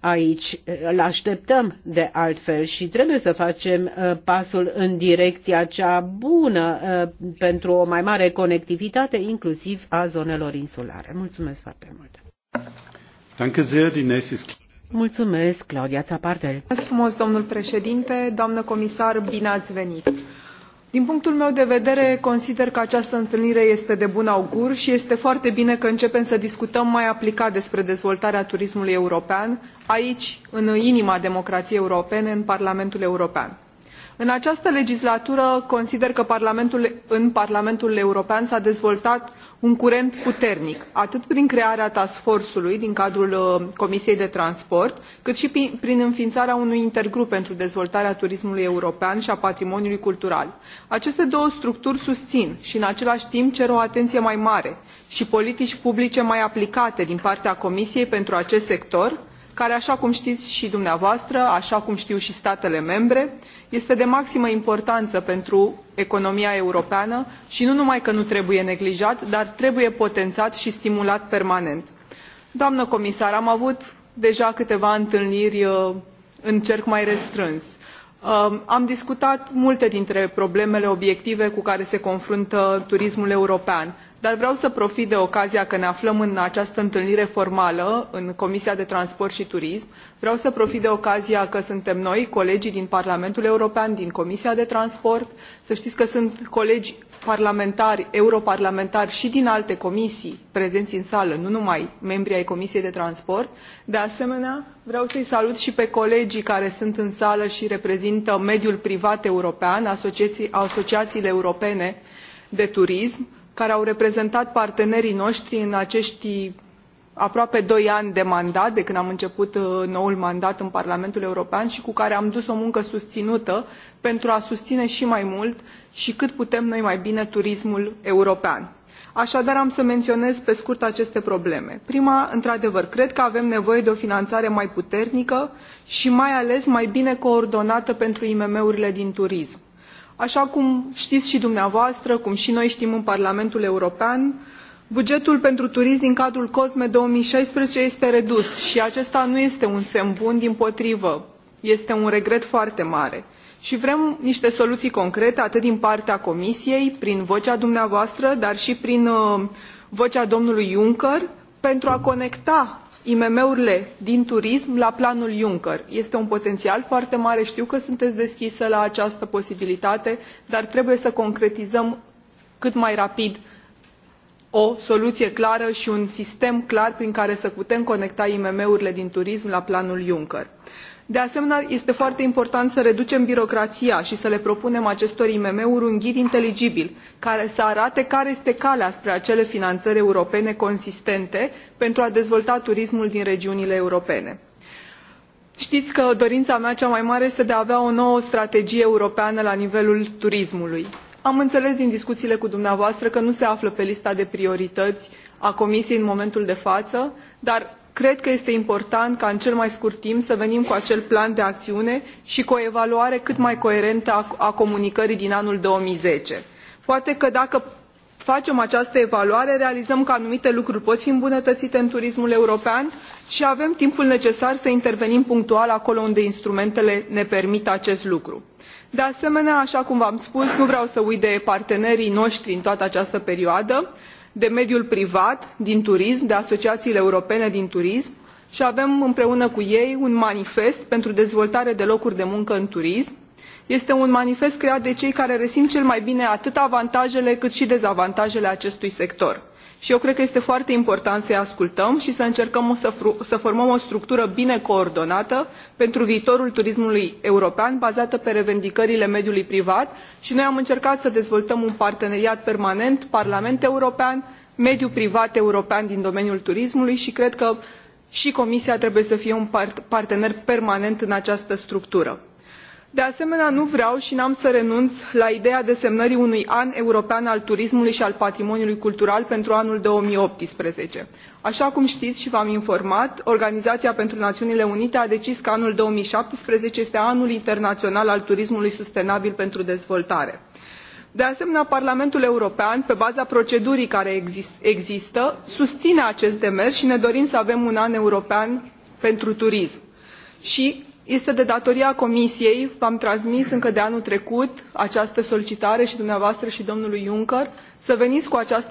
aici îl așteptăm de altfel și trebuie să facem uh, pasul în direcția cea bună uh, pentru o mai mare conectivitate, inclusiv a zonelor insulare. Mulțumesc foarte mult! Danke sehr, die Mulțumesc, Claudia Țapartel. Mulțumesc frumos, domnul președinte, doamnă comisar, bine ați venit! din punctul meu de vedere consider că această întâlnire este de bun augur și este foarte bine că începem să discutăm mai aplicat despre dezvoltarea turismului european aici în inima democrației europene în parlamentul european în această legislatură consider că în parlamentul european s a dezvoltat un curent puternic atât prin crearea task force ului din cadrul uh, comisiei pentru transport cât și prin înființarea unui intergrup pentru dezvoltarea turismului european și a patrimoniului cultural. aceste două structuri susțin și în același timp cer o atenție mai mare și politici publice mai aplicate din partea comisiei pentru acest sector și care așa cum știți și dumneavoastră așa cum știu și statele membre este de maximă importanță pentru economia europeană și nu numai că nu trebuie neglijat dar trebuie potențat și stimulat permanent. doamnă comisar am avut deja câteva întâlniri uh, în cerc mai restrâns um, am discutat multe dintre problemele obiective cu care se confruntă turismul european dar vreau să profit de ocazia că ne aflăm în această întâlnire formală în comisia pentru transport și turism vreau să profit de ocazia că suntem noi colegii din parlamentul european din comisia pentru transport să știți că sunt colegi parlamentari europarlamentari și din alte comisii prezenți în sală nu numai membri ai comisiei pentru transport de asemenea vreau să îi salut și pe colegii care sunt în sală și reprezintă mediul privat european asociațiile europene de turism care au reprezentat partenerii noștri în acești aproape doi ani de mandat de când am început uh, noul mandat în parlamentul european și cu care am dus o muncă susținută pentru a susține și mai mult și cât putem noi mai bine turismul european. așadar am să menționez pe scurt aceste probleme. prima într adevăr cred că avem nevoie de o finanțare mai puternică și mai ales mai bine coordonată pentru imm urile din turism așa cum știți și dumneavoastră cum și noi știm în parlamentul european bugetul pentru turism din cadrul cosme două mii șaisprezece este redus și acesta nu este un semn bun dimpotrivă este un regret foarte mare și vrem niște soluții concrete atât din partea comisiei prin vocea dumneavoastră dar și prin uh, vocea domnului juncker pentru a conecta imm urile din turism la planul juncker. este un potențial foarte mare știu că sunteți deschisă la această posibilitate dar trebuie să concretizăm cât mai rapid o soluție clară și un sistem clar prin care să putem conecta imm urile din turism la planul juncker de asemenea este foarte important să reducem birocrația și să le propunem acestor imm uri un ghid inteligibil care să arate care este calea spre acele finanțări europene consistente pentru a dezvolta turismul din regiunile europene știți că dorința mea cea mai mare este de a avea o nouă strategie europeană la nivelul turismului. am înțeles din discuțiile cu dumneavoastră că nu se află pe lista de priorități a comisiei în momentul de față dar cred că este important ca în cel mai scurt timp să venim cu acel plan de acțiune și cu o evaluare cât mai coerentă a comunicării din anul. două mii zece poate că dacă facem această evaluare realizăm că anumite lucruri pot fi îmbunătățite în turismul european și avem timpul necesar să intervenim punctual acolo unde instrumentele ne permit acest lucru. de asemenea așa cum v am spus nu vreau să uit de partenerii noștri în toată această perioadă și de mediul privat din turism de asociațiile europene din turism și avem împreună cu ei un manifest pentru dezvoltare de locuri de muncă în turism este un manifest creat de cei care resimt cel mai bine atât avantajele cât și dezavantajele acestui sector și eu cred că este foarte important să îi ascultăm și să încercăm să, să formăm o structură bine coordonată pentru viitorul turismului european bazată pe revendicările mediului privat și noi am încercat să dezvoltăm un parteneriat permanent parlament european mediu privat european din domeniul turismului și cred că și comisia trebuie să fie un partener permanent în această structură de asemenea nu vreau și nu am să renunț la ideea desemnării unui an european al turismului și al patrimoniului cultural pentru anul două mii optsprezece așa cum știți și v am informat organizația pentru națiunile unite a decis că anul două mii șaptesprezece este anul internațional al turismului sustenabil pentru dezvoltare de asemenea parlamentul european pe baza procedurii care există susține acest demers și ne dorim să avem un an european pentru turism și este de datoria comisiei v am transmis încă de anul trecut această solicitare și dumneavoastră și domnului juncker să veniți uh,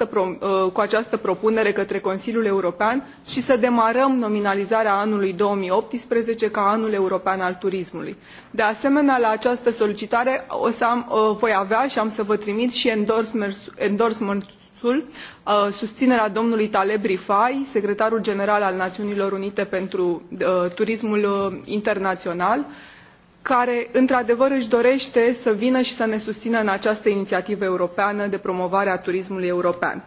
cu această, propunere către consiliul european și să demarăm nominalizarea anului două mii optsprezece ca anul european al turismului. de asemenea la această solicitare o uh, voi avea și am să vă trimit și endorsement faptul uh, susținerea domnului taleb rifai secretarul general al națiunilor unite pentru uh, turismul uh, internațional care într adevăr își dorește să vină și să ne susțină în această inițiativă europeană de promovare a turismului european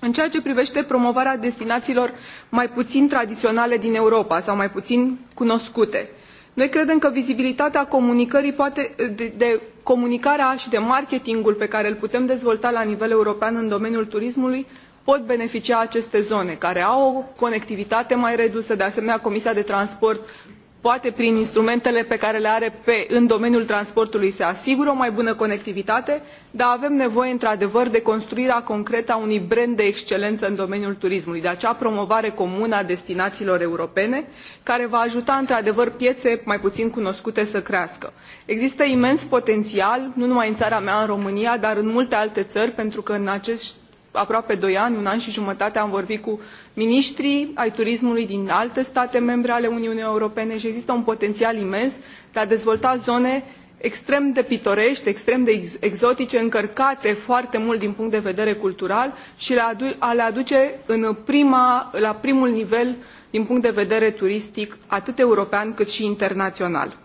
în ceea ce privește promovarea destinațiilor mai puțin tradiționale din europa sau mai puțin cunoscute noi credem că vizibilitatea comunicării poate, de, comunicare și de marketingul pe care îl putem dezvolta la nivel european în domeniul turismului pot beneficia aceste zone care au o conectivitate mai redusă de asemenea comisia pentru transport poate prin instrumentele pe care le are în domeniul transportului să asigure o mai bună conectivitate dar avem nevoie într adevăr de construirea concretă a unui brand de excelență în domeniul turismului de acea promovare comună a destinațiilor europene care va ajuta într adevăr piețe mai puțin cunoscute să crească. există imens potențial nu numai în țara mea în românia dar în multe alte țări pentru că în acest aproape doi ani un an și jumătate am vorbit cu miniștrii ai turismului din alte state membre ale uniunii europene și există un potențial imens de a dezvolta zone extrem de pitorești extrem de exotice încărcate foarte mult din punct de vedere cultural și a le aduce prima, la primul nivel din punct de vedere turistic atât european cât și internațional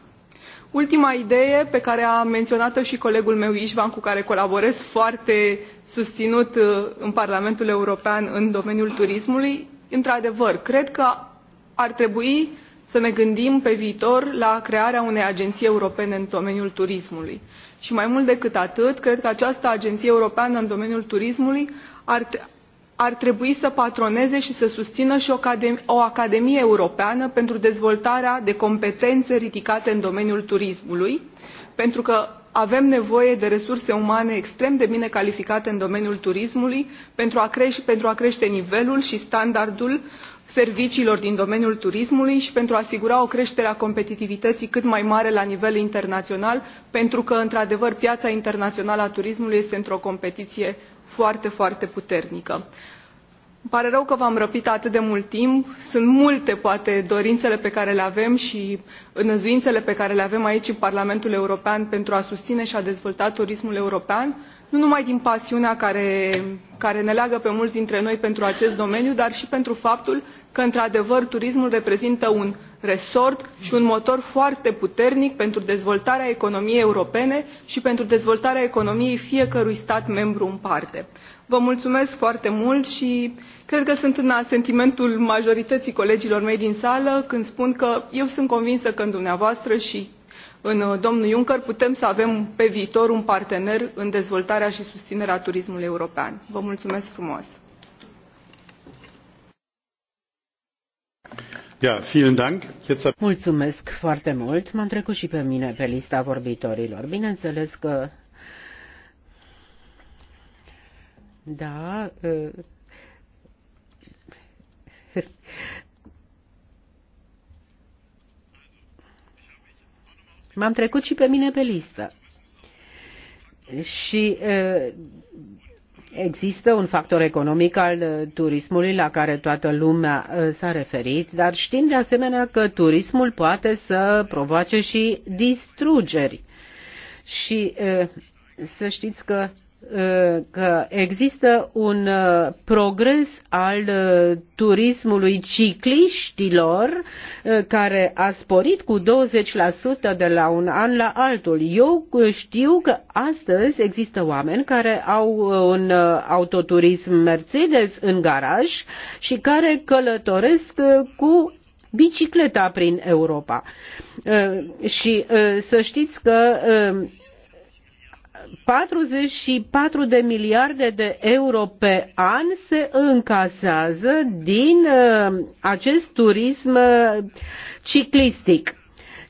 ultima idee pe care a menționat o și colegul meu istvan cu care colaborez foarte susținut uh, în parlamentul european în domeniul turismului într adevăr cred că ar trebui să ne gândim pe viitor la crearea unei agenții europene în domeniul turismului și mai mult decât atât cred că această agenție europeană în domeniul turismului ar, ar trebui să patroneze și să susțină și o, academie, europeană pentru dezvoltarea de competențe ridicate în domeniul turismului pentru că avem nevoie de resurse umane extrem de bine calificate în domeniul turismului pentru a, crește, nivelul și standardul serviciilor din domeniul turismului și pentru a asigura o creștere a competitivității cât mai mare la nivel internațional pentru că într adevăr piața internațională a turismului este într o competiție foarte foarte puternică. îmi pare rău că v am răpit atât de mult timp sunt multe poate dorințele pe care le avem și năzuințele pe care le avem aici în parlamentul european pentru a susține și a dezvolta turismul european nu numai din pasiunea care, care ne leagă pe mulți dintre noi pentru acest domeniu dar și pentru faptul că într adevăr turismul reprezintă un resort și un motor foarte puternic pentru dezvoltarea economiei europene și pentru dezvoltarea economiei fiecărui stat membru în parte. vă mulțumesc foarte mult și cred că sunt în asentimentul majorității colegilor mei din sală când spun că eu sunt convinsă că în dumneavoastră și în uh, domnul juncker putem să avem pe viitor un partener în dezvoltarea și susținerea turismului european. vă mulțumesc frumos! Mulțumesc foarte mult. M-am trecut și pe mine pe lista vorbitorilor. Bineînțeles că da, uh, M-am trecut și pe mine pe listă. Și există un factor economic al turismului la care toată lumea s-a referit, dar știm de asemenea că turismul poate să provoace și distrugeri. Și să știți că Uh, că există un uh, progres al uh, turismului cicliștilor care a sporit cu 20% de la un an la altul. Eu știu că astăzi există oameni care au un autoturism Mercedes în garaj și care călătoresc cu bicicleta prin Europa. Și să știți că 44 de miliarde de euro pe an se încasează din uh, acest turism uh, ciclistic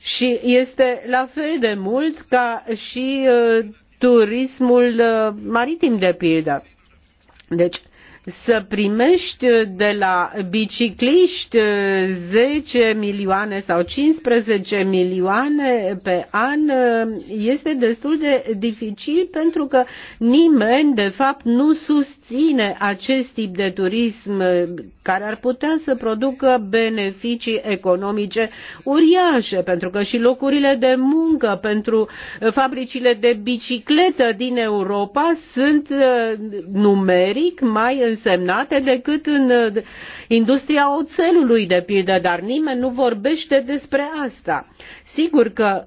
și este la fel de mult ca și uh, turismul maritim de pildă. Deci să primești de la bicicliști 10 milioane sau 15 milioane pe an este destul de dificil pentru că nimeni de fapt nu susține acest tip de turism care ar putea să producă beneficii economice uriașe pentru că și locurile de muncă pentru fabricile de bicicletă din Europa sunt uh, numeric mai în însemnate decât în uh, industria oțelului de pildă, dar nimeni nu vorbește despre asta. Sigur că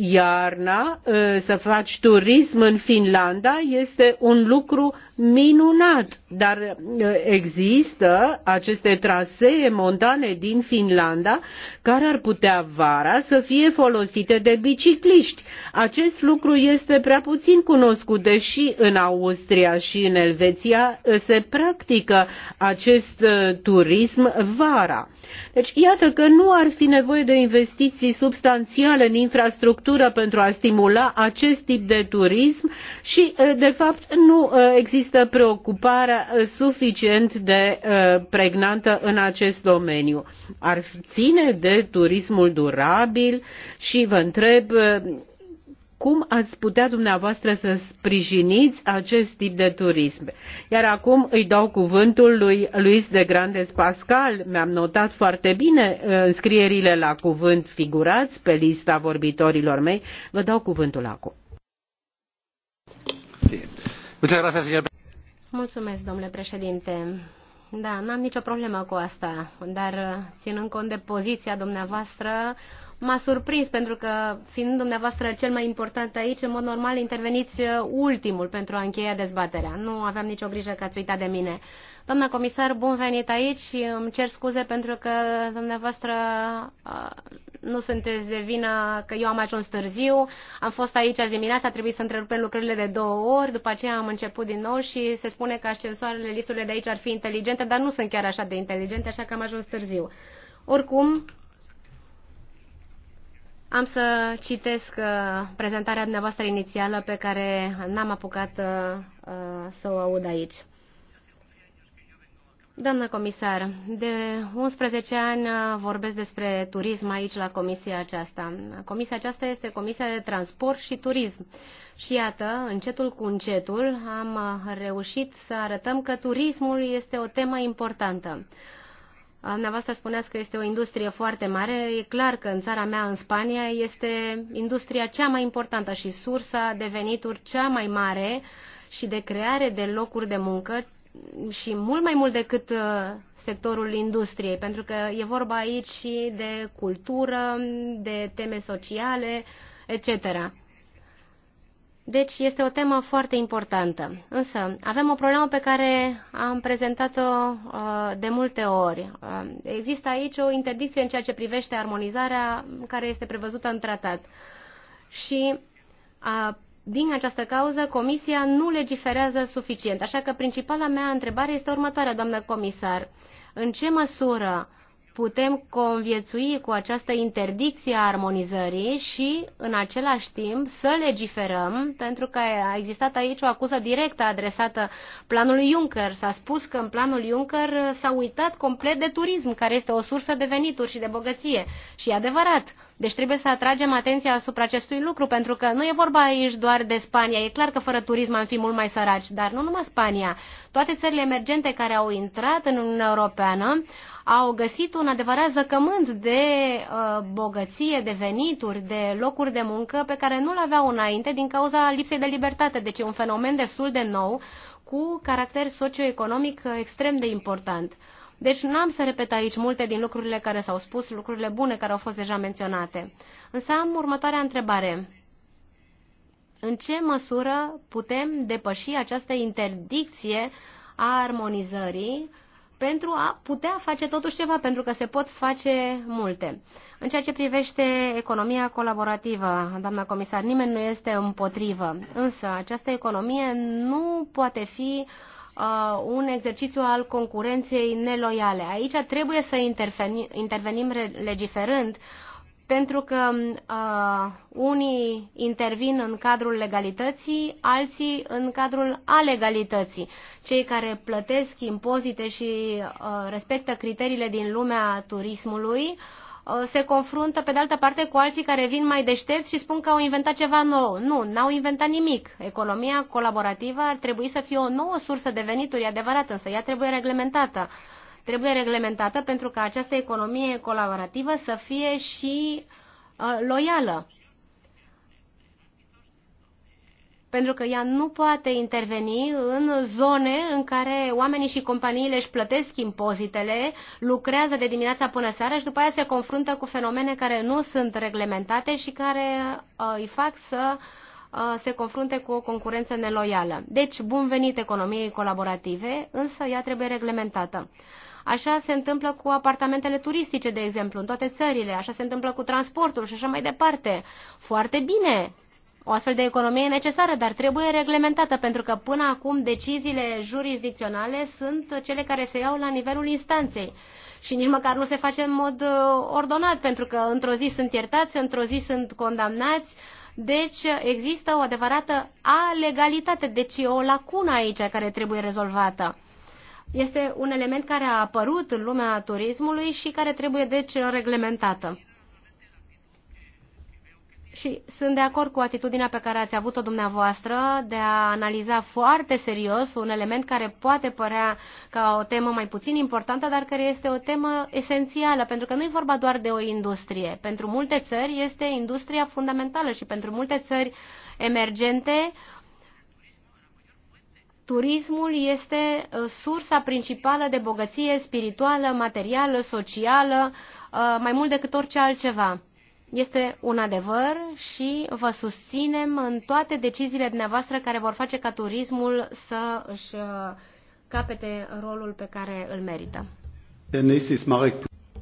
iarna să faci turism în Finlanda este un lucru minunat, dar există aceste trasee montane din Finlanda care ar putea vara să fie folosite de bicicliști. Acest lucru este prea puțin cunoscut, deși în Austria și în Elveția se practică acest turism vara. Deci iată că nu ar fi nevoie de investiții substanțiale substanțial în infrastructură pentru a stimula acest tip de turism și, uh, de fapt, nu uh, există preocupare uh, suficient de pregnantă în acest domeniu. Ar ține de turismul durabil și vă întreb cum ați putea dumneavoastră să sprijiniți acest tip de turism. Iar acum îi dau cuvântul lui Luis de Grandes Pascal. Mi-am notat foarte bine uh, înscrierile la cuvânt figurați pe lista vorbitorilor mei. Vă dau cuvântul acum. Mulțumesc, domnule președinte. Da, n-am nicio problemă cu asta, dar uh, ținând cont de poziția dumneavoastră, m-a surprins pentru că, fiind dumneavoastră cel mai important aici, în mod normal interveniți uh, ultimul pentru a încheia dezbaterea. Nu aveam nicio grijă că ați uitat de mine. Doamna comisar, bun venit aici. Îmi cer scuze pentru că dumneavoastră uh, nu sunteți de vină că eu am ajuns târziu. Am fost aici azi dimineața, a trebuit să întrerupem lucrările de două ori, după aceea am început din nou și se spune că ascensoarele, lifturile de aici ar fi inteligente, dar nu sunt chiar așa de inteligente, așa că am ajuns târziu. Oricum, am să citesc uh, prezentarea dumneavoastră inițială pe care n-am apucat uh, uh, să o aud aici. Doamnă comisar, de 11 ani vorbesc despre turism aici la comisia aceasta. Comisia aceasta este Comisia de Transport și Turism. Și iată, încetul cu încetul am reușit să arătăm că turismul este o temă importantă. Dumneavoastră spuneați că este o industrie foarte mare. E clar că în țara mea, în Spania, este industria cea mai importantă și sursa de venituri cea mai mare și de creare de locuri de muncă și mult mai mult decât uh, sectorul industriei, pentru că e vorba aici și de cultură, de teme sociale, etc. Deci este o temă foarte importantă. Însă avem o problemă pe care am prezentat-o uh, de multe ori. Uh, există aici o interdicție în ceea ce privește armonizarea care este prevăzută în tratat. Și uh, din această cauză, Comisia nu legiferează suficient. Așa că principala mea întrebare este următoarea, doamnă comisar. În ce măsură uh, putem conviețui cu această interdicție a armonizării și, în același timp, să legiferăm, pentru că a existat aici o acuză directă adresată planului Juncker. S-a spus că în planul Juncker s-a uitat complet de turism, care este o sursă de venituri și de bogăție. Și e adevărat. Deci trebuie să atragem atenția asupra acestui lucru, pentru că nu e vorba aici doar de Spania. E clar că fără turism am fi mult mai săraci, dar nu numai Spania. Toate țările emergente care au intrat în Uniunea Europeană au găsit un adevărat zăcământ de uh, bogăție, de venituri, de locuri de muncă pe care nu le aveau înainte din cauza lipsei de libertate. Deci e un fenomen destul de nou cu caracter socioeconomic extrem de important. Deci n-am să repet aici multe din lucrurile care s-au spus, lucrurile bune care au fost deja menționate. Însă am următoarea întrebare. În ce măsură putem depăși această interdicție a armonizării pentru a putea face totuși ceva, pentru că se pot face multe. În ceea ce privește economia colaborativă, doamna comisar, nimeni nu este împotrivă, însă această economie nu poate fi uh, un exercițiu al concurenței neloiale. Aici trebuie să intervenim, intervenim legiferând uh, pentru că uh, unii intervin în cadrul legalității, alții în cadrul alegalității. Cei care plătesc impozite și uh, respectă criteriile din lumea turismului se confruntă, pe de altă parte, cu alții care vin mai deștepți și spun că au inventat ceva nou. Nu, n-au inventat nimic. Economia colaborativă ar trebui să fie o nouă sursă de venituri, adevărat, însă ea trebuie reglementată. Uh, trebuie reglementată pentru ca această economie colaborativă să fie și uh, loială. Pentru că ea nu poate interveni în zone în care oamenii și companiile își plătesc impozitele, lucrează de dimineața până seara și după aia se confruntă cu fenomene care nu sunt reglementate și care uh, îi fac să uh, se confrunte cu o concurență neloială. Deci, bun venit economiei colaborative, însă ea trebuie reglementată. Așa se întâmplă cu apartamentele turistice, de exemplu, în toate țările, așa se întâmplă cu transportul și așa mai departe. Foarte bine, o astfel de economie e necesară, dar trebuie reglementată, pentru că până acum deciziile jurisdicționale sunt cele care se iau la nivelul instanței. Și nici măcar nu se face în mod uh, ordonat, pentru că într-o zi sunt iertați, într-o zi sunt condamnați. Deci există o adevărată alegalitate, deci e o lacună aici care trebuie rezolvată este un element care a apărut în lumea turismului și care trebuie deci reglementată. Și sunt de acord cu atitudinea pe care ați avut-o dumneavoastră de a analiza foarte serios un element care poate părea ca o temă mai puțin importantă, dar care este o temă esențială, pentru că nu e vorba doar de o industrie. Pentru multe țări este industria fundamentală și pentru multe țări emergente Turismul este uh, sursa principală de bogăție spirituală, materială, socială, uh, mai mult decât orice altceva. Este un adevăr și vă susținem în toate deciziile dumneavoastră care vor face ca turismul să își uh, capete rolul pe care îl merită.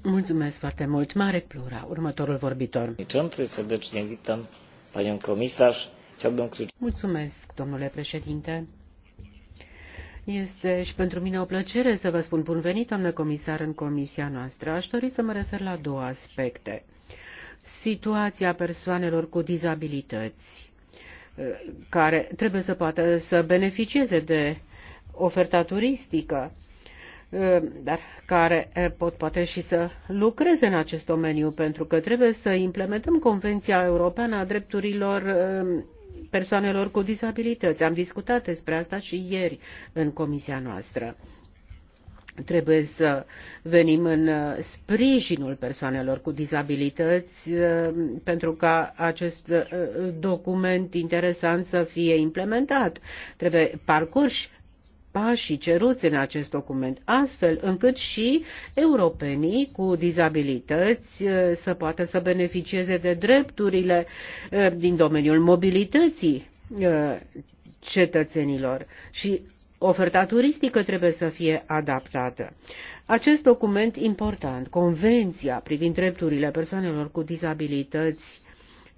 Mulțumesc foarte mult, Marek Plura, următorul vorbitor. Deci, deci, Mulțumesc, domnule președinte. Este și pentru mine o plăcere să vă spun bun venit, doamnă comisar, în comisia noastră. Aș dori să mă refer la două aspecte. Situația persoanelor cu dizabilități, eh, care trebuie să poată să beneficieze de oferta turistică, eh, dar care eh, pot poate și să lucreze în acest domeniu, pentru că trebuie să implementăm Convenția Europeană a Drepturilor persoanelor cu dizabilități. Am discutat despre asta și ieri în comisia noastră trebuie să venim în uh, sprijinul persoanelor cu dizabilități uh, pentru ca acest uh, document interesant să fie implementat. Trebuie parcurși pașii ceruți în acest document, astfel încât și europenii cu dizabilități uh, să poată să beneficieze de drepturile uh, din domeniul mobilității uh, cetățenilor și oferta turistică trebuie să fie adaptată. Acest document important, Convenția privind drepturile persoanelor cu dizabilități,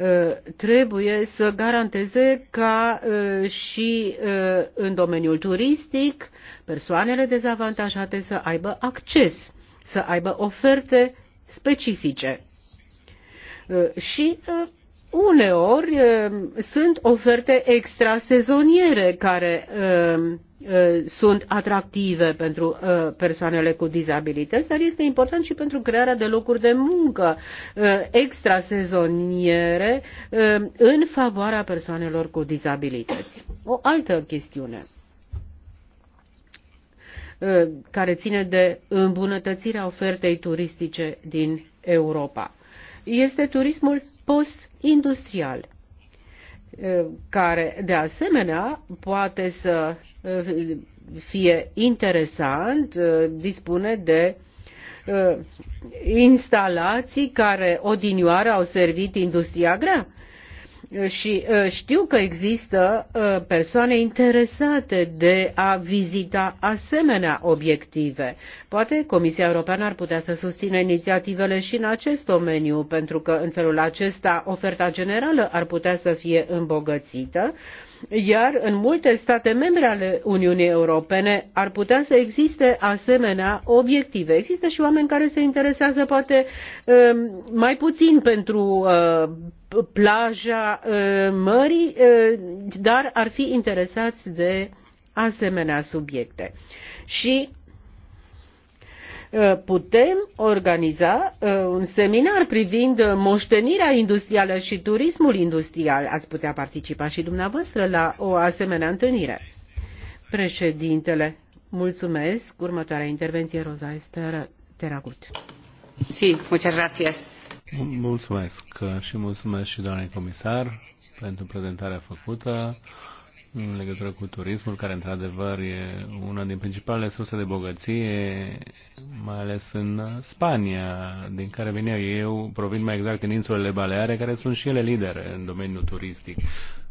Uh, trebuie să garanteze ca uh, și uh, în domeniul turistic persoanele dezavantajate să aibă acces, să aibă oferte specifice. Și uneori sunt oferte extrasezoniere care sunt atractive pentru persoanele cu dizabilități, dar este important și pentru crearea de locuri de muncă extrasezoniere în favoarea persoanelor cu dizabilități. O altă chestiune care ține de îmbunătățirea ofertei turistice din Europa este turismul post-industrial eh, care de asemenea poate să eh, fie interesant, eh, dispune de instalații care odinioară au servit industria grea și uh, știu că există uh, persoane interesate de a vizita asemenea obiective. Poate Comisia Europeană ar putea să susțină inițiativele și în acest domeniu, pentru că în felul acesta oferta generală ar putea să fie îmbogățită iar în multe state membre ale Uniunii Europene ar putea să existe asemenea obiective. Există și oameni care se interesează poate um, mai puțin pentru uh, plaja uh, mării, uh, dar ar fi interesați de asemenea subiecte. Și Uh, putem organiza uh, un seminar privind moștenirea industrială și turismul industrial. Ați putea participa și dumneavoastră la o asemenea întâlnire. Președintele, mulțumesc. Următoarea intervenție, Roza Ester Teragut. Sí, muchas gracias. Mulțumesc și mulțumesc și doamnei comisar pentru prezentarea făcută în legătură cu turismul, care într-adevăr e una din principalele surse de bogăție, mai ales în Spania, din care vin eu. Eu provin mai exact din insulele Baleare, care sunt și ele lidere în domeniul turistic.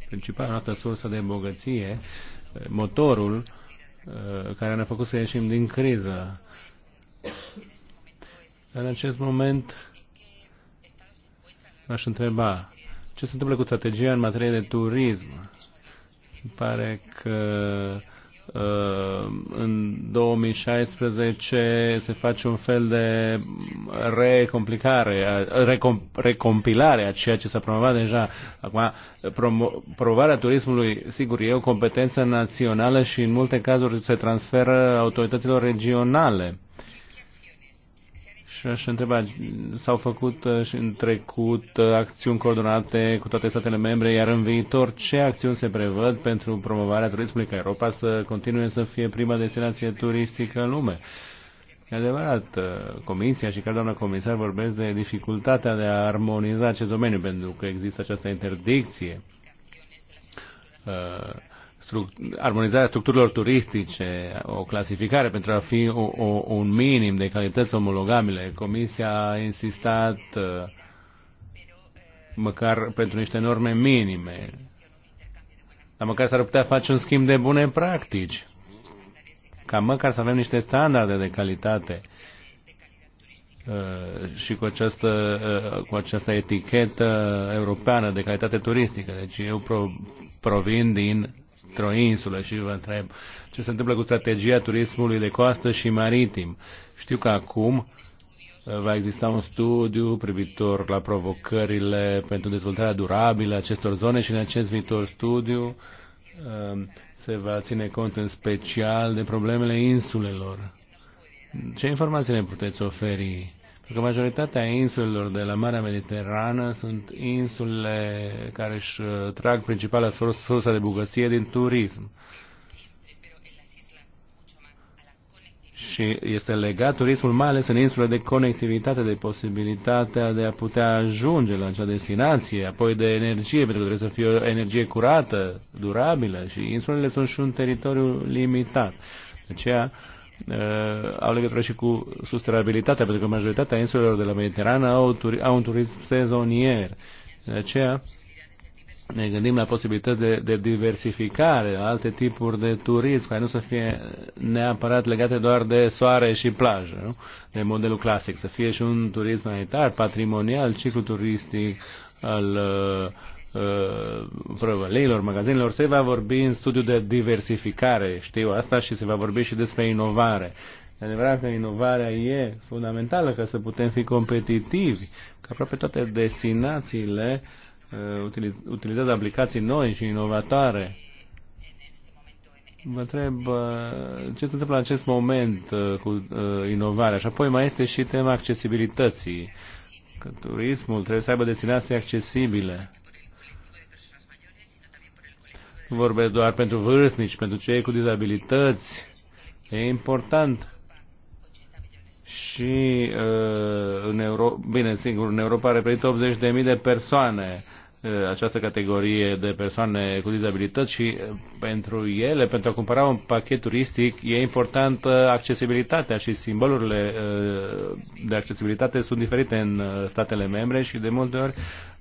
Principala noastră sursă de bogăție, motorul uh, care ne-a făcut să ieșim din criză. În acest moment aș întreba ce se întâmplă cu strategia în materie de turism pare că uh, în 2016 se face un fel de recomplicare, recom, recompilare a ceea ce s-a promovat deja. Acum, promo, promovarea turismului, sigur, e o competență națională și în multe cazuri se transferă autorităților regionale. Și aș întreba, s-au făcut uh, și în trecut uh, acțiuni coordonate cu toate statele membre, iar în viitor ce acțiuni se prevăd pentru promovarea turismului ca Europa să continue să fie prima destinație turistică în lume? E adevărat, uh, Comisia și chiar doamna comisar vorbesc de dificultatea de a armoniza acest domeniu, pentru că există această interdicție struct- armonizarea structurilor turistice, o clasificare pentru a fi o, o, un minim de calități omologabile. Comisia a insistat uh, măcar pentru niște norme minime. Dar măcar s-ar putea face un schimb de bune practici. Ca măcar să avem niște standarde de calitate uh, și cu această, uh, cu această etichetă europeană de calitate turistică. Deci eu pro, provin din într-o insulă și vă întreb ce se întâmplă cu strategia turismului de coastă și maritim. Știu că acum uh, va exista un studiu privitor la provocările pentru dezvoltarea durabilă a acestor zone și în acest viitor studiu uh, se va ține cont în special de problemele insulelor. Ce informații ne puteți oferi pentru că majoritatea insulelor de la Marea Mediterană sunt insule care își uh, trag principala sursă de bogăție din turism. și este legat turismul mai ales în insule de conectivitate, de posibilitatea de a putea ajunge la acea destinație, apoi de energie, pentru că trebuie să fie o energie curată, durabilă și insulele sunt și un teritoriu limitat. De aceea uh, au legătură și cu sustenabilitatea, pentru că majoritatea insulelor de la Mediterană au, turi, au un turism sezonier. De aceea ne gândim la posibilități de, de diversificare, alte tipuri de turism, care nu să fie neapărat legate doar de soare și plajă, nu? de modelul clasic, să fie și un turism sanitar, patrimonial, ciclu turistic al uh, Uh, prăvăleilor, magazinelor, se va vorbi în studiu de diversificare, știu asta, și se va vorbi și despre inovare. E adevărat că inovarea e fundamentală ca să putem fi competitivi, că aproape toate destinațiile uh, utilizează aplicații noi și inovatoare. Vă întreb uh, ce se întâmplă în acest moment uh, cu uh, inovarea și apoi mai este și tema accesibilității, că turismul trebuie să aibă destinații accesibile vorbesc doar pentru vârstnici, pentru cei cu dizabilități. E important. Și uh, în Europa, bine, singur, în Europa reprezintă 80.000 de persoane uh, această categorie de persoane cu dizabilități și uh, pentru ele, pentru a cumpăra un pachet turistic, e important accesibilitatea și simbolurile uh, de accesibilitate sunt diferite în statele membre și de multe ori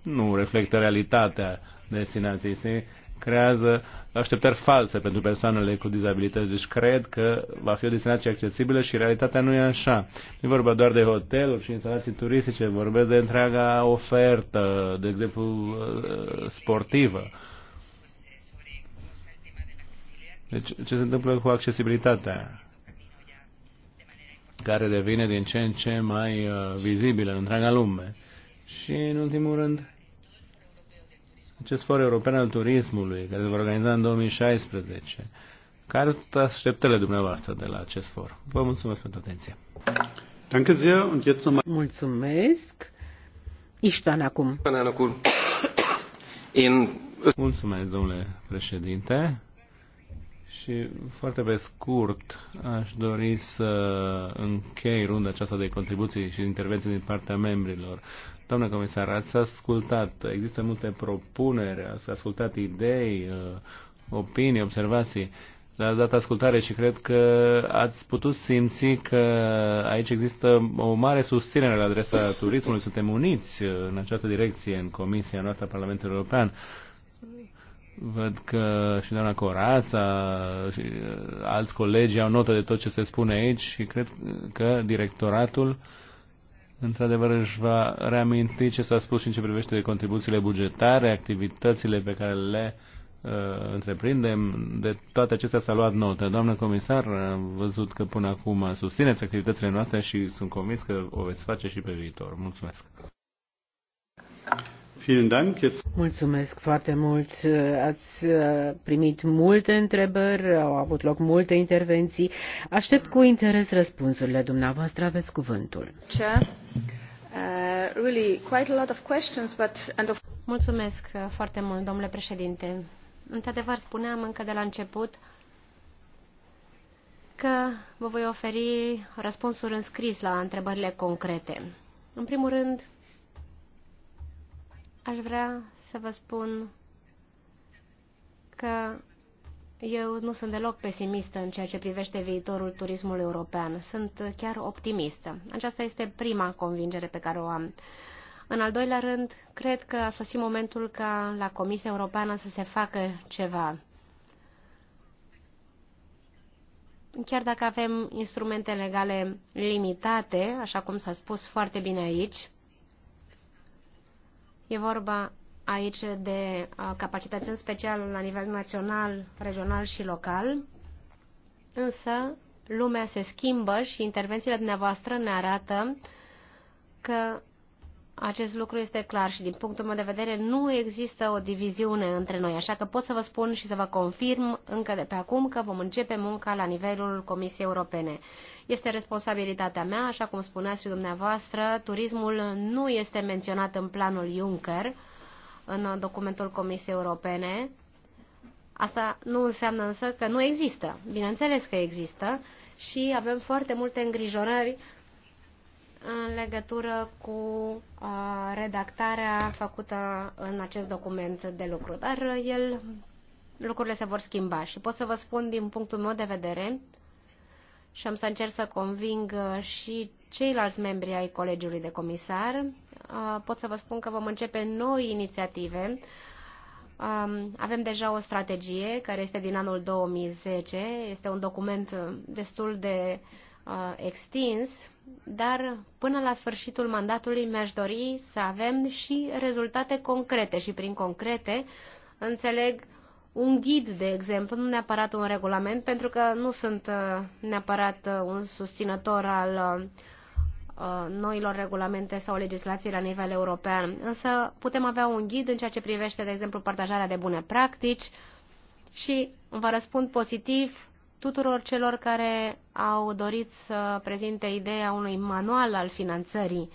nu reflectă realitatea destinației. Este creează așteptări false pentru persoanele cu dizabilități. Deci cred că va fi o destinație accesibilă și realitatea nu e așa. Nu e vorba doar de hoteluri și instalații turistice, vorbesc de întreaga ofertă, de exemplu sportivă. Deci ce se întâmplă cu accesibilitatea? care devine din ce în ce mai uh, vizibilă în întreaga lume. Și, în ultimul rând, acest for european al turismului, care se va organiza în 2016. Care sunt așteptările dumneavoastră de la acest for? Vă mulțumesc pentru atenție. Mulțumesc. Istvan acum. Mulțumesc, domnule președinte. Și foarte pe scurt, aș dori să închei runda aceasta de contribuții și intervenții din partea membrilor. Doamna comisar, ați ascultat, există multe propuneri, ați ascultat idei, uh, opinii, observații, la data dat ascultare și cred că ați putut simți că aici există o mare susținere la adresa turismului. Suntem uniți în această direcție în Comisia noastră a Parlamentului European. Văd că și doamna Corața și uh, alți colegi au notă de tot ce se spune aici și cred că directoratul uh, într-adevăr își va reaminti ce s-a spus și în ce privește contribuțiile bugetare, activitățile pe care le uh, întreprindem. De toate acestea s-a luat notă. Doamnă comisar, am văzut că până acum susțineți activitățile noastre și sunt convins că o veți face și pe viitor. Mulțumesc! Mulțumesc foarte mult. Ați uh, primit multe întrebări, au avut loc multe intervenții. Aștept cu interes răspunsurile dumneavoastră. Aveți cuvântul. Uh, Mulțumesc foarte mult, domnule președinte. Într-adevăr, spuneam încă de la început că vă voi oferi răspunsuri în scris la întrebările concrete. În primul rând, Aș vrea să vă spun că eu nu sunt deloc pesimistă în ceea ce privește viitorul turismului european. Sunt chiar optimistă. Aceasta este prima convingere pe care o am. În al doilea rând, cred că a sosit momentul ca la Comisia Europeană să se facă ceva. Chiar dacă avem instrumente legale limitate, așa cum s-a spus foarte bine aici, E vorba aici de uh, în special la nivel național, regional și local, însă lumea se schimbă și intervențiile dumneavoastră ne arată că acest lucru este clar și din punctul meu de vedere nu există o diviziune între noi, așa că pot să vă spun și să vă confirm încă de pe acum că vom începe munca la nivelul Comisiei Europene. Este responsabilitatea mea, așa cum spuneați și dumneavoastră, turismul nu este menționat în planul Juncker, în documentul Comisiei Europene. Asta nu înseamnă însă că nu există. Bineînțeles că există și avem foarte multe îngrijorări în legătură cu uh, redactarea făcută în acest document de lucru. Dar uh, el, lucrurile se vor schimba și pot să vă spun din punctul meu de vedere și am să încerc să conving uh, și ceilalți membri ai Colegiului de Comisar. Uh, pot să vă spun că vom începe noi inițiative. Um, avem deja o strategie care este din anul 2010. Este un document uh, destul de extins, dar până la sfârșitul mandatului mi-aș dori să avem și rezultate concrete și prin concrete înțeleg un ghid, de exemplu, nu neapărat un regulament, pentru că nu sunt uh, neapărat uh, un susținător al uh, noilor regulamente sau legislații la nivel european. Însă putem avea un ghid în ceea ce privește, de exemplu, partajarea de bune practici și vă răspund pozitiv tuturor celor care au dorit să prezinte ideea unui manual al finanțării.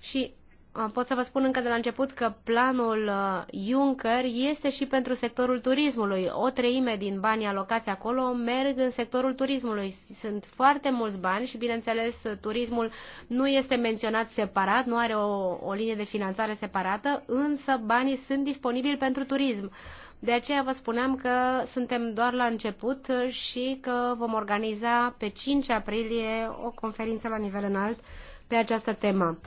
Și Uh, pot să vă spun încă de la început că planul uh, Juncker este și pentru sectorul turismului. O treime din banii alocați acolo merg în sectorul turismului. Sunt foarte mulți bani și, bineînțeles, turismul nu este menționat separat, nu are o, o linie de finanțare separată, însă banii sunt disponibili pentru turism. De aceea vă spuneam că suntem doar la început și că vom organiza pe 5 aprilie o conferință la nivel înalt pe această temă.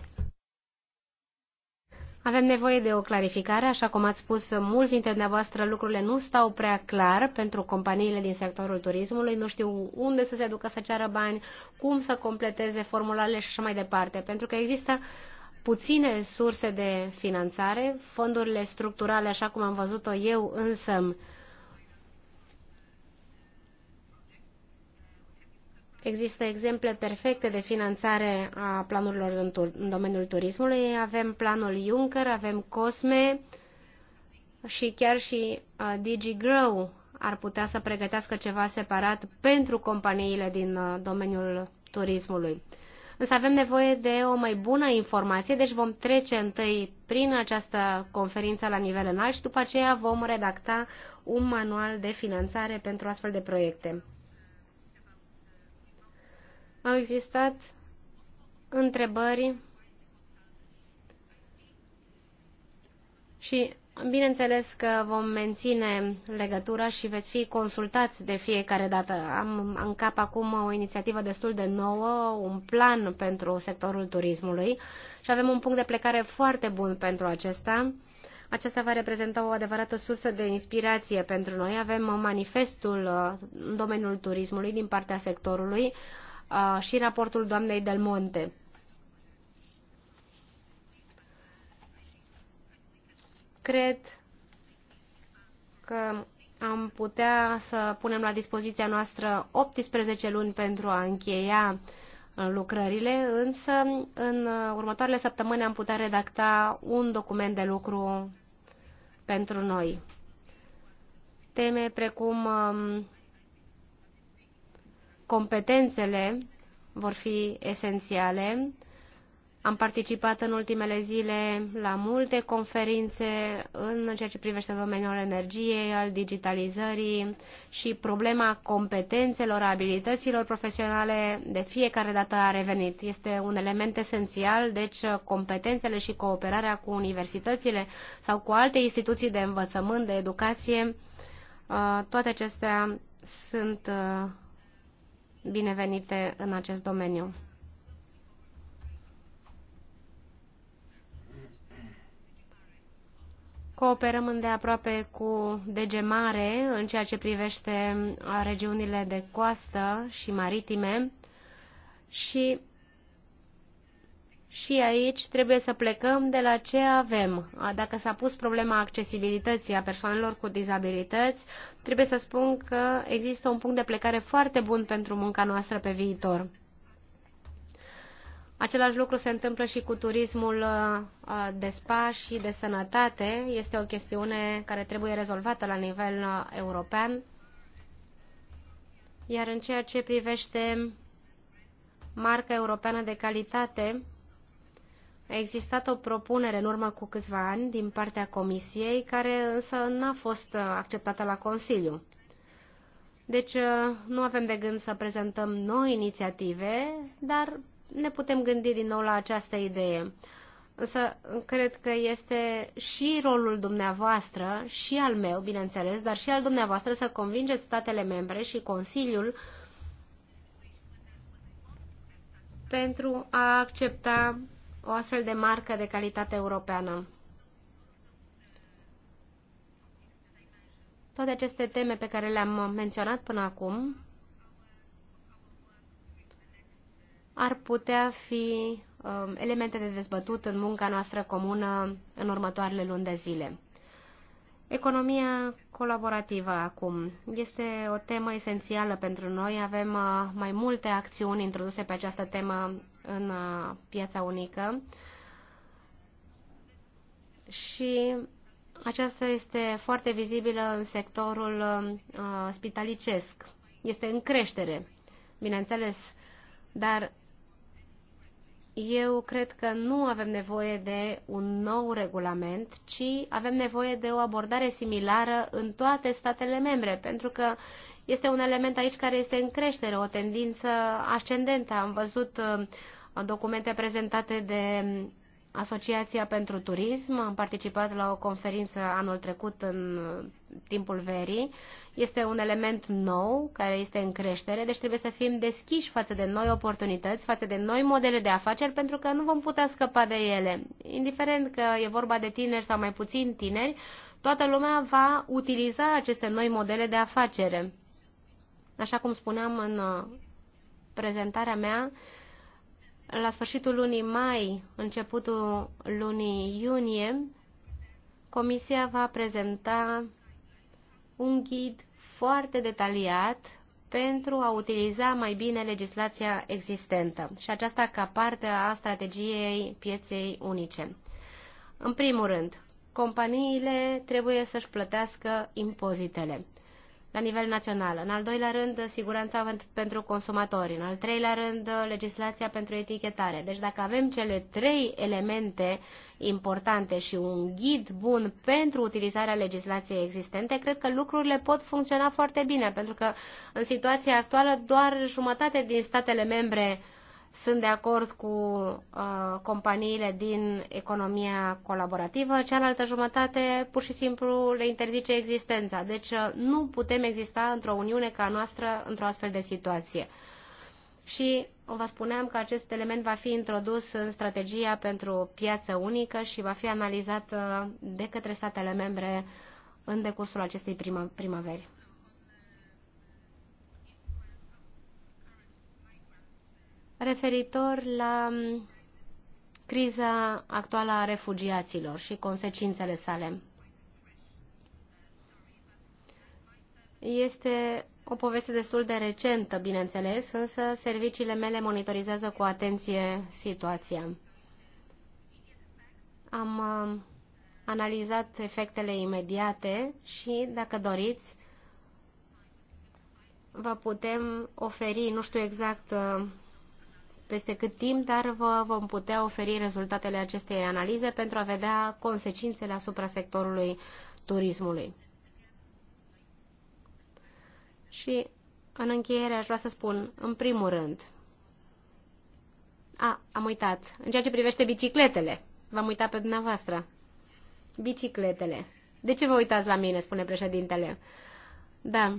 Avem nevoie de o clarificare, așa cum ați spus mulți dintre dumneavoastră, lucrurile nu stau prea clar pentru companiile din sectorul turismului, nu știu unde să se ducă să ceară bani, cum să completeze formularele și așa mai departe, pentru că există puține surse de finanțare, fondurile structurale, așa cum am văzut-o eu însă, Există exemple perfecte de finanțare a planurilor în, tur- în domeniul turismului. Avem planul Juncker, avem COSME și chiar și uh, DigiGrow ar putea să pregătească ceva separat pentru companiile din uh, domeniul turismului. Însă avem nevoie de o mai bună informație, deci vom trece întâi prin această conferință la nivel înalt și după aceea vom redacta un manual de finanțare pentru astfel de proiecte. Au existat întrebări și bineînțeles că vom menține legătura și veți fi consultați de fiecare dată. Am în cap acum o inițiativă destul de nouă, un plan pentru sectorul turismului și avem un punct de plecare foarte bun pentru acesta. Aceasta va reprezenta o adevărată sursă de inspirație pentru noi. Avem manifestul uh, în domeniul turismului din partea sectorului și raportul doamnei Del Monte. Cred că am putea să punem la dispoziția noastră 18 luni pentru a încheia uh, lucrările, însă în uh, următoarele săptămâni am putea redacta un document de lucru pentru noi. Teme precum um, competențele vor fi esențiale. Am participat în ultimele zile la multe conferințe în ceea ce privește domeniul energiei, al digitalizării și problema competențelor, abilităților profesionale de fiecare dată a revenit. Este un element esențial, deci competențele și cooperarea cu universitățile sau cu alte instituții de învățământ, de educație, uh, toate acestea sunt uh, binevenite în acest domeniu. Cooperăm îndeaproape cu DG Mare în ceea ce privește regiunile de coastă și maritime și și aici trebuie să plecăm de la ce avem. Dacă s-a pus problema accesibilității a persoanelor cu dizabilități, trebuie să spun că există un punct de plecare foarte bun pentru munca noastră pe viitor. Același lucru se întâmplă și cu turismul uh, uh, de spa și de sănătate. Este o chestiune care trebuie rezolvată la nivel uh, european. Iar în ceea ce privește marca europeană de calitate, a existat o propunere în urmă cu câțiva ani din partea Comisiei, care însă n-a fost uh, acceptată la Consiliu. Deci uh, nu avem de gând să prezentăm noi inițiative, dar ne putem gândi din nou la această idee. Însă cred că este și rolul dumneavoastră, și al meu, bineînțeles, dar și al dumneavoastră să convingeți statele membre și Consiliul pentru a accepta o astfel de marcă de calitate europeană. Toate aceste teme pe care le-am menționat până acum ar putea fi uh, elemente de dezbătut în munca noastră comună în următoarele luni de zile. Economia colaborativă acum este o temă esențială pentru noi. Avem uh, mai multe acțiuni introduse pe această temă în uh, piața unică și aceasta este foarte vizibilă în sectorul uh, spitalicesc. Este în creștere, bineînțeles, dar eu cred că nu avem nevoie de un nou regulament, ci avem nevoie de o abordare similară în toate statele membre, pentru că este un element aici care este în creștere, o tendință ascendentă. Am văzut uh, documente prezentate de Asociația pentru Turism. Am participat la o conferință anul trecut în uh, timpul verii. Este un element nou care este în creștere, deci trebuie să fim deschiși față de noi oportunități, față de noi modele de afaceri, pentru că nu vom putea scăpa de ele. Indiferent că e vorba de tineri sau mai puțin tineri, toată lumea va utiliza aceste noi modele de afacere. Așa cum spuneam în uh, prezentarea mea, la sfârșitul lunii mai, începutul lunii iunie, Comisia va prezenta un ghid foarte detaliat pentru a utiliza mai bine legislația existentă și aceasta ca parte a strategiei pieței unice. În primul rând, companiile trebuie să-și plătească impozitele la nivel național. În al doilea rând, siguranța pentru consumatori. În al treilea rând, legislația pentru etichetare. Deci dacă avem cele trei elemente importante și un ghid bun pentru utilizarea legislației existente, cred că lucrurile pot funcționa foarte bine, pentru că în situația actuală doar jumătate din statele membre sunt de acord cu uh, companiile din economia colaborativă, cealaltă jumătate pur și simplu le interzice existența. Deci uh, nu putem exista într-o uniune ca noastră într-o astfel de situație. Și vă spuneam că acest element va fi introdus în strategia pentru piață unică și va fi analizat uh, de către statele membre în decursul acestei prima, primăveri. referitor la mm, criza actuală a refugiaților și consecințele sale. Este o poveste destul de recentă, bineînțeles, însă serviciile mele monitorizează cu atenție situația. Am mm, analizat efectele imediate și, dacă doriți, vă putem oferi, nu știu exact mm, peste cât timp, dar vă vom putea oferi rezultatele acestei analize pentru a vedea consecințele asupra sectorului turismului. Și în încheiere aș vrea să spun, în primul rând, a, am uitat, în ceea ce privește bicicletele, v-am uitat pe dumneavoastră. Bicicletele. De ce vă uitați la mine, spune președintele? Da,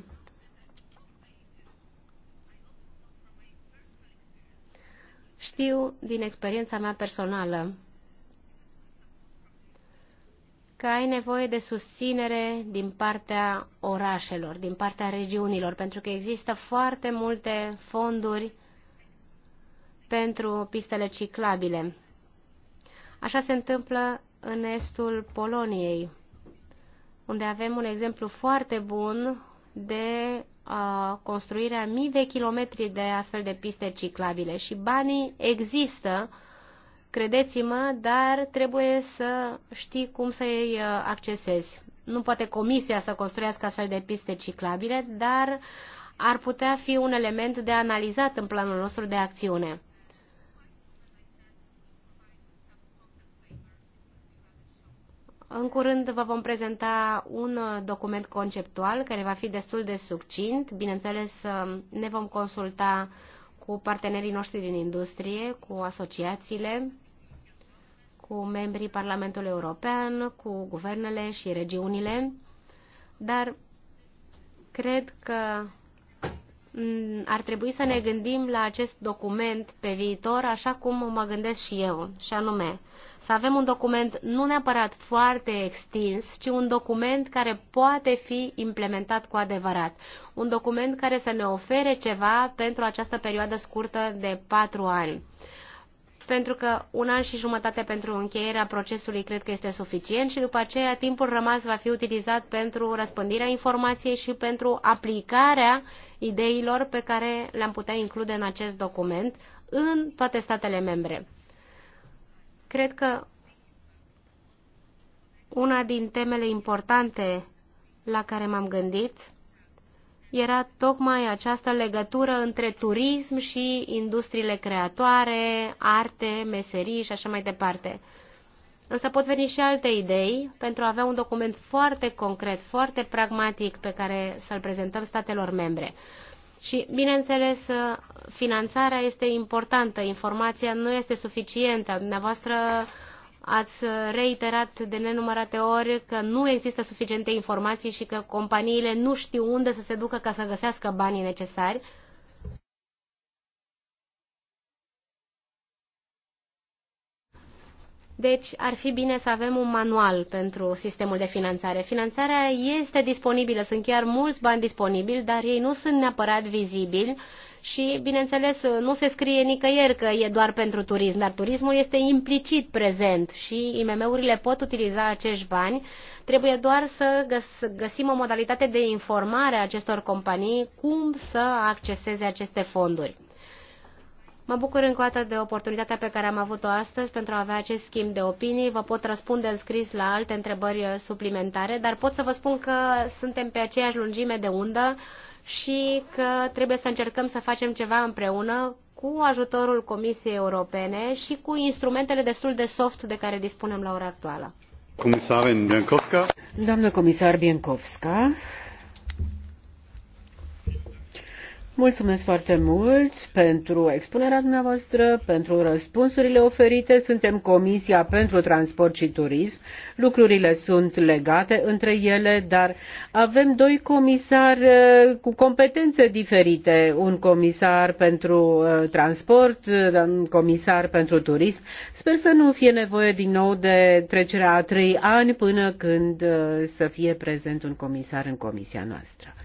Știu din experiența mea personală că ai nevoie de susținere din partea orașelor, din partea regiunilor, pentru că există foarte multe fonduri pentru pistele ciclabile. Așa se întâmplă în estul Poloniei, unde avem un exemplu foarte bun de construirea mii de kilometri de astfel de piste ciclabile și banii există, credeți-mă, dar trebuie să știi cum să îi uh, accesezi. Nu poate comisia să construiască astfel de piste ciclabile, dar ar putea fi un element de analizat în planul nostru de acțiune. În curând vă vom prezenta un uh, document conceptual care va fi destul de succint. Bineînțeles, uh, ne vom consulta cu partenerii noștri din industrie, cu asociațiile, cu membrii Parlamentului European, cu guvernele și regiunile, dar cred că Mm, ar trebui să ne gândim la acest document pe viitor așa cum mă gândesc și eu, și anume să avem un document nu neapărat foarte extins, ci un document care poate fi implementat cu adevărat. Un document care să ne ofere ceva pentru această perioadă scurtă de patru ani pentru că un an și jumătate pentru încheierea procesului cred că este suficient și după aceea timpul rămas va fi utilizat pentru răspândirea informației și pentru aplicarea ideilor pe care le-am putea include în acest document în toate statele membre. Cred că una din temele importante la care m-am gândit era tocmai această legătură între turism și industriile creatoare, arte, meserii și așa mai departe. Însă pot veni și alte idei pentru a avea un document foarte concret, foarte pragmatic pe care să-l prezentăm statelor membre. Și, bineînțeles, finanțarea este importantă, informația nu este suficientă. Dumneavoastră Ați reiterat de nenumărate ori că nu există suficiente informații și că companiile nu știu unde să se ducă ca să găsească banii necesari. Deci ar fi bine să avem un manual pentru sistemul de finanțare. Finanțarea este disponibilă, sunt chiar mulți bani disponibili, dar ei nu sunt neapărat vizibili și, bineînțeles, nu se scrie nicăieri că e doar pentru turism, dar turismul este implicit prezent și IMM-urile pot utiliza acești bani. Trebuie doar să găsim o modalitate de informare a acestor companii cum să acceseze aceste fonduri. Mă bucur încă o dată de oportunitatea pe care am avut-o astăzi pentru a avea acest schimb de opinii. Vă pot răspunde în scris la alte întrebări suplimentare, dar pot să vă spun că suntem pe aceeași lungime de undă și că trebuie să încercăm să facem ceva împreună cu ajutorul Comisiei Europene și cu instrumentele destul de soft de care dispunem la ora actuală. Comisarin Biancovska. Doamnă comisar Biancovska, Mulțumesc foarte mult pentru expunerea dumneavoastră, pentru răspunsurile oferite. Suntem Comisia pentru Transport și Turism. Lucrurile sunt legate între ele, dar avem doi comisari uh, cu competențe diferite. Un comisar pentru uh, transport, uh, un comisar pentru turism. Sper să nu fie nevoie din nou de trecerea a trei ani până când să fie prezent un comisar în comisia noastră.